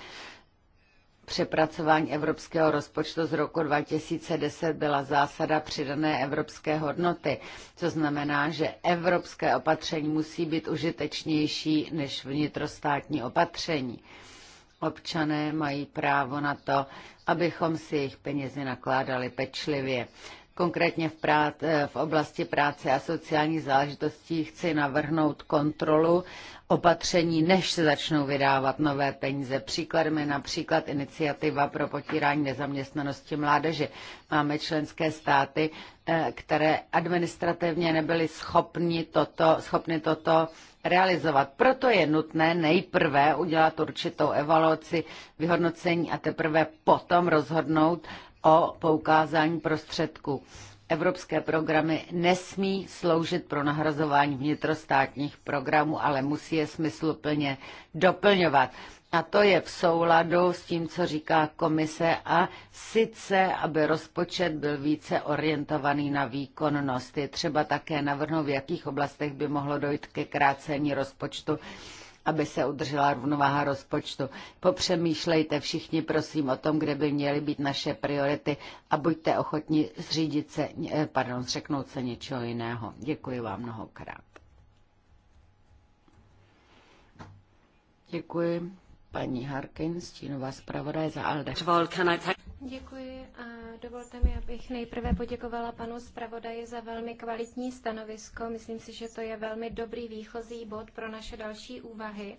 [SPEAKER 3] přepracování evropského rozpočtu z roku 2010 byla zásada přidané evropské hodnoty, co znamená, že evropské opatření musí být užitečnější než vnitrostátní opatření. Občané mají právo na to, abychom si jejich penězi nakládali pečlivě. Konkrétně v, prát, v oblasti práce a sociální záležitostí chci navrhnout kontrolu opatření, než se začnou vydávat nové peníze. Příkladem je například iniciativa pro potírání nezaměstnanosti mládeže. Máme členské státy, eh, které administrativně nebyly schopni toto, schopny toto realizovat. Proto je nutné nejprve udělat určitou evaluaci, vyhodnocení a teprve potom rozhodnout o poukázání prostředků. Evropské programy nesmí sloužit pro nahrazování vnitrostátních programů, ale musí je smysluplně doplňovat. A to je v souladu s tím, co říká komise, a sice, aby rozpočet byl více orientovaný na výkonnost. Je třeba také navrhnout, v jakých oblastech by mohlo dojít ke krácení rozpočtu aby se udržela rovnováha rozpočtu. Popřemýšlejte všichni, prosím, o tom, kde by měly být naše priority a buďte ochotni zřídit se, eh, pardon, zřeknout se něčeho jiného. Děkuji vám mnohokrát. Děkuji paní Harkin, stínová zpravodaj za ALDE.
[SPEAKER 2] Děkuji a dovolte mi, abych nejprve poděkovala panu zpravodaji za velmi kvalitní stanovisko. Myslím si, že to je velmi dobrý výchozí bod pro naše další úvahy.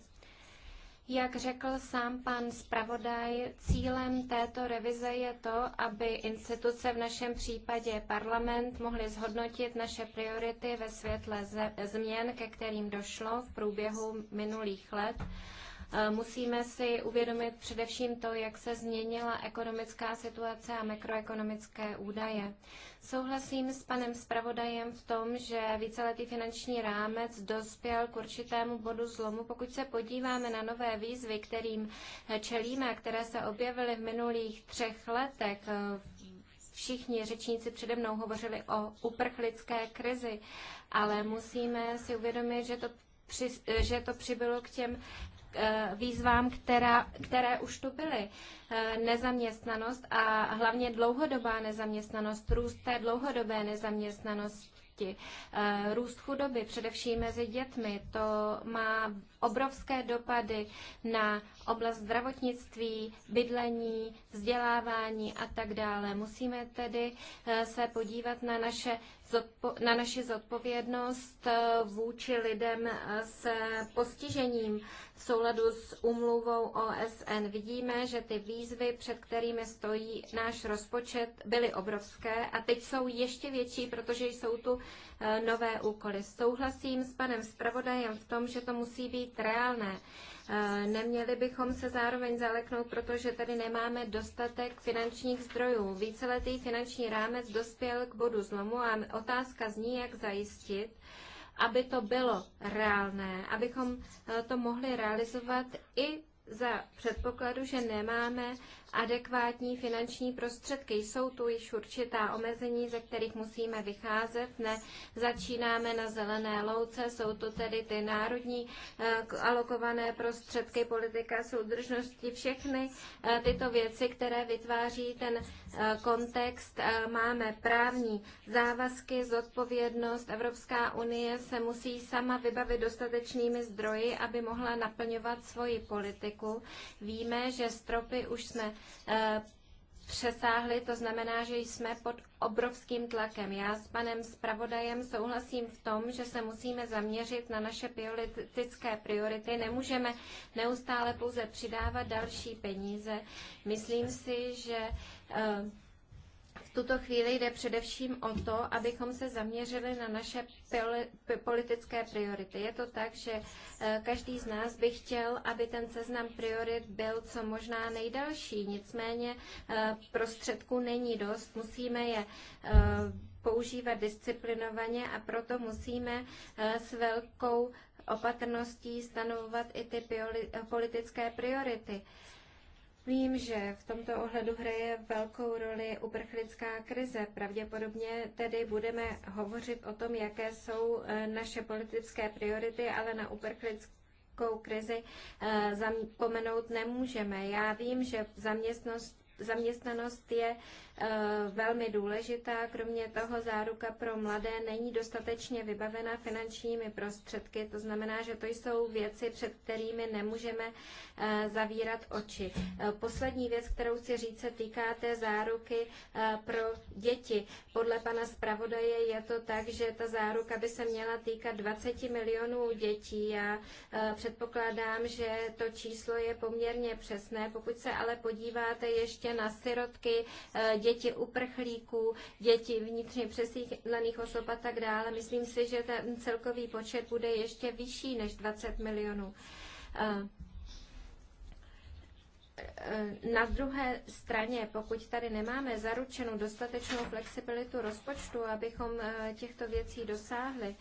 [SPEAKER 2] Jak řekl sám pan zpravodaj, cílem této revize je to, aby instituce, v našem případě parlament, mohly zhodnotit naše priority ve světle změn, ke kterým došlo v průběhu minulých let Eh, musíme si uvědomit především to, jak se změnila ekonomická situace a makroekonomické údaje. Souhlasím s panem zpravodajem v tom, že víceletý finanční rámec dospěl k určitému bodu zlomu. Pokud se podíváme na nové výzvy, kterým eh, čelíme a které se objevily v minulých třech letech, eh, všichni řečníci přede mnou hovořili o uprchlické krizi, ale musíme si uvědomit, že to při, že to přibylo k těm Eh, výzvám, která, které už tu byly. Eh, nezaměstnanost a hlavně dlouhodobá nezaměstnanost, růst té dlouhodobé nezaměstnanosti eh, Růst chudoby, především mezi dětmi, to má obrovské dopady na oblast zdravotnictví, bydlení, vzdělávání a tak dále. Musíme tedy se podívat na naše na naši zodpovědnost eh, vůči lidem eh, s postižením v souladu s umluvou OSN. Vidíme, že ty výzvy, před kterými stojí náš rozpočet, byly obrovské a teď jsou ještě větší, protože jsou tu eh, nové úkoly. Souhlasím s panem zpravodajem v tom, že to musí být reálné. Eh, neměli bychom se zároveň zaleknout, protože tady nemáme dostatek finančních zdrojů. Víceletý finanční rámec dospěl k bodu zlomu a otázka zní, jak zajistit, aby to bylo reálné, abychom eh, to mohli realizovat i za předpokladu, že nemáme adekvátní finanční prostředky. Jsou tu již určitá omezení, ze kterých musíme vycházet. Ne, začínáme na zelené louce, jsou to tedy ty národní eh, alokované prostředky, politika soudržnosti, všechny eh, tyto věci, které vytváří ten eh, kontext. Máme právní závazky, zodpovědnost. Evropská unie se musí sama vybavit dostatečnými zdroji, aby mohla naplňovat svoji politiku. Víme, že stropy už jsme Eh, přesáhli, to znamená, že jsme pod obrovským tlakem. Já s panem zpravodajem souhlasím v tom, že se musíme zaměřit na naše politické priority. Nemůžeme neustále pouze přidávat další peníze. Myslím si, že eh, tuto chvíli jde především o to, abychom se zaměřili na naše politické priority. Je to tak, že eh, každý z nás by chtěl, aby ten seznam priorit byl co možná nejdelší, nicméně eh, prostředků není dost, musíme je eh, používat disciplinovaně a proto musíme s velkou opatrností stanovovat i ty politické priority. Vím, že v tomto ohledu hraje velkou roli uprchlická krize. Pravděpodobně tedy budeme hovořit o tom, jaké jsou eh, naše politické priority, ale na uprchlickou krizi eh, zapomenout nemůžeme. Já vím, že zaměstnanost je Eh, velmi důležitá. Kromě toho záruka pro mladé není dostatečně vybavena finančními prostředky, to znamená, že to jsou věci, před kterými nemůžeme eh, zavírat oči. Eh, poslední věc, kterou chci říct, se týká té záruky pro děti. Podle pana zpravodaje je to tak, že ta záruka by se měla týkat 20 milionů dětí. Já předpokládám, že to číslo je poměrně přesné. Pokud se ale podíváte ještě na sirotky děti uprchlíků, děti vnitřně přesídlených osob a tak dále. Myslím si, že ten celkový počet bude ještě vyšší než 20 milionů. Eh, eh, na druhé straně, pokud tady nemáme zaručenou dostatečnou flexibilitu rozpočtu, abychom eh, těchto věcí dosáhli,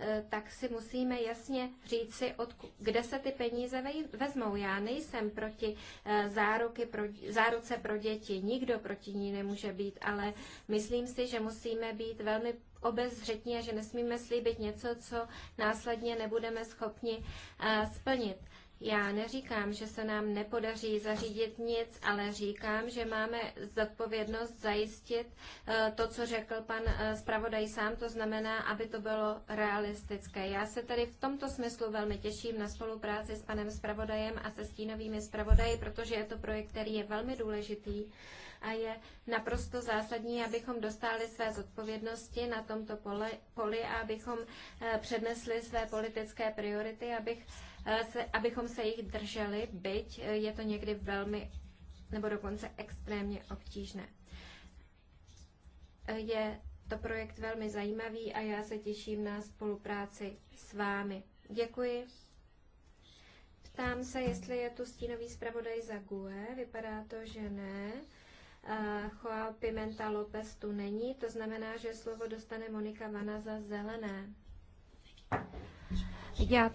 [SPEAKER 2] Eh, tak si musíme jasně říci, kde se ty peníze vezmou. Já nejsem proti eh, záruky pro, záruce pro děti, nikdo proti ní nemůže být, ale myslím si, že musíme být velmi obezřetní a že nesmíme slíbit něco, co následně nebudeme schopni eh, splnit. Já neříkám, že se nám nepodaří zařídit nic, ale říkám, že máme zodpovědnost zajistit eh, to, co řekl pan eh, zpravodaj sám, to znamená, aby to bylo realistické. Já se tedy v tomto smyslu velmi těším na spolupráci s panem zpravodajem a se stínovými zpravodaji, protože je to projekt, který je velmi důležitý a je naprosto zásadní, abychom dostali své zodpovědnosti na tomto poli, poli a abychom eh, přednesli své politické priority, abych Eh, se, abychom se jich drželi, byť eh, je to někdy velmi nebo dokonce extrémně obtížné. Eh, je to projekt velmi zajímavý a já se těším na spolupráci s vámi. Děkuji. Ptám se, jestli je tu stínový zpravodaj za GUE. Vypadá to, že ne. Joao Pimenta López tu není, to znamená, že slovo dostane Monika Vana za zelené. Já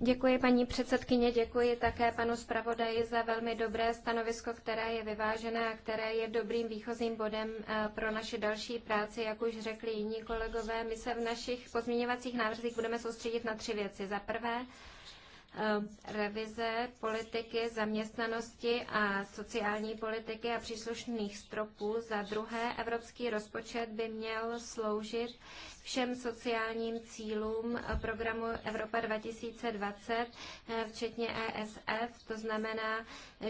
[SPEAKER 2] Děkuji paní předsedkyně, děkuji také panu zpravodaji za velmi dobré stanovisko, které je vyvážené a které je dobrým výchozím bodem eh, pro naše další práci. Jak už řekli jiní kolegové, my se v našich pozměňovacích návrzích budeme soustředit na tři věci. Za prvé, eh, revize politiky zaměstnanosti a sociální politiky a příslušných stropů. Za druhé, evropský rozpočet by měl sloužit všem sociálním cílům programu Evropa 2020, eh, včetně ESF. To znamená,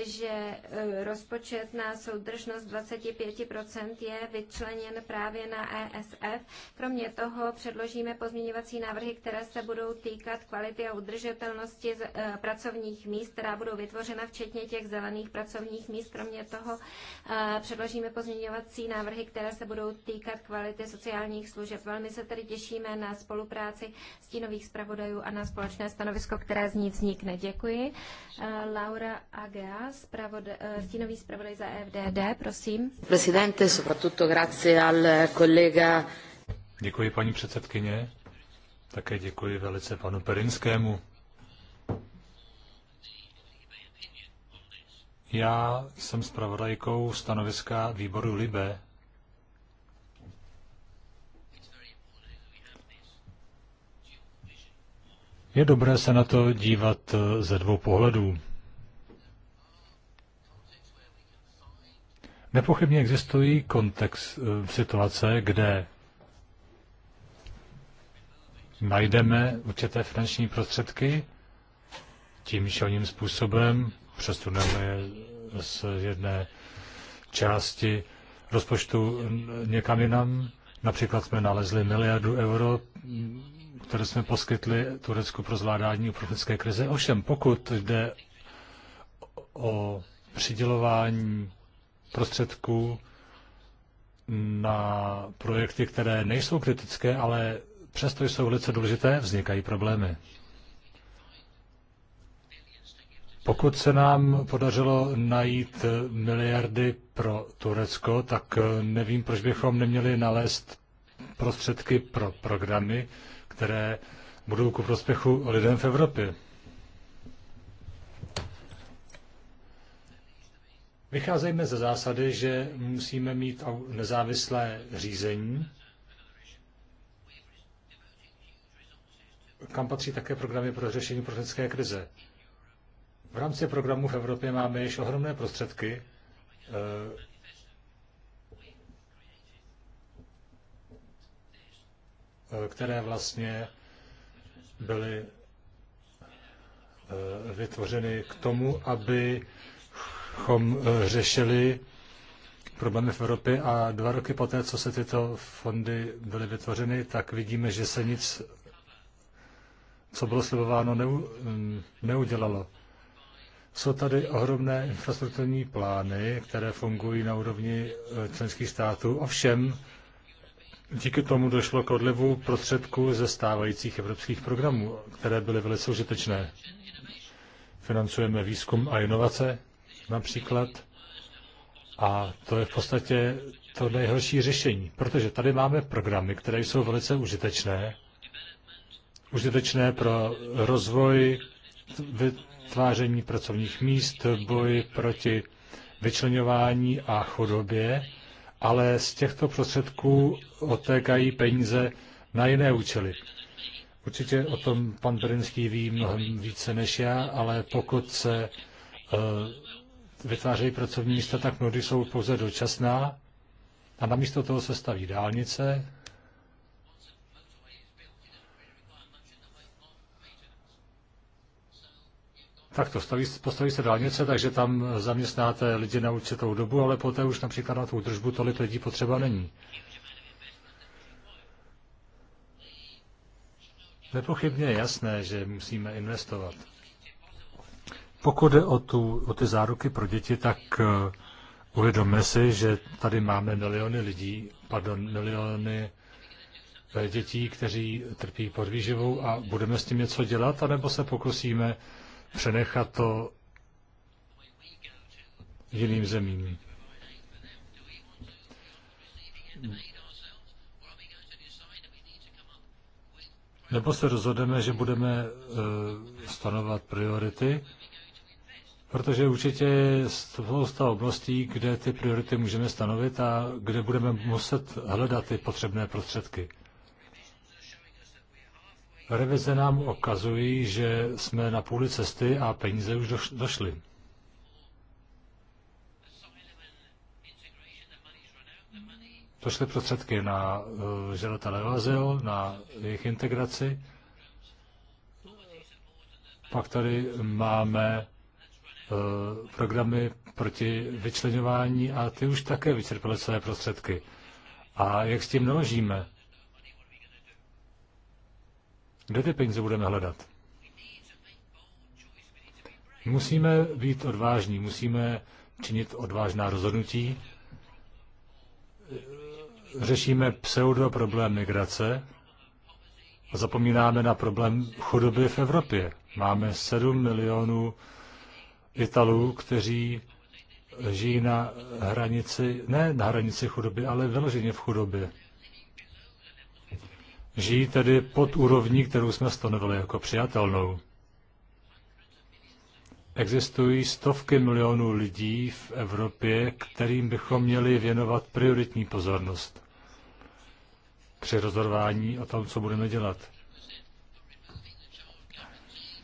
[SPEAKER 2] že eh, rozpočet na soudržnost 25% je vyčleněn právě na ESF. Kromě toho předložíme pozměňovací návrhy, které se budou týkat kvality a udržitelnosti eh, pracovních míst, která budou vytvořena včetně těch zelených pracovních míst. Kromě toho předložíme pozměňovací návrhy, které se budou týkat kvality sociálních služeb. Velmi se tedy těšíme na spolupráci stínových zpravodajů a na společné stanovisko, které z ní vznikne. Děkuji. Eh, Laura Agea, zpravode, eh, stínový zpravodaj za FDD,
[SPEAKER 3] prosím. Presidente, soprattutto grazie al collega.
[SPEAKER 4] Děkuji, paní předsedkyně. Také děkuji velice panu Perinskému. Já jsem zpravodajkou stanoviska výboru Libe Je dobré se na to dívat eh, ze dvou pohledů. Nepochybně existují kontext eh, situace, kde najdeme určité finanční prostředky, tím šelním způsobem přesuneme je z jedné části rozpočtu někam jinam. Například jsme nalezli miliardu euro které jsme poskytli Turecku pro zvládání uprchlické krize. Ovšem, pokud jde o přidělování prostředků na projekty, které nejsou kritické, ale přesto jsou velice důležité, vznikají problémy. Pokud se nám podařilo najít miliardy pro Turecko, tak nevím, proč bychom neměli nalézt prostředky pro programy, které budou ku prospěchu lidem v Evropě. Vycházejme ze zásady, že musíme mít nezávislé řízení, kam patří také programy pro řešení prostředské krize. V rámci programů v Evropě máme již ohromné prostředky, eh, Eh, které vlastně byly eh, vytvořeny k tomu, abychom eh, řešili problémy v Evropě a dva roky poté, co se tyto fondy byly vytvořeny, tak vidíme, že se nic, co bylo slibováno, mm, neudělalo. Jsou tady ohromné infrastrukturní plány, které fungují na úrovni členských států, ovšem Díky tomu došlo k odlivu prostředků ze stávajících evropských programů, které byly velice užitečné. Financujeme výzkum a inovace například a to je v podstatě to nejhorší řešení, protože tady máme programy, které jsou velice užitečné, užitečné pro rozvoj, vytváření pracovních míst, boj proti vyčlenování a chudobě, ale z těchto prostředků otékají peníze na jiné účely. Určitě o tom pan Berinský ví mnohem více než já, ale pokud se eh, vytvářejí pracovní místa, tak mnohdy jsou pouze dočasná a namísto toho se staví dálnice, tak to staví, postaví se dálnice, takže tam zaměstnáte lidi na určitou dobu, ale poté už například na tu držbu tolik lidí potřeba není. Nepochybně je jasné, že musíme investovat. Pokud jde o, tu, o ty záruky pro děti, tak eh, uvědomme si, že tady máme miliony lidí, pardon, miliony eh, dětí, kteří trpí podvýživou a budeme s tím něco dělat, anebo se pokusíme přenechat to jiným zemím. Nebo se rozhodneme, že budeme eh, stanovat priority, protože určitě je spousta oblastí, kde ty priority můžeme stanovit a kde budeme muset hledat ty potřebné prostředky. Revize nám okazují, že jsme na půli cesty a peníze už došly. Došly prostředky na eh, žadatele o azyl, na jejich integraci. Pak tady máme eh, programy proti vyčlenování a ty už také vyčerpaly své prostředky. A jak s tím naložíme? Kde ty peníze budeme hledat? Musíme být odvážní, musíme činit odvážná rozhodnutí. Řešíme pseudo problém migrace a zapomínáme na problém chudoby v Evropě. Máme 7 milionů Italů, kteří žijí na hranici, ne na hranici chudoby, ale vyloženě v chudobě. Žijí tedy pod úrovní, kterou jsme stanovili jako přijatelnou. Existují stovky milionů lidí v Evropě, kterým bychom měli věnovat prioritní pozornost při rozhodování o tom, co budeme dělat.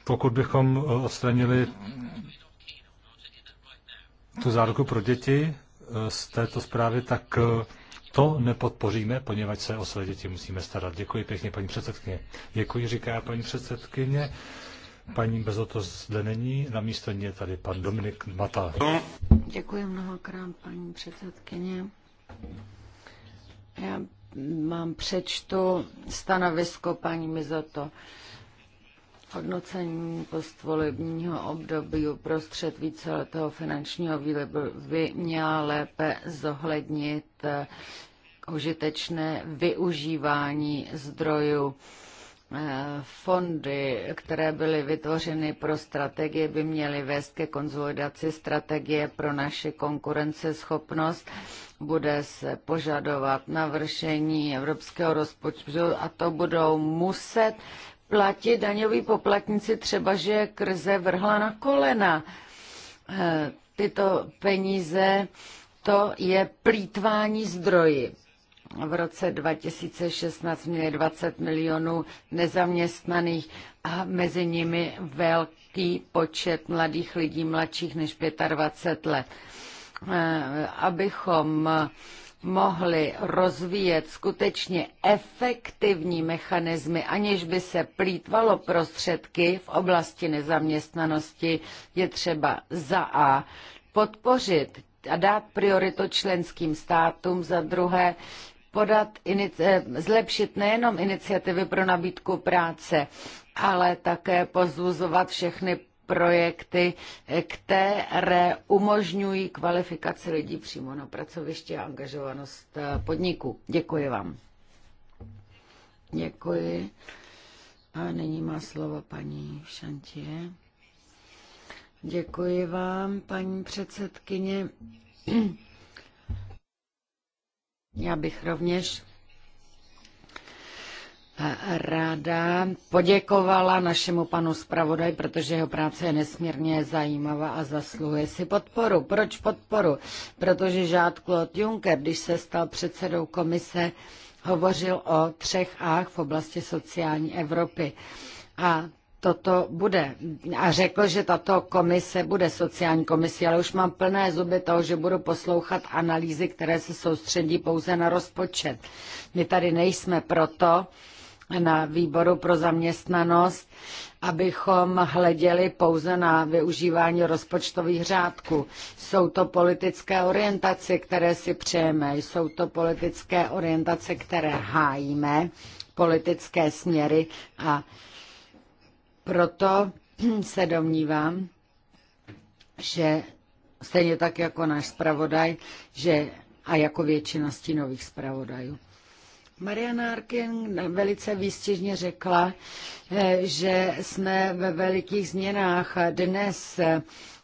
[SPEAKER 4] Pokud bychom odstranili tu záruku pro děti z této zprávy, tak to nepodpoříme, poněvadž se o své děti musíme starat. Děkuji pěkně, paní předsedkyně. Děkuji, říká paní předsedkyně. Paní Bezoto zde není, na místo ní je tady pan Dominik Mata.
[SPEAKER 3] Děkuji mnohokrát, paní předsedkyně. Já mám přečtu stanovisko paní Mizoto. Hodnocení postvolebního období uprostřed víceletého finančního výlebu by měla lépe zohlednit eh, užitečné využívání zdrojů. Eh, fondy, které byly vytvořeny pro strategie, by měly vést ke konzolidaci strategie pro naši konkurenceschopnost. Bude se požadovat navršení evropského rozpočtu a to budou muset platí daňoví poplatníci třeba, že krze vrhla na kolena. Eh, tyto peníze, to je plítvání zdroji. V roce 2016 měli 20 milionů nezaměstnaných a mezi nimi velký počet mladých lidí mladších než 25 let. Eh, abychom mohli rozvíjet skutečně efektivní mechanismy, aniž by se plítvalo prostředky v oblasti nezaměstnanosti, je třeba za A podpořit a dát prioritu členským státům, za druhé podat, eh, zlepšit nejenom iniciativy pro nabídku práce, ale také pozvuzovat všechny projekty, které umožňují kvalifikaci lidí přímo na pracoviště a angažovanost eh, podniku. Děkuji vám. Děkuji. A nyní má slovo paní Šantě. Děkuji vám, paní předsedkyně. Já bych rovněž ráda poděkovala našemu panu zpravodaj, protože jeho práce je nesmírně zajímavá a zasluhuje si podporu. Proč podporu? Protože žád claude Juncker, když se stal předsedou komise, hovořil o třech Ách v oblasti sociální Evropy. A toto bude. A řekl, že tato komise bude sociální komisí, ale už mám plné zuby toho, že budu poslouchat analýzy, které se soustředí pouze na rozpočet. My tady nejsme proto, na výboru pro zaměstnanost, abychom hleděli pouze na využívání rozpočtových řádků. Jsou to politické orientace, které si přejeme, jsou to politické orientace, které hájíme, politické směry a proto se domnívám, že stejně tak jako náš zpravodaj, že a jako většina stínových zpravodajů, Mariana Arkin velice výstěžně řekla, eh, že jsme ve velikých změnách. Dnes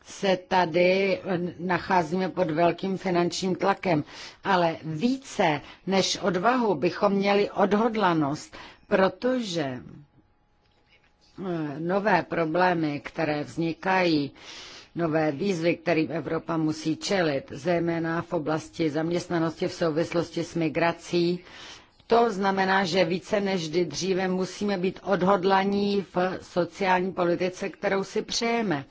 [SPEAKER 3] se tady nacházíme pod velkým finančním tlakem, ale více než odvahu bychom měli odhodlanost, protože eh, nové problémy, které vznikají, nové výzvy, kterým Evropa musí čelit, zejména v oblasti zaměstnanosti v souvislosti s migrací, to znamená, že více než vždy dříve musíme být odhodlaní v sociální politice, kterou si přejeme.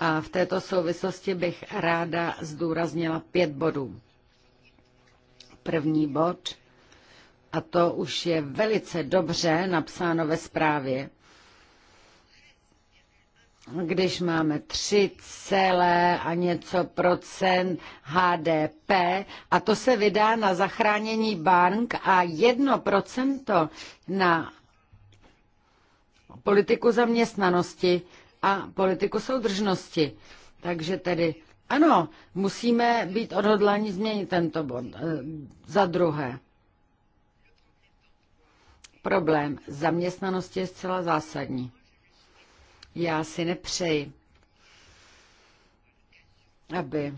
[SPEAKER 3] A v této souvislosti bych ráda zdůraznila pět bodů. První bod, a to už je velice dobře napsáno ve zprávě, když máme 3 celé a něco procent HDP a to se vydá na zachránění bank a 1 procento na politiku zaměstnanosti a politiku soudržnosti. Takže tedy ano, musíme být odhodláni změnit tento bod. Eh, za druhé, problém zaměstnanosti je zcela zásadní. Já si nepřeji, aby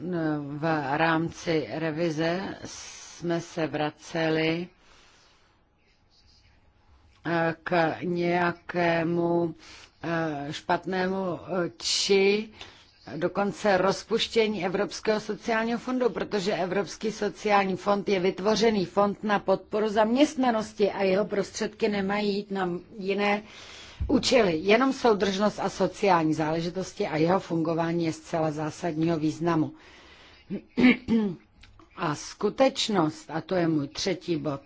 [SPEAKER 3] no, v rámci revize jsme se vraceli eh, k nějakému eh, špatnému eh, či dokonce rozpuštění Evropského sociálního fondu, protože Evropský sociální fond je vytvořený fond na podporu zaměstnanosti a jeho prostředky nemají jít na jiné účely. Jenom soudržnost a sociální záležitosti a jeho fungování je zcela zásadního významu. A skutečnost, a to je můj třetí bod,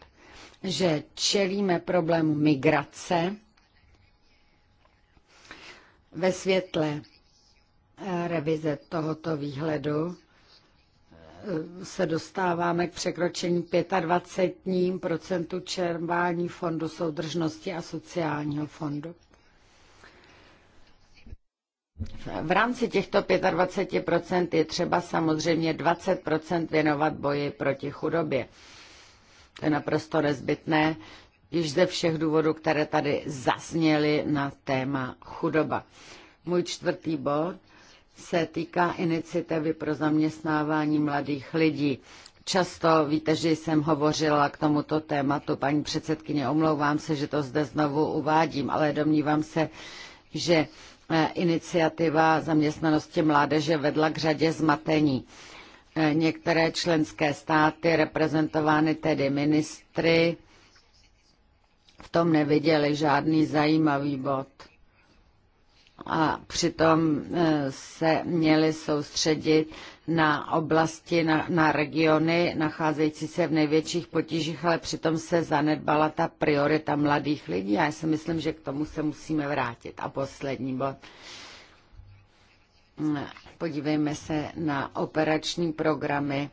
[SPEAKER 3] že čelíme problému migrace ve světle eh, revize tohoto výhledu eh, se dostáváme k překročení 25% čerpání fondu soudržnosti a sociálního fondu. V rámci těchto 25% je třeba samozřejmě 20% věnovat boji proti chudobě. To je naprosto nezbytné, již ze všech důvodů, které tady zasněly na téma chudoba. Můj čtvrtý bod se týká iniciativy pro zaměstnávání mladých lidí. Často víte, že jsem hovořila k tomuto tématu, paní předsedkyně, omlouvám se, že to zde znovu uvádím, ale domnívám se, že Eh, iniciativa zaměstnanosti mládeže vedla k řadě zmatení. Eh, některé členské státy, reprezentovány tedy ministry, v tom neviděli žádný zajímavý bod a přitom eh, se měli soustředit na oblasti, na, na regiony nacházející se v největších potížích, ale přitom se zanedbala ta priorita mladých lidí. já si myslím, že k tomu se musíme vrátit. A poslední bod. Hm, podívejme se na operační programy,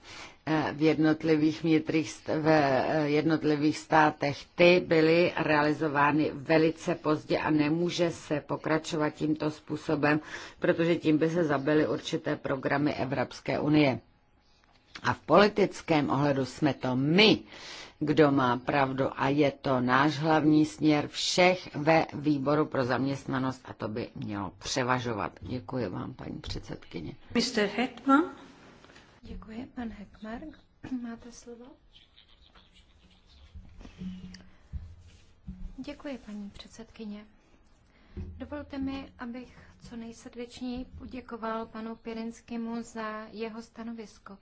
[SPEAKER 3] v jednotlivých, vnitrých, v eh, jednotlivých státech. Ty byly realizovány velice pozdě a nemůže se pokračovat tímto způsobem, protože tím by se zabily určité programy Evropské unie. A v politickém ohledu jsme to my, kdo má pravdu a je to náš hlavní směr všech ve výboru pro zaměstnanost a to by mělo převažovat. Děkuji vám, paní předsedkyně.
[SPEAKER 1] Mr. Hetman. Děkuji.
[SPEAKER 2] Pan Heckmark, [clears throat] máte slovo? Děkuji, paní předsedkyně. Dovolte mi, abych co nejsrdečněji poděkoval panu Pirinskému za jeho stanovisko.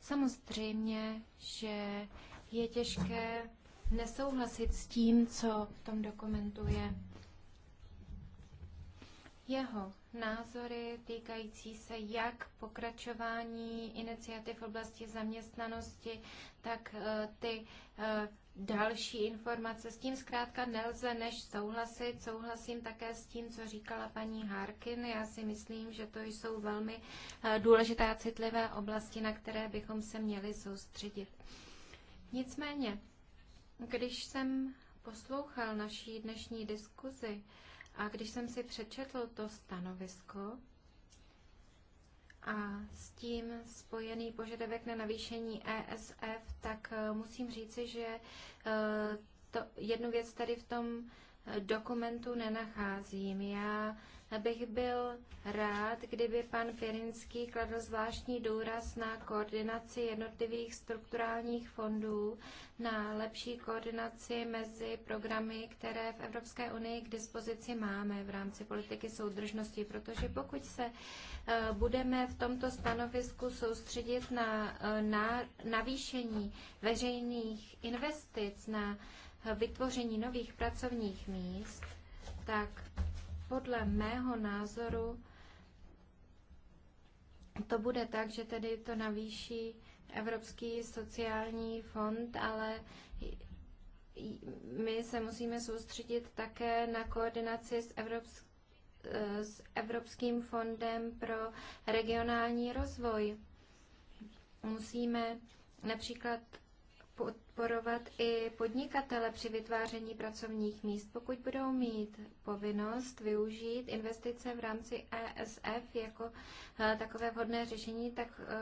[SPEAKER 2] Samozřejmě, že je těžké nesouhlasit s tím, co v tom dokumentu je jeho názory týkající se jak pokračování iniciativ v oblasti zaměstnanosti, tak eh, ty eh, další informace. S tím zkrátka nelze než souhlasit. Souhlasím také s tím, co říkala paní Harkin. Já si myslím, že to jsou velmi eh, důležité a citlivé oblasti, na které bychom se měli soustředit. Nicméně, když jsem poslouchal naší dnešní diskuzi, a když jsem si přečetl to stanovisko a s tím spojený požadavek na navýšení ESF, tak eh, musím říci, že eh, to, jednu věc tady v tom eh, dokumentu nenacházím. Já bych byl rád, kdyby pan Pěrinský kladl zvláštní důraz na koordinaci jednotlivých strukturálních fondů, na lepší koordinaci mezi programy, které v Evropské unii k dispozici máme v rámci politiky soudržnosti, protože pokud se eh, budeme v tomto stanovisku soustředit na, eh, na navýšení veřejných investic, na eh, vytvoření nových pracovních míst, tak podle mého názoru to bude tak, že tedy to navýší Evropský sociální fond, ale my se musíme soustředit také na koordinaci s, Evropsk- s Evropským fondem pro regionální rozvoj. Musíme například podporovat i podnikatele při vytváření pracovních míst, pokud budou mít povinnost využít investice v rámci ESF jako eh, takové vhodné řešení, tak eh,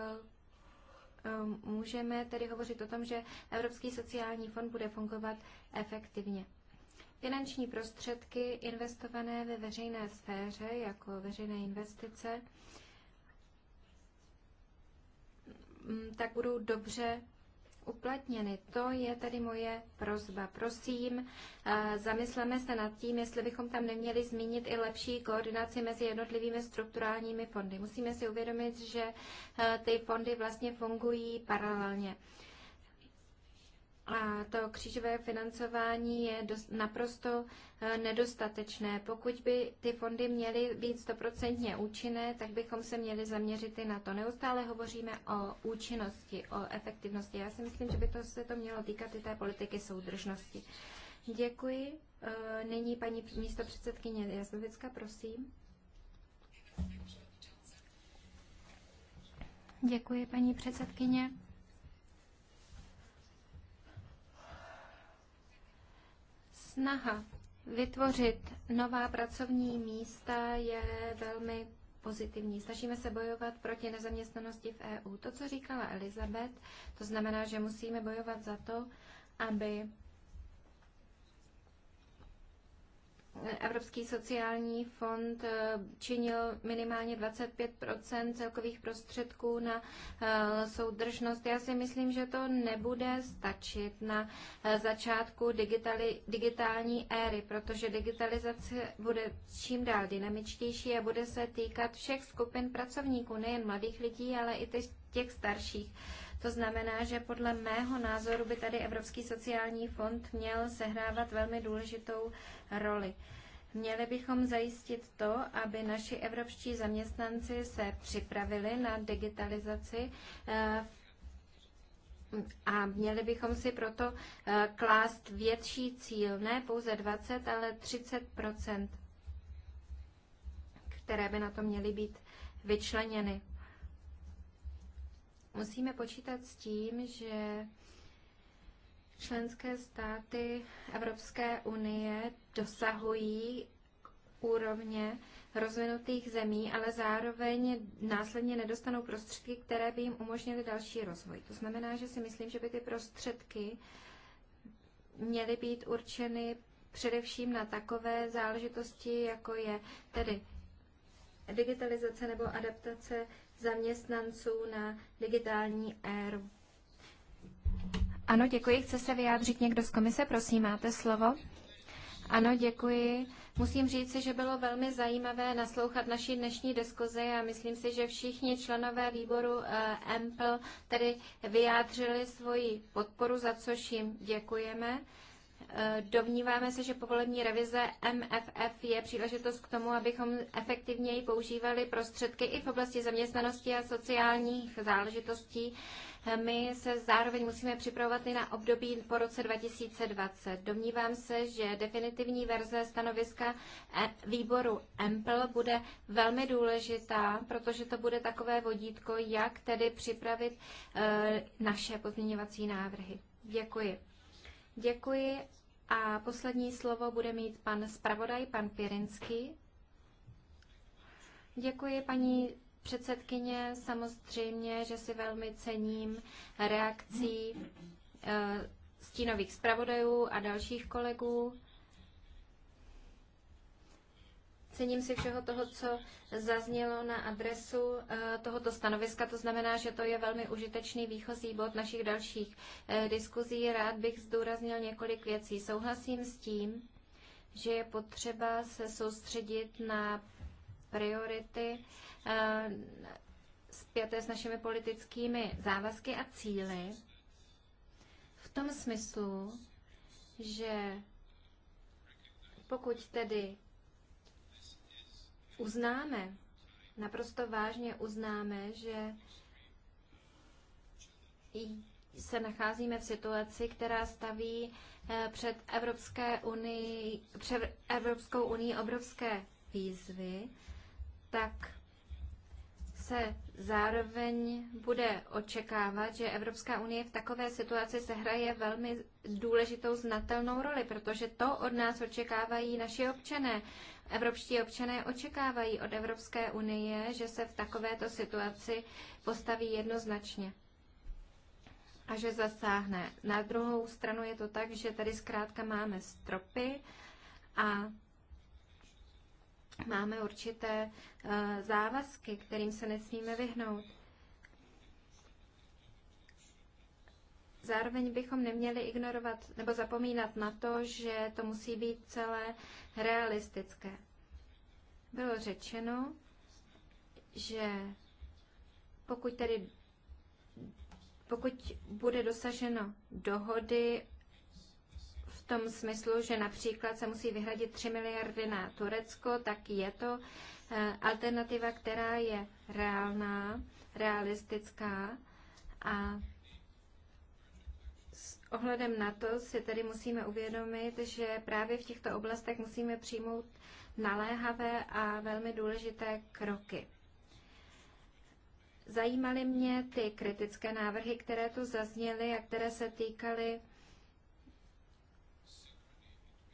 [SPEAKER 2] eh, můžeme tedy hovořit o tom, že Evropský sociální fond bude fungovat efektivně. Finanční prostředky investované ve veřejné sféře jako veřejné investice mm, tak budou dobře uplatněny. To je tedy moje prozba. Prosím, eh, zamysleme se nad tím, jestli bychom tam neměli zmínit i lepší koordinaci mezi jednotlivými strukturálními fondy. Musíme si uvědomit, že eh, ty fondy vlastně fungují paralelně. A to křížové financování je dost, naprosto eh, nedostatečné. Pokud by ty fondy měly být stoprocentně účinné, tak bychom se měli zaměřit i na to. Neustále hovoříme o účinnosti, o efektivnosti. Já si myslím, že by to se to mělo týkat i té politiky soudržnosti. Děkuji. Eh, nyní paní místo předsedkyně Jasnovická, prosím. Děkuji, paní předsedkyně. Snaha vytvořit nová pracovní místa je velmi pozitivní. Snažíme se bojovat proti nezaměstnanosti v EU. To, co říkala Elizabeth, to znamená, že musíme bojovat za to, aby Evropský sociální fond eh, činil minimálně 25 celkových prostředků na eh, soudržnost. Já si myslím, že to nebude stačit na eh, začátku digitali, digitální éry, protože digitalizace bude čím dál dynamičtější a bude se týkat všech skupin pracovníků, nejen mladých lidí, ale i těch starších to znamená, že podle mého názoru by tady Evropský sociální fond měl sehrávat velmi důležitou roli. Měli bychom zajistit to, aby naši evropští zaměstnanci se připravili na digitalizaci eh, a měli bychom si proto eh, klást větší cíl, ne pouze 20, ale 30 které by na to měly být vyčleněny. Musíme počítat s tím, že členské státy Evropské unie dosahují úrovně rozvinutých zemí, ale zároveň následně nedostanou prostředky, které by jim umožnily další rozvoj. To znamená, že si myslím, že by ty prostředky měly být určeny především na takové záležitosti, jako je tedy digitalizace nebo adaptace zaměstnanců na digitální éru. Ano, děkuji. Chce se vyjádřit někdo z komise? Prosím, máte slovo. Ano, děkuji. Musím říci, že bylo velmi zajímavé naslouchat naší dnešní diskuzi a myslím si, že všichni členové výboru eh, EMPL tedy vyjádřili svoji podporu, za což jim děkujeme. Eh, domníváme se, že povolení revize MFF je příležitost k tomu, abychom efektivněji používali prostředky i v oblasti zaměstnanosti a sociálních záležitostí. Eh, my se zároveň musíme připravovat i na období po roce 2020. Domnívám se, že definitivní verze stanoviska eh, výboru EMPL bude velmi důležitá, protože to bude takové vodítko, jak tedy připravit naše pozměňovací návrhy. Děkuji. Děkuji a poslední slovo bude mít pan zpravodaj, pan Pirinský. Děkuji, paní předsedkyně. Samozřejmě, že si velmi cením reakcí eh, stínových zpravodajů a dalších kolegů. Cením si všeho toho, co zaznělo na adresu eh, tohoto stanoviska. To znamená, že to je velmi užitečný výchozí bod našich dalších eh, diskuzí. Rád bych zdůraznil několik věcí. Souhlasím s tím, že je potřeba se soustředit na priority zpěté eh, s našimi politickými závazky a cíly. V tom smyslu, že pokud tedy uznáme, naprosto vážně uznáme, že se nacházíme v situaci, která staví eh, před, Evropské unii, před Evropskou unii obrovské výzvy, tak se zároveň bude očekávat, že Evropská unie v takové situaci sehraje velmi důležitou znatelnou roli, protože to od nás očekávají naši občané. Evropští občané očekávají od Evropské unie, že se v takovéto situaci postaví jednoznačně a že zasáhne. Na druhou stranu je to tak, že tady zkrátka máme stropy a máme určité eh, závazky, kterým se nesmíme vyhnout. Zároveň bychom neměli ignorovat nebo zapomínat na to, že to musí být celé realistické. Bylo řečeno, že pokud tedy pokud bude dosaženo dohody v tom smyslu, že například se musí vyhradit 3 miliardy na Turecko, tak je to eh, alternativa, která je reálná, realistická a ohledem na to si tedy musíme uvědomit, že právě v těchto oblastech musíme přijmout naléhavé a velmi důležité kroky. Zajímaly mě ty kritické návrhy, které tu zazněly a které se týkaly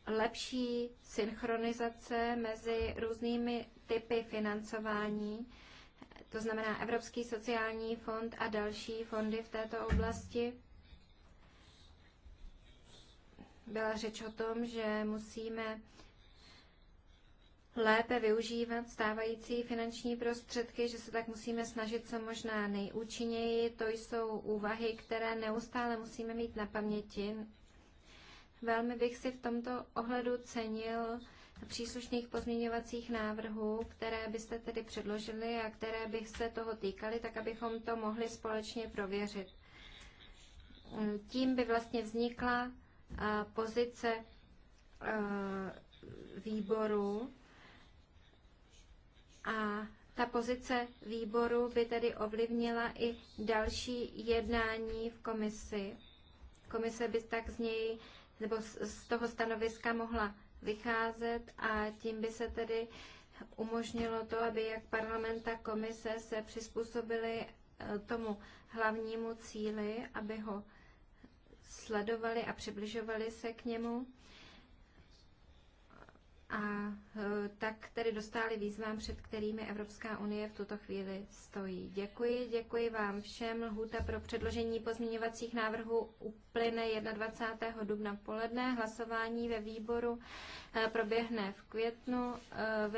[SPEAKER 2] lepší synchronizace mezi různými typy financování, to znamená Evropský sociální fond a další fondy v této oblasti byla řeč o tom, že musíme lépe využívat stávající finanční prostředky, že se tak musíme snažit co možná nejúčinněji. To jsou úvahy, které neustále musíme mít na paměti. Velmi bych si v tomto ohledu cenil příslušných pozměňovacích návrhů, které byste tedy předložili a které bych se toho týkaly, tak abychom to mohli společně prověřit. Tím by vlastně vznikla pozice e, výboru a ta pozice výboru by tedy ovlivnila i další jednání v komisi. Komise by tak z něj nebo z toho stanoviska mohla vycházet a tím by se tedy umožnilo to, aby jak parlament, tak komise se přizpůsobili e, tomu hlavnímu cíli, aby ho sledovali a přibližovali se k němu a e, tak tedy dostali výzvám, před kterými Evropská unie v tuto chvíli stojí. Děkuji, děkuji vám všem. Lhuta pro předložení pozměňovacích návrhů uplyne 21. dubna poledne. Hlasování ve výboru e, proběhne v květnu, e,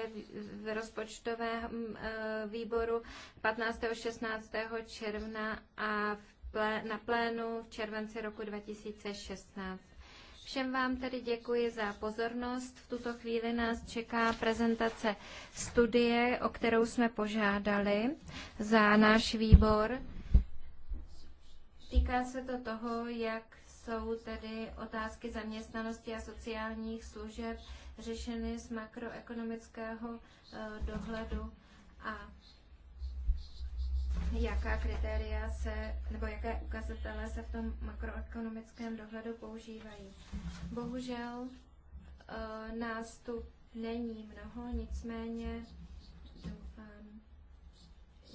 [SPEAKER 2] ve, rozpočtovém výboru 15. 16. června a v plé, na plénu v červenci roku 2016. Všem vám tedy děkuji za pozornost. V tuto chvíli nás čeká prezentace studie, o kterou jsme požádali za náš výbor. Týká se to toho, jak jsou tedy otázky zaměstnanosti a sociálních služeb řešeny z makroekonomického eh, dohledu a jaká kritéria se, nebo jaké ukazatele se v tom makroekonomickém dohledu používají. Bohužel eh, nás tu není mnoho, nicméně doufám,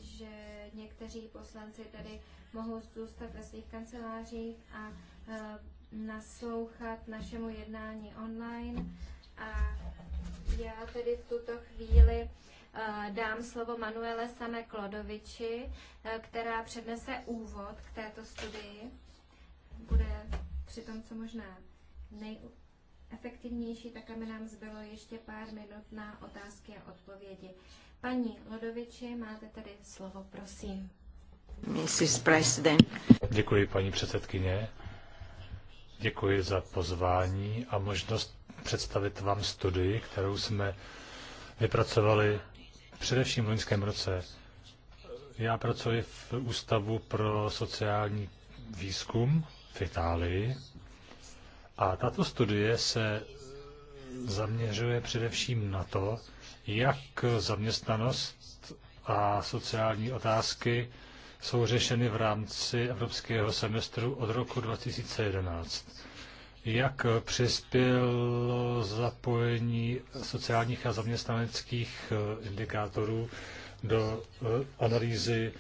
[SPEAKER 2] že někteří poslanci tady mohou zůstat ve svých kancelářích a eh, naslouchat našemu jednání online. A já tedy v tuto chvíli Eh, dám slovo Manuele Same Klodoviči, eh, která přednese úvod k této studii. Bude při tom co možná nejefektivnější, tak aby nám zbylo ještě pár minut na otázky a odpovědi. Paní Lodoviči, máte tedy slovo, prosím.
[SPEAKER 4] Mrs. President. Děkuji, paní předsedkyně. Děkuji za pozvání a možnost představit vám studii, kterou jsme vypracovali především v loňském roce. Já pracuji v Ústavu pro sociální výzkum v Itálii a tato studie se zaměřuje především na to, jak zaměstnanost a sociální otázky jsou řešeny v rámci evropského semestru od roku 2011 jak přispělo zapojení sociálních a zaměstnaneckých eh, indikátorů do eh, analýzy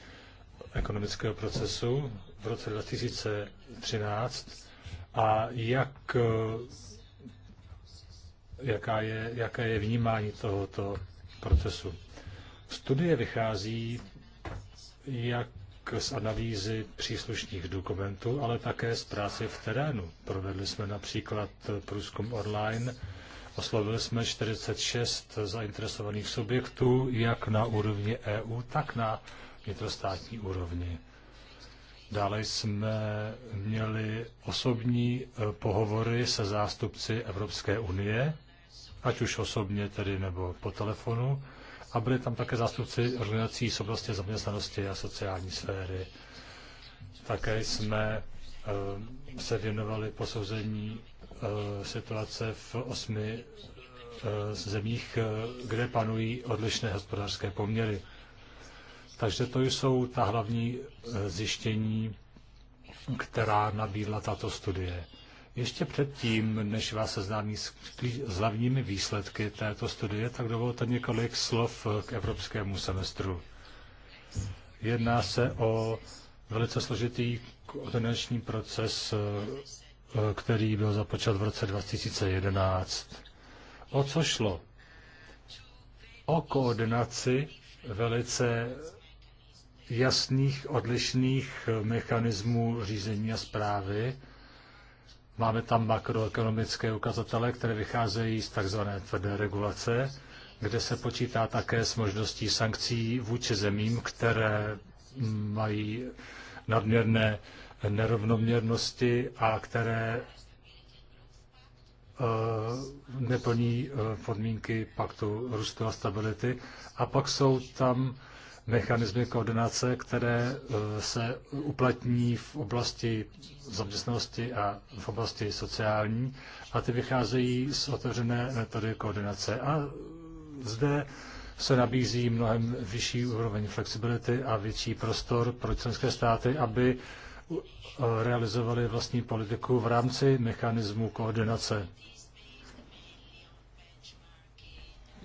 [SPEAKER 4] ekonomického procesu v roce 2013 a jak, eh, jaká je, jaké je vnímání tohoto procesu. Studie vychází jak z analýzy příslušných dokumentů, ale také z práce v terénu. Provedli jsme například průzkum online, oslovili jsme 46 zainteresovaných subjektů, jak na úrovni EU, tak na vnitrostátní úrovni. Dále jsme měli osobní e, pohovory se zástupci Evropské unie, ať už osobně tedy nebo po telefonu a byli tam také zástupci organizací z oblasti zaměstnanosti a sociální sféry. Také jsme eh, se věnovali posouzení eh, situace v osmi eh, zemích, kde panují odlišné hospodářské poměry. Takže to jsou ta hlavní zjištění, která nabídla tato studie. Ještě předtím, než vás seznámí s, s hlavními výsledky této studie, tak dovolte několik slov k evropskému semestru. Jedná se o velice složitý koordinační proces, eh, který byl započat v roce 2011. O co šlo? O koordinaci velice jasných odlišných mechanismů řízení a zprávy, Máme tam makroekonomické ukazatele, které vycházejí z tzv. tvrdé regulace, kde se počítá také s možností sankcí vůči zemím, které mají nadměrné nerovnoměrnosti a které eh, neplní eh, podmínky paktu růstu a stability. A pak jsou tam mechanismy koordinace, které eh, se uplatní v oblasti zaměstnanosti a v oblasti sociální a ty vycházejí z otevřené metody koordinace. A zde se nabízí mnohem vyšší úroveň flexibility a větší prostor pro členské státy, aby eh, realizovali vlastní politiku v rámci mechanismu koordinace.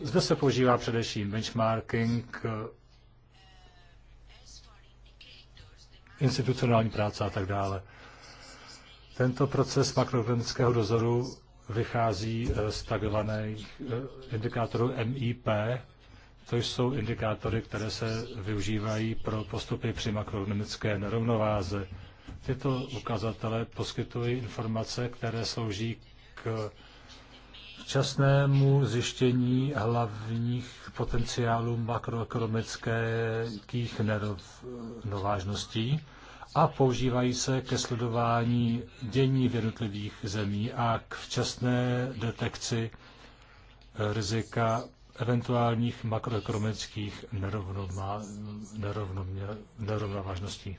[SPEAKER 4] Zde se používá především benchmarking, eh, institucionální práce a tak dále. Tento proces makroekonomického dozoru vychází eh, z takzvaných eh, indikátorů MIP, to jsou indikátory, které se využívají pro postupy při makroekonomické nerovnováze. Tyto ukazatele poskytují informace, které slouží k včasnému zjištění hlavních potenciálů makroekonomických nerovnovážností a používají se ke sledování dění v jednotlivých zemí a k včasné detekci rizika eventuálních makroekonomických nerovnovážností.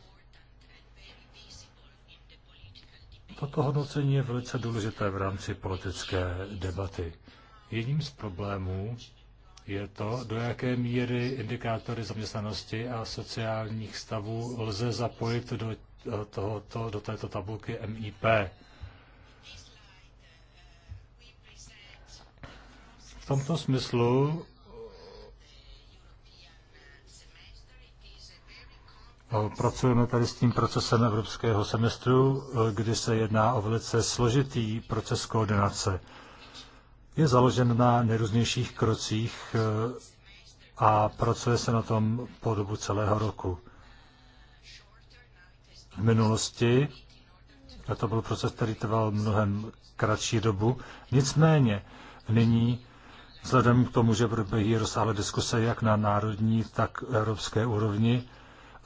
[SPEAKER 4] Toto hodnocení je velice důležité v rámci politické debaty. Jedním z problémů je to, do jaké míry indikátory zaměstnanosti a sociálních stavů lze zapojit do, tohoto, do této tabulky MIP. V tomto smyslu Pracujeme tady s tím procesem evropského semestru, kdy se jedná o velice složitý proces koordinace. Je založen na nejrůznějších krocích a pracuje se na tom po dobu celého roku. V minulosti, a to byl proces, který trval mnohem kratší dobu, nicméně nyní Vzhledem k tomu, že probíhají rozsáhlé diskuse jak na národní, tak evropské úrovni,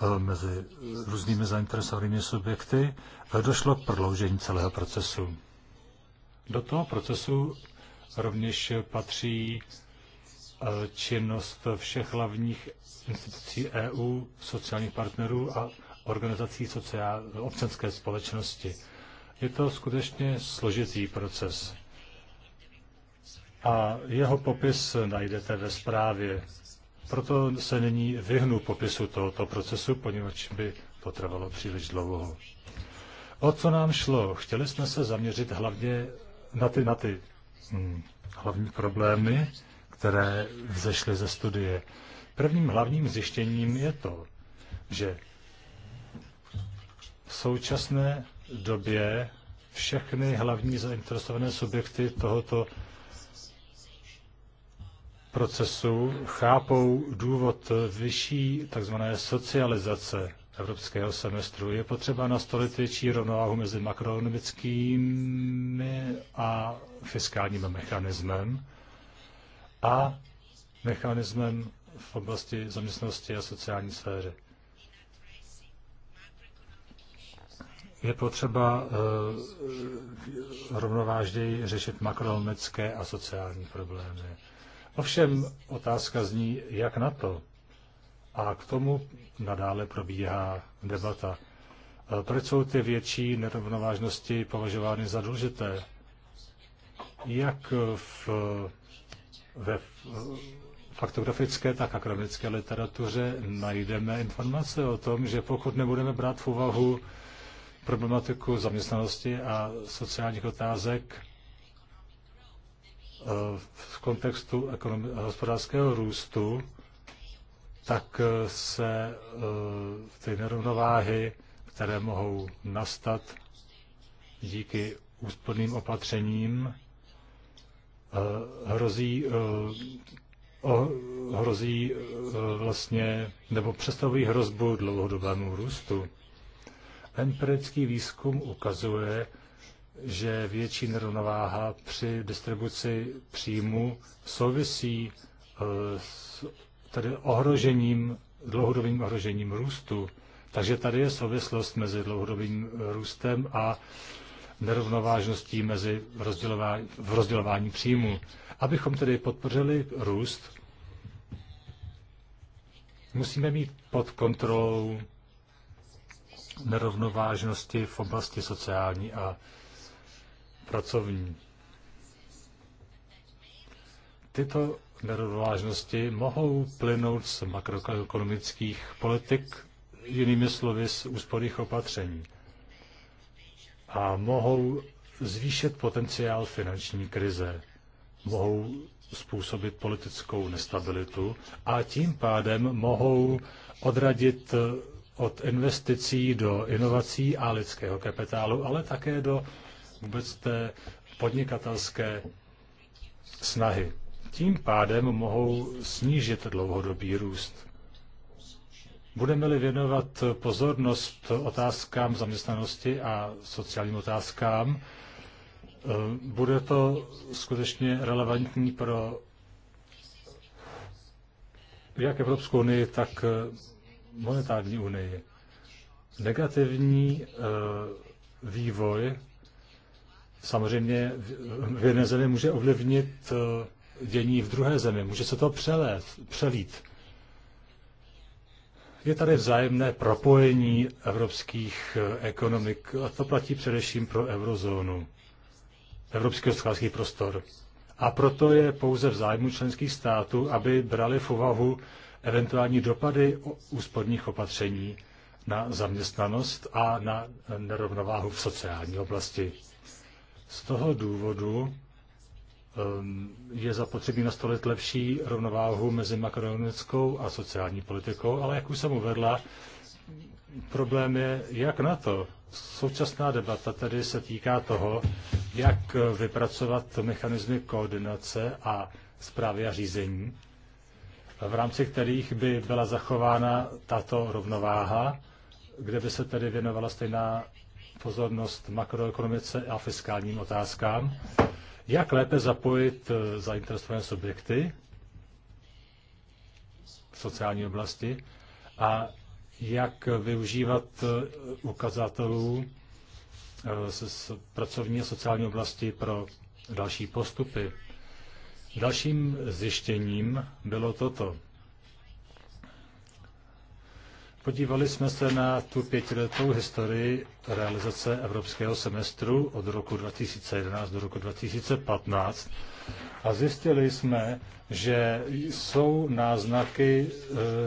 [SPEAKER 4] Eh, mezi různými zainteresovanými subjekty, eh, došlo k prodloužení celého procesu. Do toho procesu rovněž patří eh, činnost všech hlavních institucí EU, sociálních partnerů a organizací sociál, občanské společnosti. Je to skutečně složitý proces. A jeho popis najdete ve zprávě. Proto se nyní vyhnu popisu tohoto procesu, poněvadž by to trvalo příliš dlouho. O co nám šlo? Chtěli jsme se zaměřit hlavně na ty, na ty hm, hlavní problémy, které vzešly ze studie. Prvním hlavním zjištěním je to, že v současné době všechny hlavní zainteresované subjekty tohoto procesu chápou důvod vyšší tzv. socializace evropského semestru. Je potřeba nastolit větší rovnováhu mezi makroekonomickým a fiskálním mechanismem a mechanismem v oblasti zaměstnanosti a sociální sféry. Je potřeba uh, rovnovážněji řešit makroekonomické a sociální problémy. Ovšem otázka zní, jak na to. A k tomu nadále probíhá debata. E, proč jsou ty větší nerovnovážnosti považovány za důležité? Jak v, ve faktografické, tak akademické literatuře najdeme informace o tom, že pokud nebudeme brát v úvahu problematiku zaměstnanosti a sociálních otázek, Eh, v kontextu hospodářského růstu, tak eh, se eh, ty nerovnováhy, které mohou nastat díky úsporným opatřením, hrozí, hrozí vlastně, nebo představují hrozbu dlouhodobému růstu. Empirický výzkum ukazuje, že větší nerovnováha při distribuci příjmu souvisí eh, s tady ohrožením, dlouhodobým ohrožením růstu. Takže tady je souvislost mezi dlouhodobým eh, růstem a nerovnovážností mezi rozdělování, v rozdělování příjmu. Abychom tedy podpořili růst, musíme mít pod kontrolou nerovnovážnosti v oblasti sociální a pracovní. Tyto nerovnovážnosti mohou plynout z makroekonomických politik, jinými slovy z úsporných opatření, a mohou zvýšit potenciál finanční krize, mohou způsobit politickou nestabilitu a tím pádem mohou odradit od investicí do inovací a lidského kapitálu, ale také do vůbec té podnikatelské snahy. Tím pádem mohou snížit dlouhodobý růst. Budeme-li věnovat pozornost otázkám zaměstnanosti a sociálním otázkám, eh, bude to skutečně relevantní pro jak Evropskou unii, tak monetární unii. Negativní eh, vývoj samozřejmě v jedné zemi může ovlivnit eh, dění v druhé zemi. Může se to přelét, přelít. Je tady vzájemné propojení evropských eh, ekonomik a to platí především pro eurozónu, evropský hospodářský prostor. A proto je pouze v zájmu členských států, aby brali v úvahu eventuální dopady úsporných opatření na zaměstnanost a na nerovnováhu v sociální oblasti. Z toho důvodu ehm, je zapotřebí nastolit lepší rovnováhu mezi makroekonomickou a sociální politikou, ale jak už jsem uvedla, problém je, jak na to. Současná debata tedy se týká toho, jak vypracovat mechanismy koordinace a zprávy a řízení, v rámci kterých by byla zachována tato rovnováha, kde by se tedy věnovala stejná pozornost makroekonomice a fiskálním otázkám, jak lépe zapojit eh, zainteresované subjekty v sociální oblasti a jak využívat eh, ukazatelů z eh, pracovní a sociální oblasti pro další postupy. Dalším zjištěním bylo toto. Podívali jsme se na tu pětiletou historii realizace evropského semestru od roku 2011 do roku 2015 a zjistili jsme, že jsou náznaky e,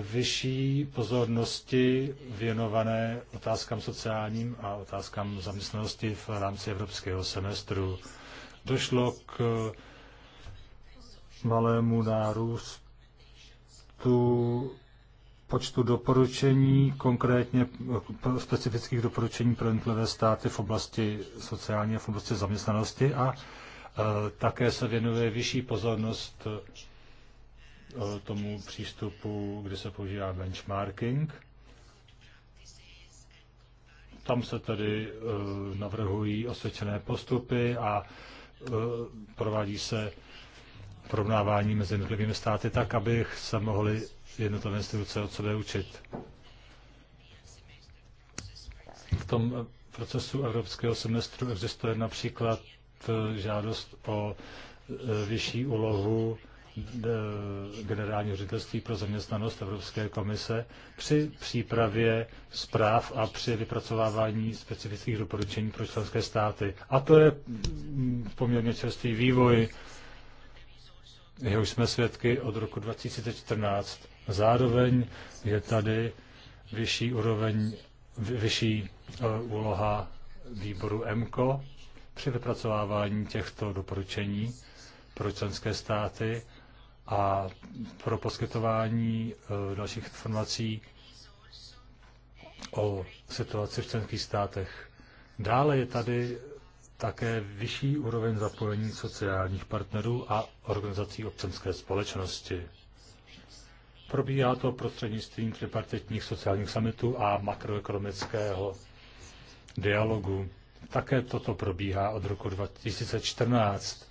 [SPEAKER 4] vyšší pozornosti věnované otázkám sociálním a otázkám zaměstnanosti v rámci evropského semestru. Došlo k malému nárůstu počtu doporučení, konkrétně eh, specifických doporučení pro jednotlivé státy v oblasti sociální a v oblasti zaměstnanosti a eh, také se věnuje vyšší pozornost eh, tomu přístupu, kdy se používá benchmarking. Tam se tedy navrhují osvědčené postupy a provádí se porovnávání mezi jednotlivými státy tak, aby se mohly jednotlivé instituce od sebe učit. V tom procesu evropského semestru existuje například eh, žádost o eh, vyšší úlohu eh, generálního ředitelství pro zaměstnanost Evropské komise při přípravě zpráv a při vypracovávání specifických doporučení pro členské státy. A to je mm, poměrně častý vývoj, jehož jsme svědky od roku 2014. Zároveň je tady vyšší úroveň, vyšší e, úloha výboru EMCO při vypracovávání těchto doporučení pro členské státy a pro poskytování e, dalších informací o situaci v členských státech. Dále je tady také vyšší úroveň zapojení sociálních partnerů a organizací občanské společnosti. Probíhá to prostřednictvím tripartitních sociálních summitů a makroekonomického dialogu. Také toto probíhá od roku 2014.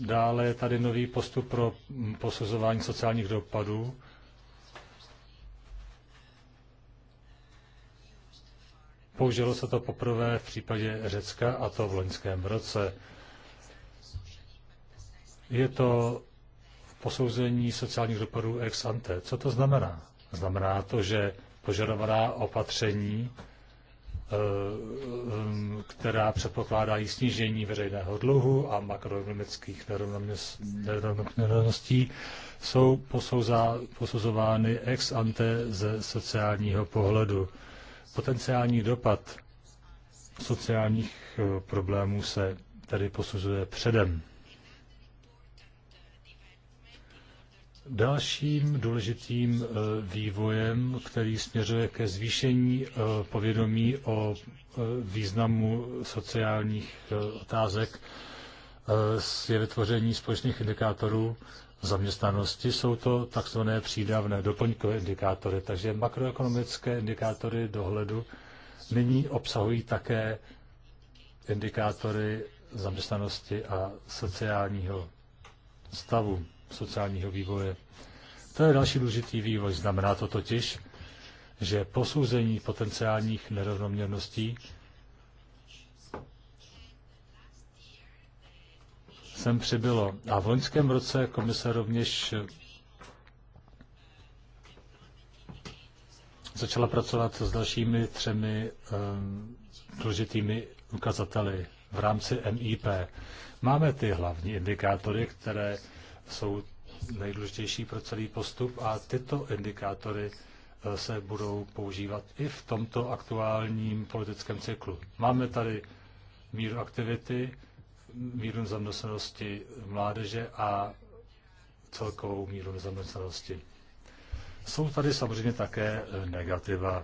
[SPEAKER 4] Dále je tady nový postup pro posuzování sociálních dopadů. Použilo se to poprvé v případě Řecka a to v loňském roce. Je to posouzení sociálních dopadů ex ante. Co to znamená? Znamená to, že požadovaná opatření, eh, mm, která předpokládají snížení veřejného dluhu a makroekonomických nerovností, jsou posuzovány ex ante ze sociálního pohledu. Potenciální dopad sociálních eh, problémů se tedy posuzuje předem. Dalším důležitým eh, vývojem, který směřuje ke zvýšení eh, povědomí o eh, významu sociálních otázek, je vytvoření společných indikátorů zaměstnanosti. Jsou to takzvané přídavné doplňkové indikátory, takže makroekonomické indikátory dohledu nyní obsahují také indikátory zaměstnanosti a sociálního stavu sociálního vývoje. To je další důležitý vývoj. Znamená to totiž, že posouzení potenciálních nerovnoměrností sem přibylo. A v loňském roce komise rovněž začala pracovat s dalšími třemi um, důležitými ukazateli v rámci MIP. Máme ty hlavní indikátory, které jsou nejdůležitější pro celý postup a tyto indikátory eh, se budou používat i v tomto aktuálním politickém cyklu. Máme tady míru aktivity, míru nezaměstnanosti mládeže a celkovou míru nezaměstnanosti. Jsou tady samozřejmě také eh, negativa.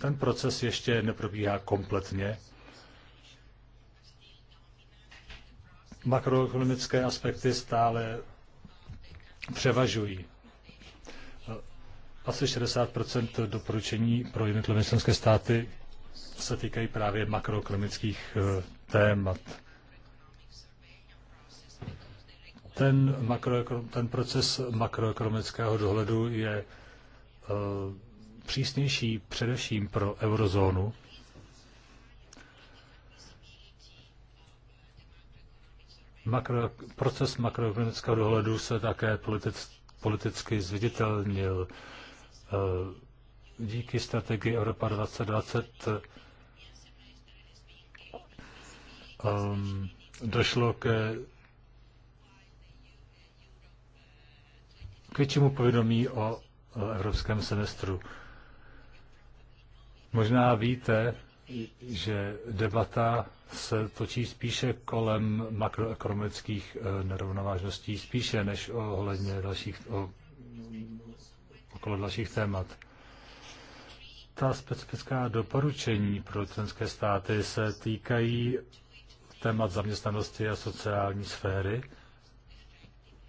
[SPEAKER 4] Ten proces ještě neprobíhá kompletně. Makroekonomické aspekty stále převažují. Asi 60 doporučení pro jednotlivé členské státy se týkají právě makroekonomických eh, témat. Ten, makro, ten proces makroekonomického dohledu je eh, přísnější především pro eurozónu, Makro, proces makroekonomického dohledu se také politic, politicky zviditelnil. Eh, díky strategii Evropa 2020 um, ehm, došlo ke k většímu povědomí o evropském semestru. Možná víte, že debata se točí spíše kolem makroekonomických eh, nerovnovážností, spíše než ohledně dalších, o, okolo dalších témat. Ta specifická doporučení pro členské státy se týkají témat zaměstnanosti a sociální sféry,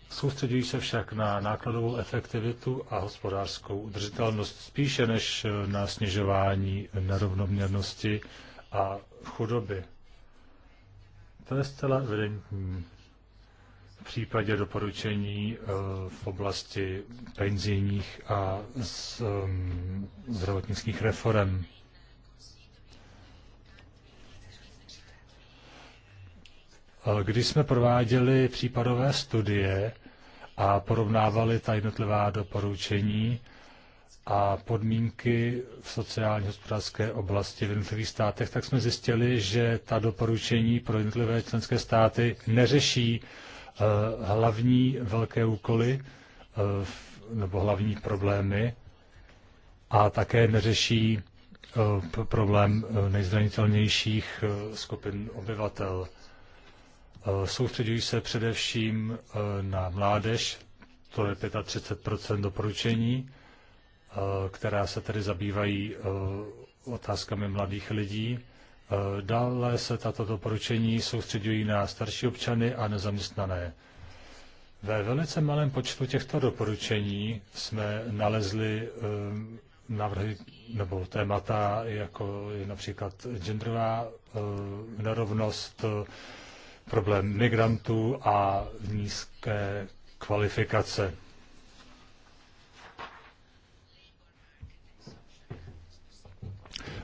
[SPEAKER 4] Soustředují se však na nákladovou efektivitu a hospodářskou udržitelnost spíše než na snižování nerovnoměrnosti a chudoby. To je zcela evidentní v případě doporučení eh, v oblasti penzijních a ehm, zdravotnických reform. Když jsme prováděli případové studie a porovnávali ta jednotlivá doporučení a podmínky v sociální hospodářské oblasti v jednotlivých státech, tak jsme zjistili, že ta doporučení pro jednotlivé členské státy neřeší eh, hlavní velké úkoly eh, nebo hlavní problémy a také neřeší eh, problém nejzranitelnějších skupin obyvatel. Eh, soustředují se především eh, na mládež, to je 35 doporučení, eh, která se tedy zabývají otázkami mladých lidí. Dále se tato doporučení soustředují na starší občany a nezaměstnané. Ve velice malém počtu těchto doporučení jsme nalezli návrhy nebo témata, jako je například genderová nerovnost, problém migrantů a nízké kvalifikace.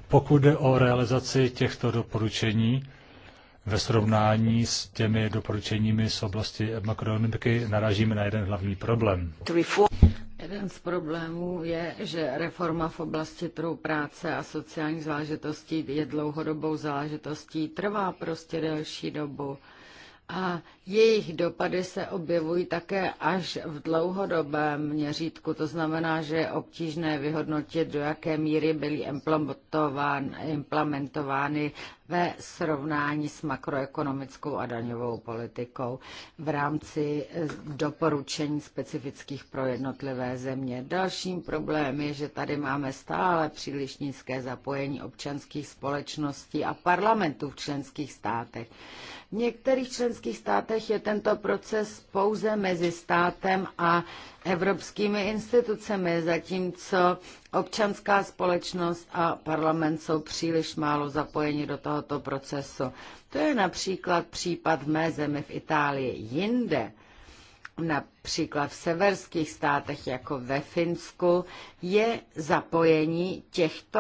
[SPEAKER 4] Pokud jde o realizaci těchto doporučení, ve srovnání s těmi doporučeními z oblasti makroekonomiky narážíme na jeden hlavní problém.
[SPEAKER 3] Jeden z problémů je, že reforma v oblasti trhu práce a sociálních záležitostí je dlouhodobou záležitostí, trvá prostě delší dobu a jejich dopady se objevují také až v dlouhodobém měřítku. To znamená, že je obtížné vyhodnotit, do jaké míry byly implementovány ve srovnání s makroekonomickou a daňovou politikou v rámci eh, doporučení specifických pro jednotlivé země. Dalším problémem je, že tady máme stále příliš nízké zapojení občanských společností a parlamentů v členských státech. V některých členských státech je tento proces pouze mezi státem a evropskými institucemi, zatímco občanská společnost a parlament jsou příliš málo zapojeni do tohoto procesu. To je například případ v mé zemi v Itálii. Jinde, například v severských státech jako ve Finsku, je zapojení těchto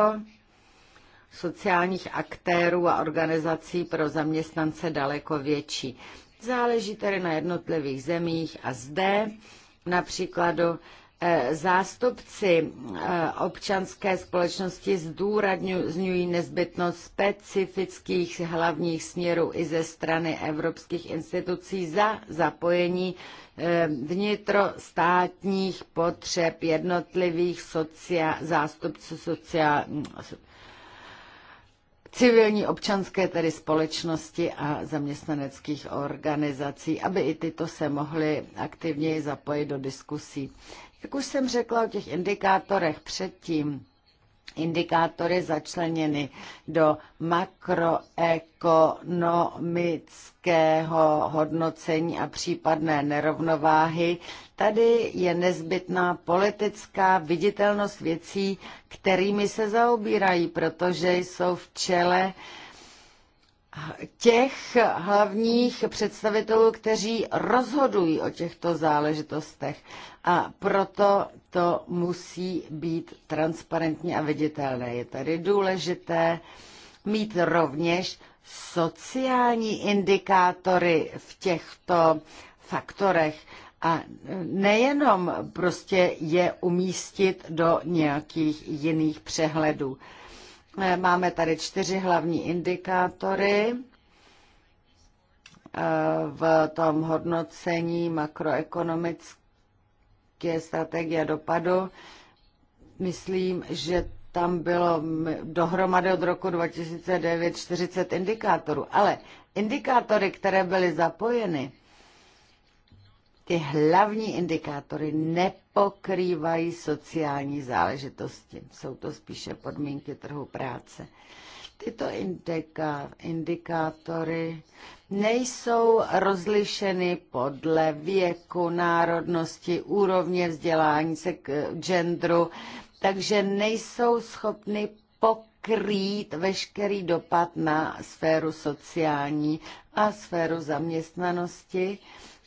[SPEAKER 3] sociálních aktérů a organizací pro zaměstnance daleko větší. Záleží tedy na jednotlivých zemích a zde například eh, zástupci eh, občanské společnosti zdůrazňují nezbytnost specifických hlavních směrů i ze strany evropských institucí za zapojení eh, vnitrostátních potřeb jednotlivých zástupců sociálních civilní občanské tedy společnosti a zaměstnaneckých organizací, aby i tyto se mohly aktivněji zapojit do diskusí. Jak už jsem řekla o těch indikátorech předtím, indikátory začleněny do makroekonomického hodnocení a případné nerovnováhy. Tady je nezbytná politická viditelnost věcí, kterými se zaobírají, protože jsou v čele uh, těch hlavních představitelů, kteří rozhodují o těchto záležitostech. A proto to musí být transparentní a viditelné. Je tady důležité mít rovněž sociální indikátory v těchto faktorech a nejenom prostě je umístit do nějakých jiných přehledů. Eh, máme tady čtyři hlavní indikátory eh, v tom hodnocení makroekonomické strategie dopadu. Myslím, že tam bylo dohromady od roku 2009 40 indikátorů, ale indikátory, které byly zapojeny, ty hlavní indikátory nepokrývají sociální záležitosti. Jsou to spíše podmínky trhu práce. Tyto indika, indikátory nejsou rozlišeny podle věku, národnosti, úrovně vzdělání, se k genderu, takže nejsou schopny pokrýt veškerý dopad na sféru sociální a sféru zaměstnanosti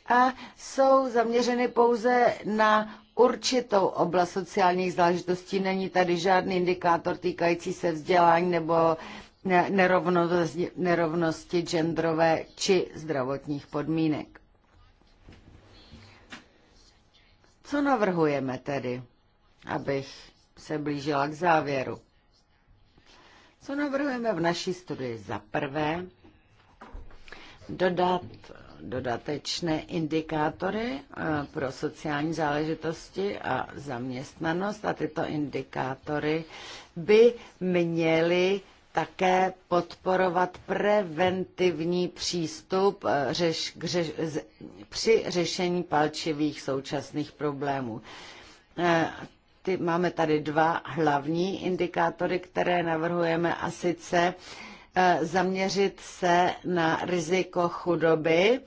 [SPEAKER 3] a jsou zaměřeny pouze na určitou oblast sociálních záležitostí. Není tady žádný indikátor týkající se vzdělání nebo nerovnosti, nerovnosti genderové či zdravotních podmínek. Co navrhujeme tedy, abych se blížila k závěru? Co navrhujeme v naší studii? Za prvé, dodat dodatečné indikátory eh, pro sociální záležitosti a zaměstnanost a tyto indikátory by měly také podporovat preventivní přístup eh, řeš, k řeš, při řešení palčivých současných problémů. Eh, ty, máme tady dva hlavní indikátory, které navrhujeme a sice E, zaměřit se na riziko chudoby.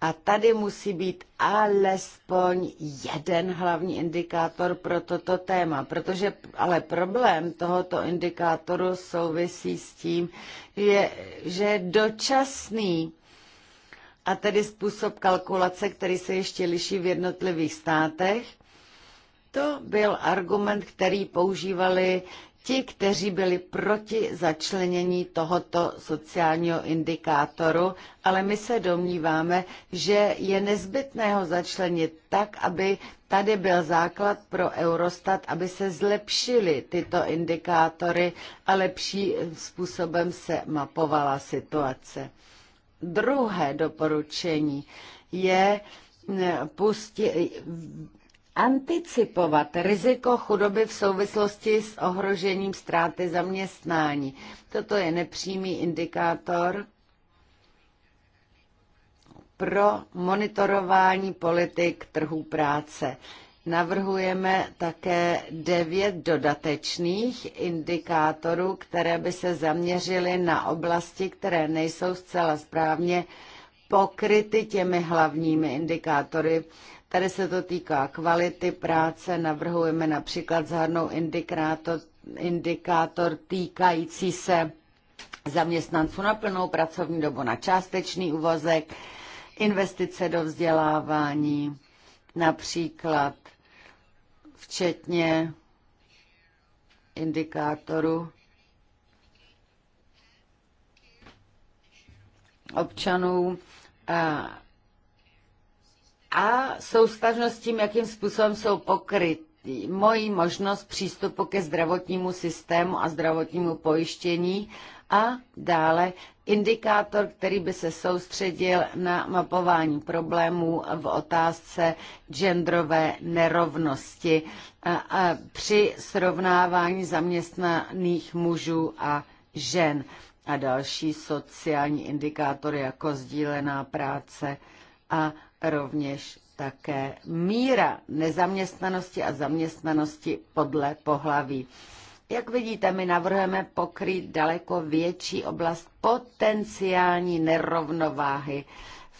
[SPEAKER 3] A tady musí být alespoň jeden hlavní indikátor pro toto téma, protože ale problém tohoto indikátoru souvisí s tím, je, že je dočasný a tedy způsob kalkulace, který se ještě liší v jednotlivých státech. To byl argument, který používali ti, kteří byli proti začlenění tohoto sociálního indikátoru, ale my se domníváme, že je nezbytné ho začlenit tak, aby tady byl základ pro Eurostat, aby se zlepšily tyto indikátory a lepší způsobem se mapovala situace. Druhé doporučení je pustit anticipovat riziko chudoby v souvislosti s ohrožením ztráty zaměstnání. Toto je nepřímý indikátor pro monitorování politik trhů práce. Navrhujeme také devět dodatečných indikátorů, které by se zaměřily na oblasti, které nejsou zcela správně pokryty těmi hlavními indikátory Tady se to týká kvality práce, navrhujeme například zahrnout indikátor, indikátor týkající se zaměstnanců na plnou pracovní dobu, na částečný úvazek, investice do vzdělávání, například včetně indikátoru občanů a a soustažnost s tím, jakým způsobem jsou pokryty mojí možnost přístupu ke zdravotnímu systému a zdravotnímu pojištění a dále indikátor, který by se soustředil na mapování problémů v otázce genderové nerovnosti při srovnávání zaměstnaných mužů a žen a další sociální indikátory jako sdílená práce a rovněž také míra nezaměstnanosti a zaměstnanosti podle pohlaví. Jak vidíte, my navrhujeme pokrýt daleko větší oblast potenciální nerovnováhy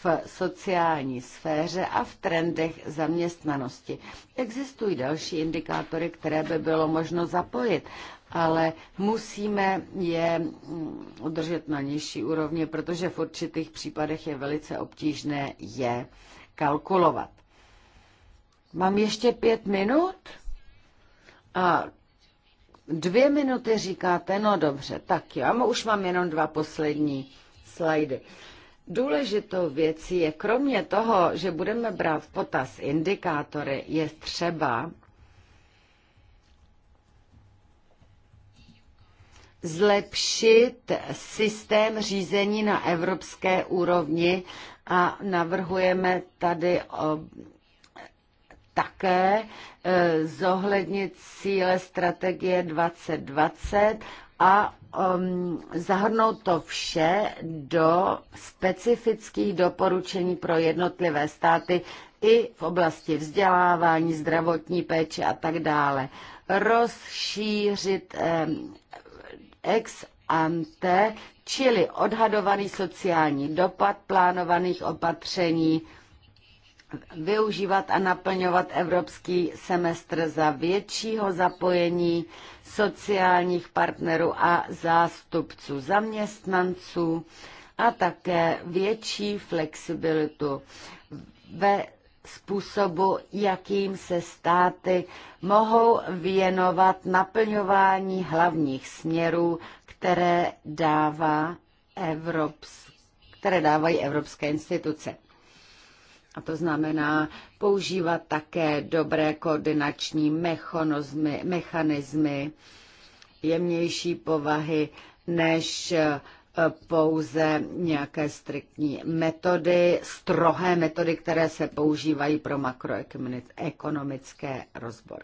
[SPEAKER 3] v sociální sféře a v trendech zaměstnanosti. Existují další indikátory, které by bylo možno zapojit, ale musíme je mm, udržet na nižší úrovni, protože v určitých případech je velice obtížné je kalkulovat. Mám ještě pět minut? A dvě minuty říkáte, no dobře, tak jo, a už mám jenom dva poslední slajdy. Důležitou věcí je, kromě toho, že budeme brát v potaz indikátory, je třeba zlepšit systém řízení na evropské úrovni a navrhujeme tady také e, zohlednit cíle strategie 2020 a zahrnout to vše do specifických doporučení pro jednotlivé státy i v oblasti vzdělávání, zdravotní péče a tak dále. Rozšířit e, ex ante, čili odhadovaný sociální dopad plánovaných opatření, využívat a naplňovat evropský semestr za většího zapojení sociálních partnerů a zástupců zaměstnanců a také větší flexibilitu ve způsobu, jakým se státy mohou věnovat naplňování hlavních směrů, které, dává Evrops, které dávají evropské instituce. A to znamená používat také dobré koordinační mechanizmy, jemnější povahy než pouze nějaké striktní metody, strohé metody, které se používají pro makroekonomické rozbory.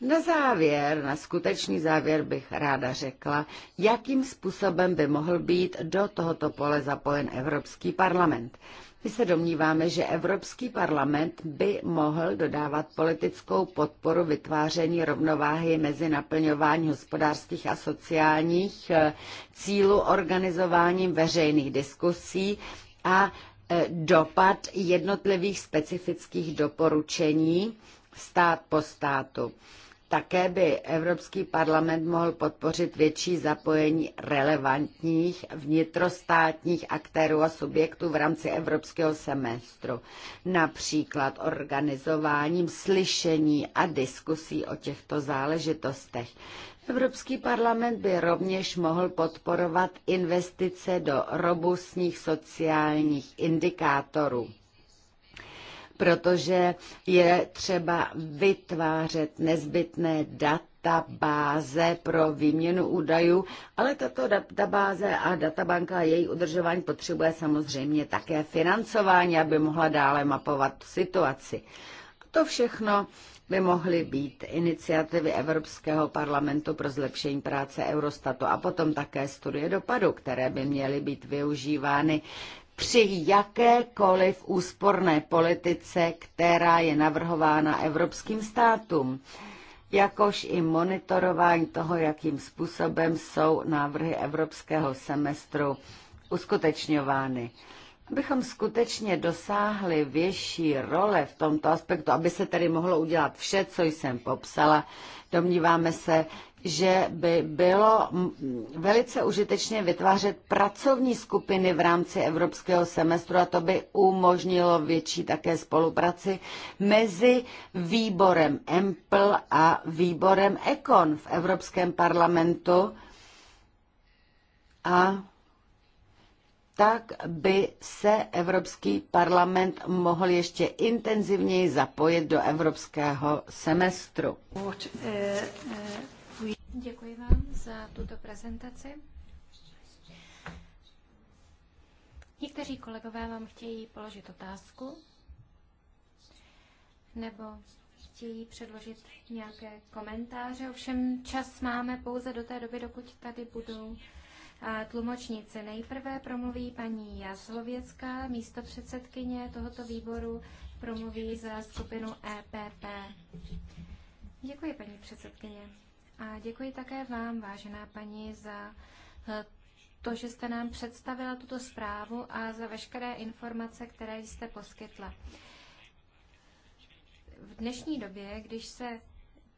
[SPEAKER 3] Na závěr, na skutečný závěr bych ráda řekla, jakým způsobem by mohl být do tohoto pole zapojen Evropský parlament. My se domníváme, že Evropský parlament by mohl dodávat politickou podporu vytváření rovnováhy mezi naplňování hospodářských a sociálních eh, cílů organizováním veřejných diskusí a eh, dopad jednotlivých specifických doporučení stát po státu. Také by Evropský parlament mohl podpořit větší zapojení relevantních vnitrostátních aktérů a subjektů v rámci evropského semestru, například organizováním slyšení a diskusí o těchto záležitostech. Evropský parlament by rovněž mohl podporovat investice do robustních sociálních indikátorů protože je třeba vytvářet nezbytné databáze pro výměnu údajů, ale tato databáze a databanka a její udržování potřebuje samozřejmě také financování, aby mohla dále mapovat situaci. to všechno by mohly být iniciativy Evropského parlamentu pro zlepšení práce Eurostatu a potom také studie dopadu, které by měly být využívány při jakékoliv úsporné politice, která je navrhována evropským státům, jakož i monitorování toho, jakým způsobem jsou návrhy evropského semestru uskutečňovány. Abychom skutečně dosáhli větší role v tomto aspektu, aby se tedy mohlo udělat vše, co jsem popsala, domníváme se, že by bylo velice užitečně vytvářet pracovní skupiny v rámci evropského semestru a to by umožnilo větší také spolupráci mezi výborem EMPL a výborem ECON v Evropském parlamentu a tak by se Evropský parlament mohl ještě intenzivněji zapojit do evropského semestru.
[SPEAKER 1] What, uh, uh... Děkuji vám za tuto prezentaci.
[SPEAKER 2] Někteří kolegové vám chtějí položit otázku nebo chtějí předložit nějaké komentáře. Ovšem čas máme pouze do té doby, dokud tady budou tlumočníci. Nejprve promluví paní Jazlověcká, místo předsedkyně tohoto výboru, promluví za skupinu EPP. Děkuji, paní předsedkyně. A děkuji také vám, vážená paní, za eh, to, že jste nám představila tuto zprávu a za veškeré informace, které jste poskytla. V dnešní době, když se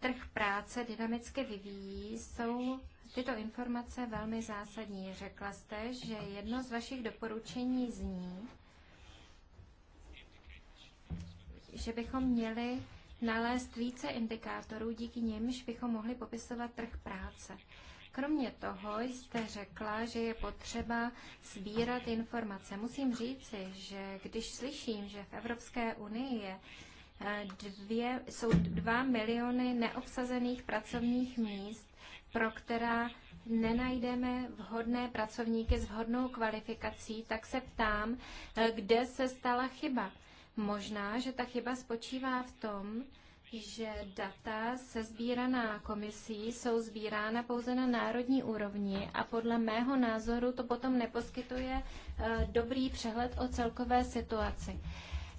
[SPEAKER 2] trh práce dynamicky vyvíjí, jsou tyto informace velmi zásadní. Řekla jste, že jedno z vašich doporučení zní, že bychom měli nalézt více indikátorů, díky nimž bychom mohli popisovat trh práce. Kromě toho jste řekla, že je potřeba sbírat informace. Musím říci, že když slyším, že v Evropské unii je eh, dvě, jsou dva miliony neobsazených pracovních míst, pro která nenajdeme vhodné pracovníky s vhodnou kvalifikací, tak se ptám, eh, kde se stala chyba. Možná, že ta chyba spočívá v tom, že data sbíraná komisí jsou sbírána pouze na národní úrovni a podle mého názoru to potom neposkytuje eh, dobrý přehled o celkové situaci.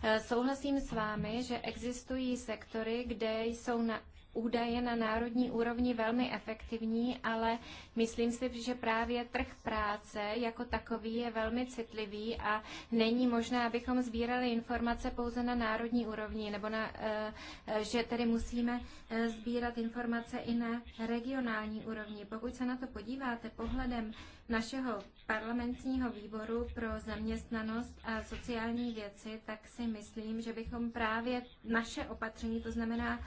[SPEAKER 2] Eh, souhlasím s vámi, že existují sektory, kde jsou na údaje na národní úrovni velmi efektivní, ale myslím si, že právě trh práce jako takový je velmi citlivý a není možné, abychom sbírali informace pouze na národní úrovni, nebo na, eh, eh, že tedy musíme eh, sbírat informace i na regionální úrovni. Pokud se na to podíváte pohledem našeho parlamentního výboru pro zaměstnanost a sociální věci, tak si myslím, že bychom právě naše opatření, to znamená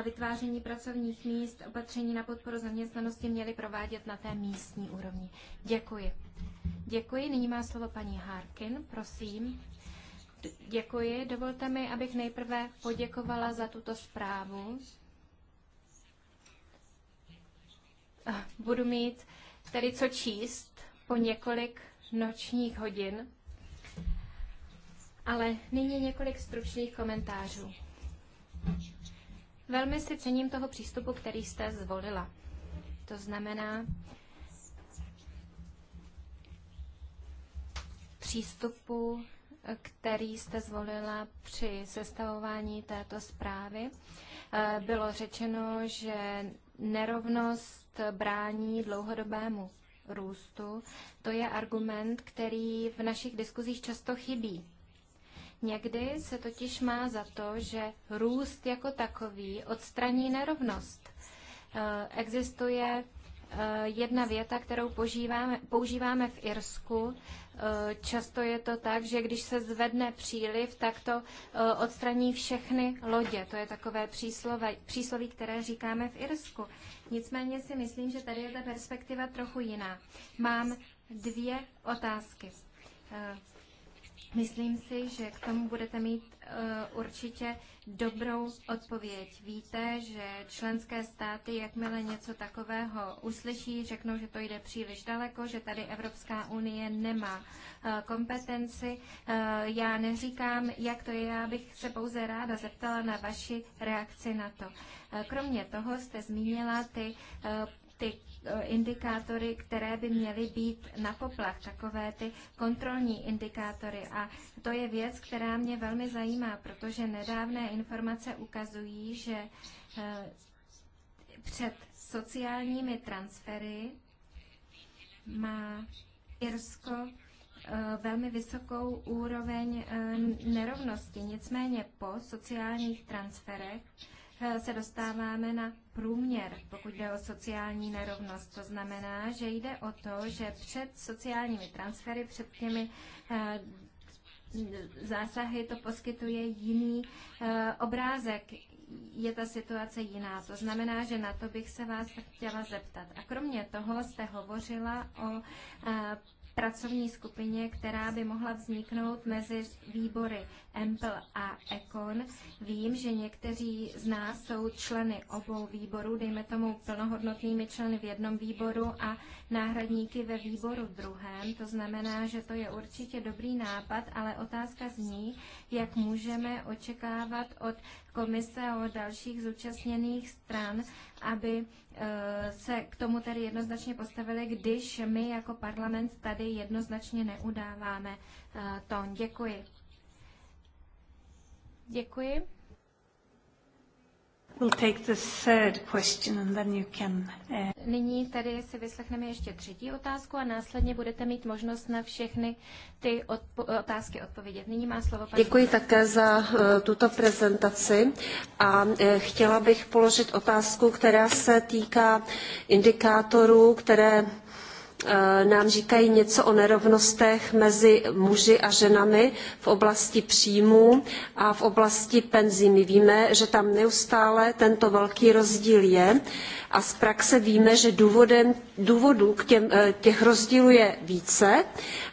[SPEAKER 2] vytváření pracovních míst, opatření na podporu zaměstnanosti měly provádět na té místní úrovni. Děkuji. Děkuji. Nyní má slovo paní Harkin. Prosím. Děkuji. Dovolte mi, abych nejprve poděkovala za tuto zprávu. Ah, budu mít tedy co číst po několik nočních hodin, ale nyní několik stručných komentářů. Velmi si cením toho přístupu, který jste zvolila. To znamená přístupu, který jste zvolila při sestavování této zprávy. Eh, bylo řečeno, že nerovnost brání dlouhodobému růstu. To je argument, který v našich diskuzích často chybí. Někdy se totiž má za to, že růst jako takový odstraní nerovnost. Eh, existuje eh, jedna věta, kterou používáme, používáme v Irsku. Eh, často je to tak, že když se zvedne příliv, tak to odstraní všechny lodě. To je takové příslove, přísloví, které říkáme v Irsku. Nicméně si myslím, že tady je ta perspektiva trochu jiná. Mám dvě otázky. Myslím si, že k tomu budete mít uh, určitě dobrou odpověď. Víte, že členské státy, jakmile něco takového uslyší, řeknou, že to jde příliš daleko, že tady Evropská unie nemá uh, kompetenci. Uh, já neříkám, jak to je, já bych se pouze ráda zeptala na vaši reakci na to. Uh, kromě toho jste zmínila ty, uh, ty Eh, indikátory, které by měly být na poplach, takové ty kontrolní indikátory. A to je věc, která mě velmi zajímá, protože nedávné informace ukazují, že eh, před sociálními transfery má Irsko eh, velmi vysokou úroveň nerovnosti. Nicméně po sociálních transferech Eh, se dostáváme na průměr, pokud jde o sociální nerovnost. To znamená, že jde o to, že před sociálními transfery, před těmi eh, zásahy to poskytuje jiný eh, obrázek, je ta situace jiná. To znamená, že na to bych se vás chtěla zeptat. A kromě toho jste hovořila o pracovní skupině, která by mohla vzniknout mezi výbory EMPL a ECON. Vím, že někteří z nás jsou členy obou výborů, dejme tomu plnohodnotnými členy v jednom výboru a náhradníky ve výboru druhém. To znamená, že to je určitě dobrý nápad, ale otázka zní, jak můžeme očekávat od komise od dalších zúčastněných stran, aby eh, se k tomu tedy jednoznačně postavili, když my jako parlament tady jednoznačně neudáváme eh, tón. Děkuji. Děkuji.
[SPEAKER 1] We'll take the third question and then you can,
[SPEAKER 2] uh... Nyní tady si vyslechneme ještě třetí otázku a následně budete mít možnost na všechny ty odpo- otázky odpovědět. Nyní má slovo paní. Děkuji také
[SPEAKER 1] za uh, tuto prezentaci a uh, chtěla bych položit otázku, která se týká indikátorů, které Eh, nám říkají něco o nerovnostech mezi muži a ženami v oblasti příjmů a v oblasti penzí. My víme, že tam neustále tento velký rozdíl je a z praxe víme, že důvodem, důvodů k těm, eh, těch rozdílů je více.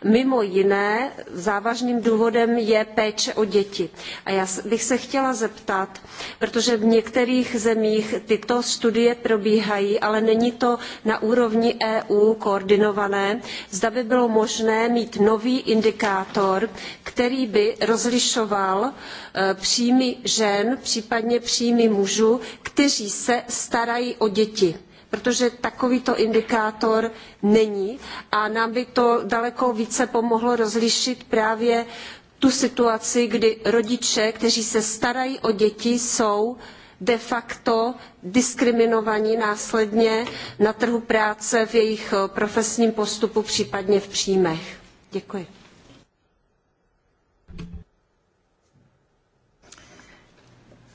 [SPEAKER 1] Mimo jiné závažným důvodem je péče o děti. A já bych se chtěla zeptat, protože v některých zemích tyto studie probíhají, ale není to na úrovni EU koordinované koordinované zda by bylo možné mít nový indikátor, který by rozlišoval eh, příjmy žen, případně příjmy mužů, kteří se starají o děti protože takovýto indikátor není a nám by to daleko více pomohlo rozlišit právě tu situaci, kdy rodiče, kteří se starají o děti, jsou de facto diskriminovaní následně na trhu práce v jejich eh, profesním postupu, případně v příjmech. Děkuji.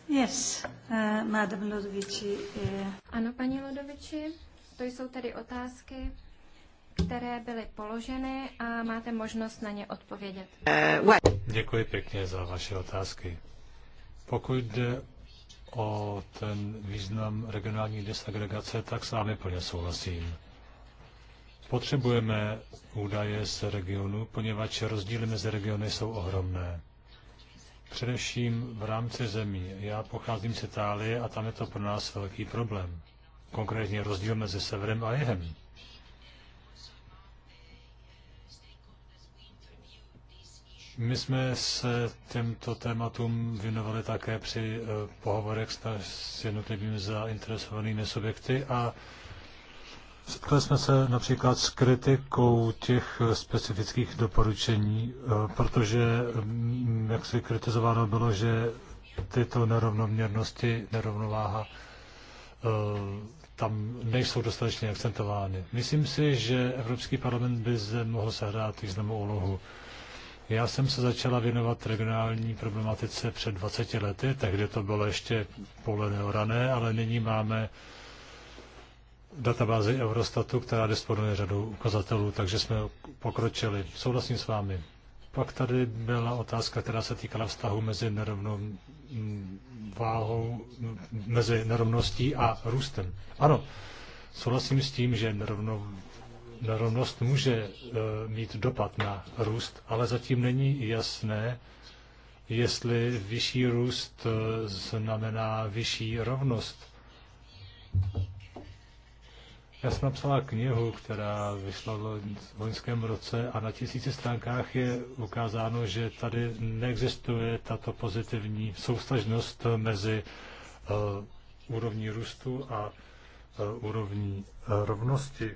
[SPEAKER 1] Yes, uh, Madam Uh...
[SPEAKER 2] Ano, paní Lodoviči, to jsou tedy otázky, které byly položeny a máte možnost na ně odpovědět.
[SPEAKER 4] Děkuji pěkně za vaše otázky. Pokud jde o ten význam regionální desagregace, tak s vámi plně souhlasím. Potřebujeme údaje z regionu, poněvadž rozdíly mezi regiony jsou ohromné. Především v rámci zemí. Já pocházím z Itálie a tam je to pro nás velký problém. Konkrétně rozdíl mezi severem a jihem. My jsme se těmto tématům věnovali také při eh, pohovorech s jednotlivými zainteresovanými subjekty a setkali jsme se například s kritikou těch specifických doporučení, eh, protože, mm, jak se kritizováno bylo, že tyto nerovnoměrnosti, nerovnováha eh, tam nejsou dostatečně akcentovány. Myslím si, že Evropský parlament by zde mohl sehrát významnou úlohu. Já jsem se začala věnovat regionální problematice před 20 lety, tehdy to bylo ještě pole neorané, ale nyní máme databázi Eurostatu, která disponuje řadou ukazatelů, takže jsme pokročili. Souhlasím s vámi. Pak tady byla otázka, která se týkala vztahu mezi nerovnou váhou, mezi nerovností a růstem. Ano, souhlasím s tím, že nerovnou nerovnost může e, mít dopad na růst, ale zatím není jasné, jestli vyšší růst e, znamená vyšší rovnost. Já jsem napsala knihu, která vyšla v loňském roce a na tisíci stránkách je ukázáno, že tady neexistuje tato pozitivní soustažnost mezi e, úrovní růstu a úrovní rovnosti.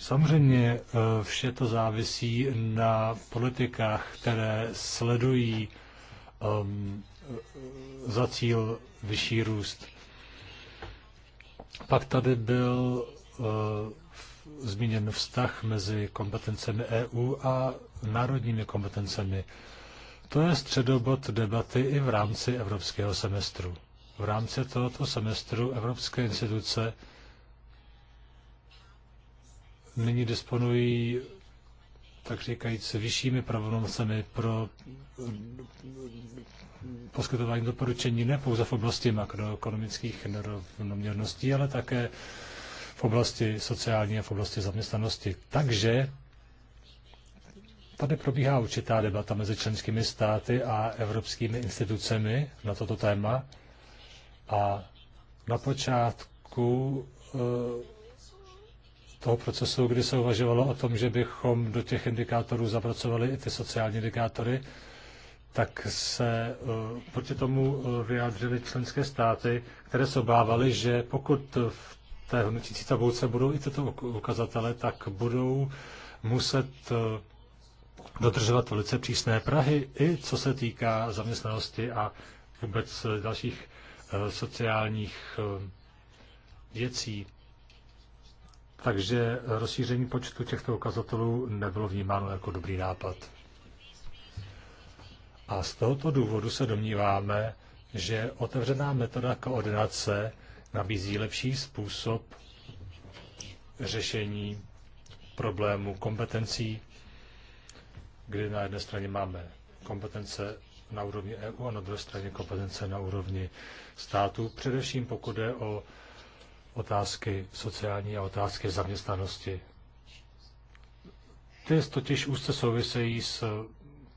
[SPEAKER 4] Samozřejmě eh, vše to závisí na politikách, které sledují um, za cíl vyšší růst. Pak tady byl uh, zmíněn vztah mezi kompetencemi EU a národními kompetencemi. To je středobod debaty i v rámci evropského semestru. V rámci tohoto semestru evropské instituce nyní disponují tak říkajíc vyššími pravomocemi pro eh, poskytování doporučení ne pouze v oblasti makroekonomických nerovnoměrností, ale také v oblasti sociální a v oblasti zaměstnanosti. Takže tady probíhá určitá debata mezi členskými státy a evropskými institucemi na toto téma. A na počátku eh, toho procesu, kdy se uvažovalo o tom, že bychom do těch indikátorů zapracovali i ty sociální indikátory, tak se eh, proti tomu eh, vyjádřily členské státy, které se obávaly, že pokud v té hodnotící tabulce budou i tyto ukazatele, tak budou muset eh, dodržovat velice přísné Prahy, i co se týká zaměstnanosti a vůbec dalších sociálních věcí. Takže rozšíření počtu těchto ukazatelů nebylo vnímáno jako dobrý nápad. A z tohoto důvodu se domníváme, že otevřená metoda koordinace nabízí lepší způsob řešení problému kompetencí, kdy na jedné straně máme kompetence na úrovni EU a na druhé straně kompetence na úrovni států, především pokud je o otázky sociální a otázky zaměstnanosti. Ty totiž úzce souvisejí s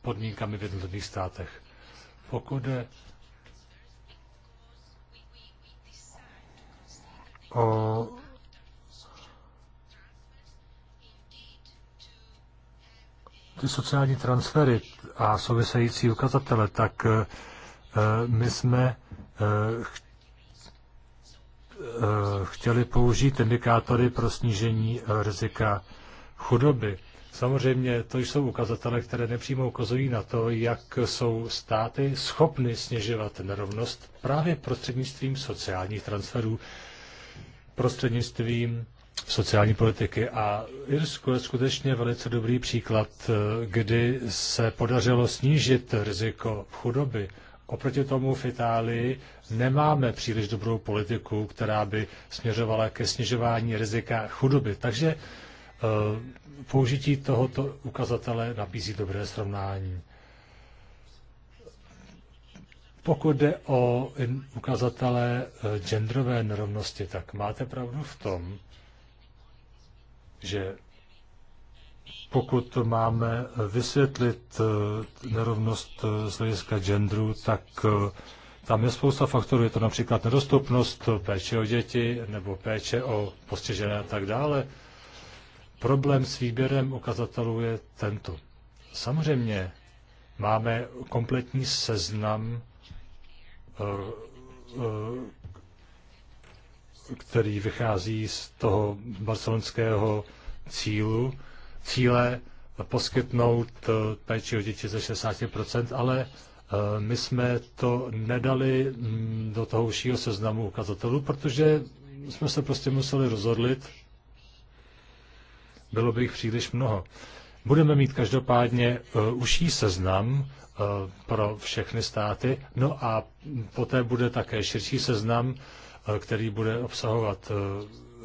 [SPEAKER 4] podmínkami v jednotlivých státech. Pokud je o ty sociální transfery a související ukazatele, tak eh, my jsme eh, Eh, chtěli použít indikátory pro snížení eh, rizika chudoby. Samozřejmě to jsou ukazatele, které nepřímo ukazují na to, jak jsou státy schopny snižovat nerovnost právě prostřednictvím sociálních transferů, prostřednictvím sociální politiky. A Irsko je skutečně velice dobrý příklad, eh, kdy se podařilo snížit riziko chudoby. Oproti tomu v Itálii nemáme příliš dobrou politiku, která by směřovala ke snižování rizika chudoby. Takže eh, použití tohoto ukazatele nabízí dobré srovnání. Pokud jde o ukazatele eh, genderové nerovnosti, tak máte pravdu v tom, že pokud máme vysvětlit eh, nerovnost eh, z hlediska genderu, tak eh, tam je spousta faktorů, je to například nedostupnost péče o děti nebo péče o postižené a tak dále. Problém s výběrem ukazatelů je tento. Samozřejmě máme kompletní seznam, který vychází z toho barcelonského cílu, cíle poskytnout eh, péči o děti ze 60%, ale eh, my jsme to nedali mm, do toho užšího seznamu ukazatelů, protože jsme se prostě museli rozhodlit. Bylo by jich příliš mnoho. Budeme mít každopádně eh, užší seznam pro všechny státy, no a poté bude také širší seznam, který bude obsahovat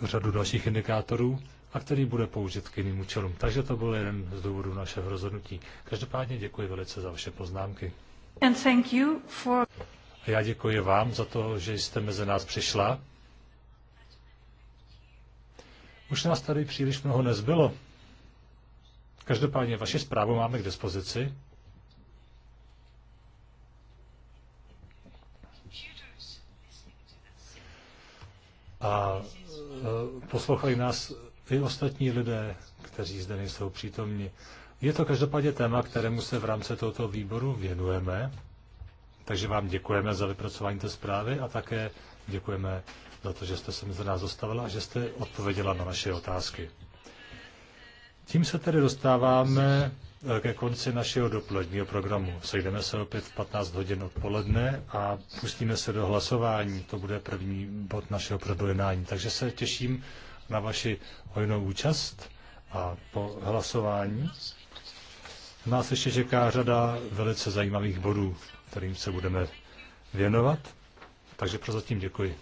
[SPEAKER 4] řadu dalších indikátorů a který bude použit k jiným účelům. Takže to byl jeden z důvodů našeho rozhodnutí. Každopádně děkuji velice za vaše poznámky.
[SPEAKER 1] And thank you for...
[SPEAKER 4] Já děkuji vám za to, že jste mezi nás přišla. Už nás tady příliš mnoho nezbylo. Každopádně vaši zprávu máme k dispozici. A e, poslouchají nás i ostatní lidé, kteří zde nejsou přítomni. Je to každopádně téma, kterému se v rámci tohoto výboru věnujeme, takže vám děkujeme za vypracování té zprávy a také děkujeme za to, že jste se za nás dostavila a že jste odpověděla na naše otázky. Tím se tedy dostáváme eh, ke konci našeho dopoledního programu. Sejdeme se opět v 15 hodin odpoledne a pustíme se do hlasování. To bude první bod našeho projednání. Takže se těším na vaši hojnou účast a po hlasování. Nás ještě čeká řada velice zajímavých bodů, kterým se budeme věnovat. Takže prozatím děkuji.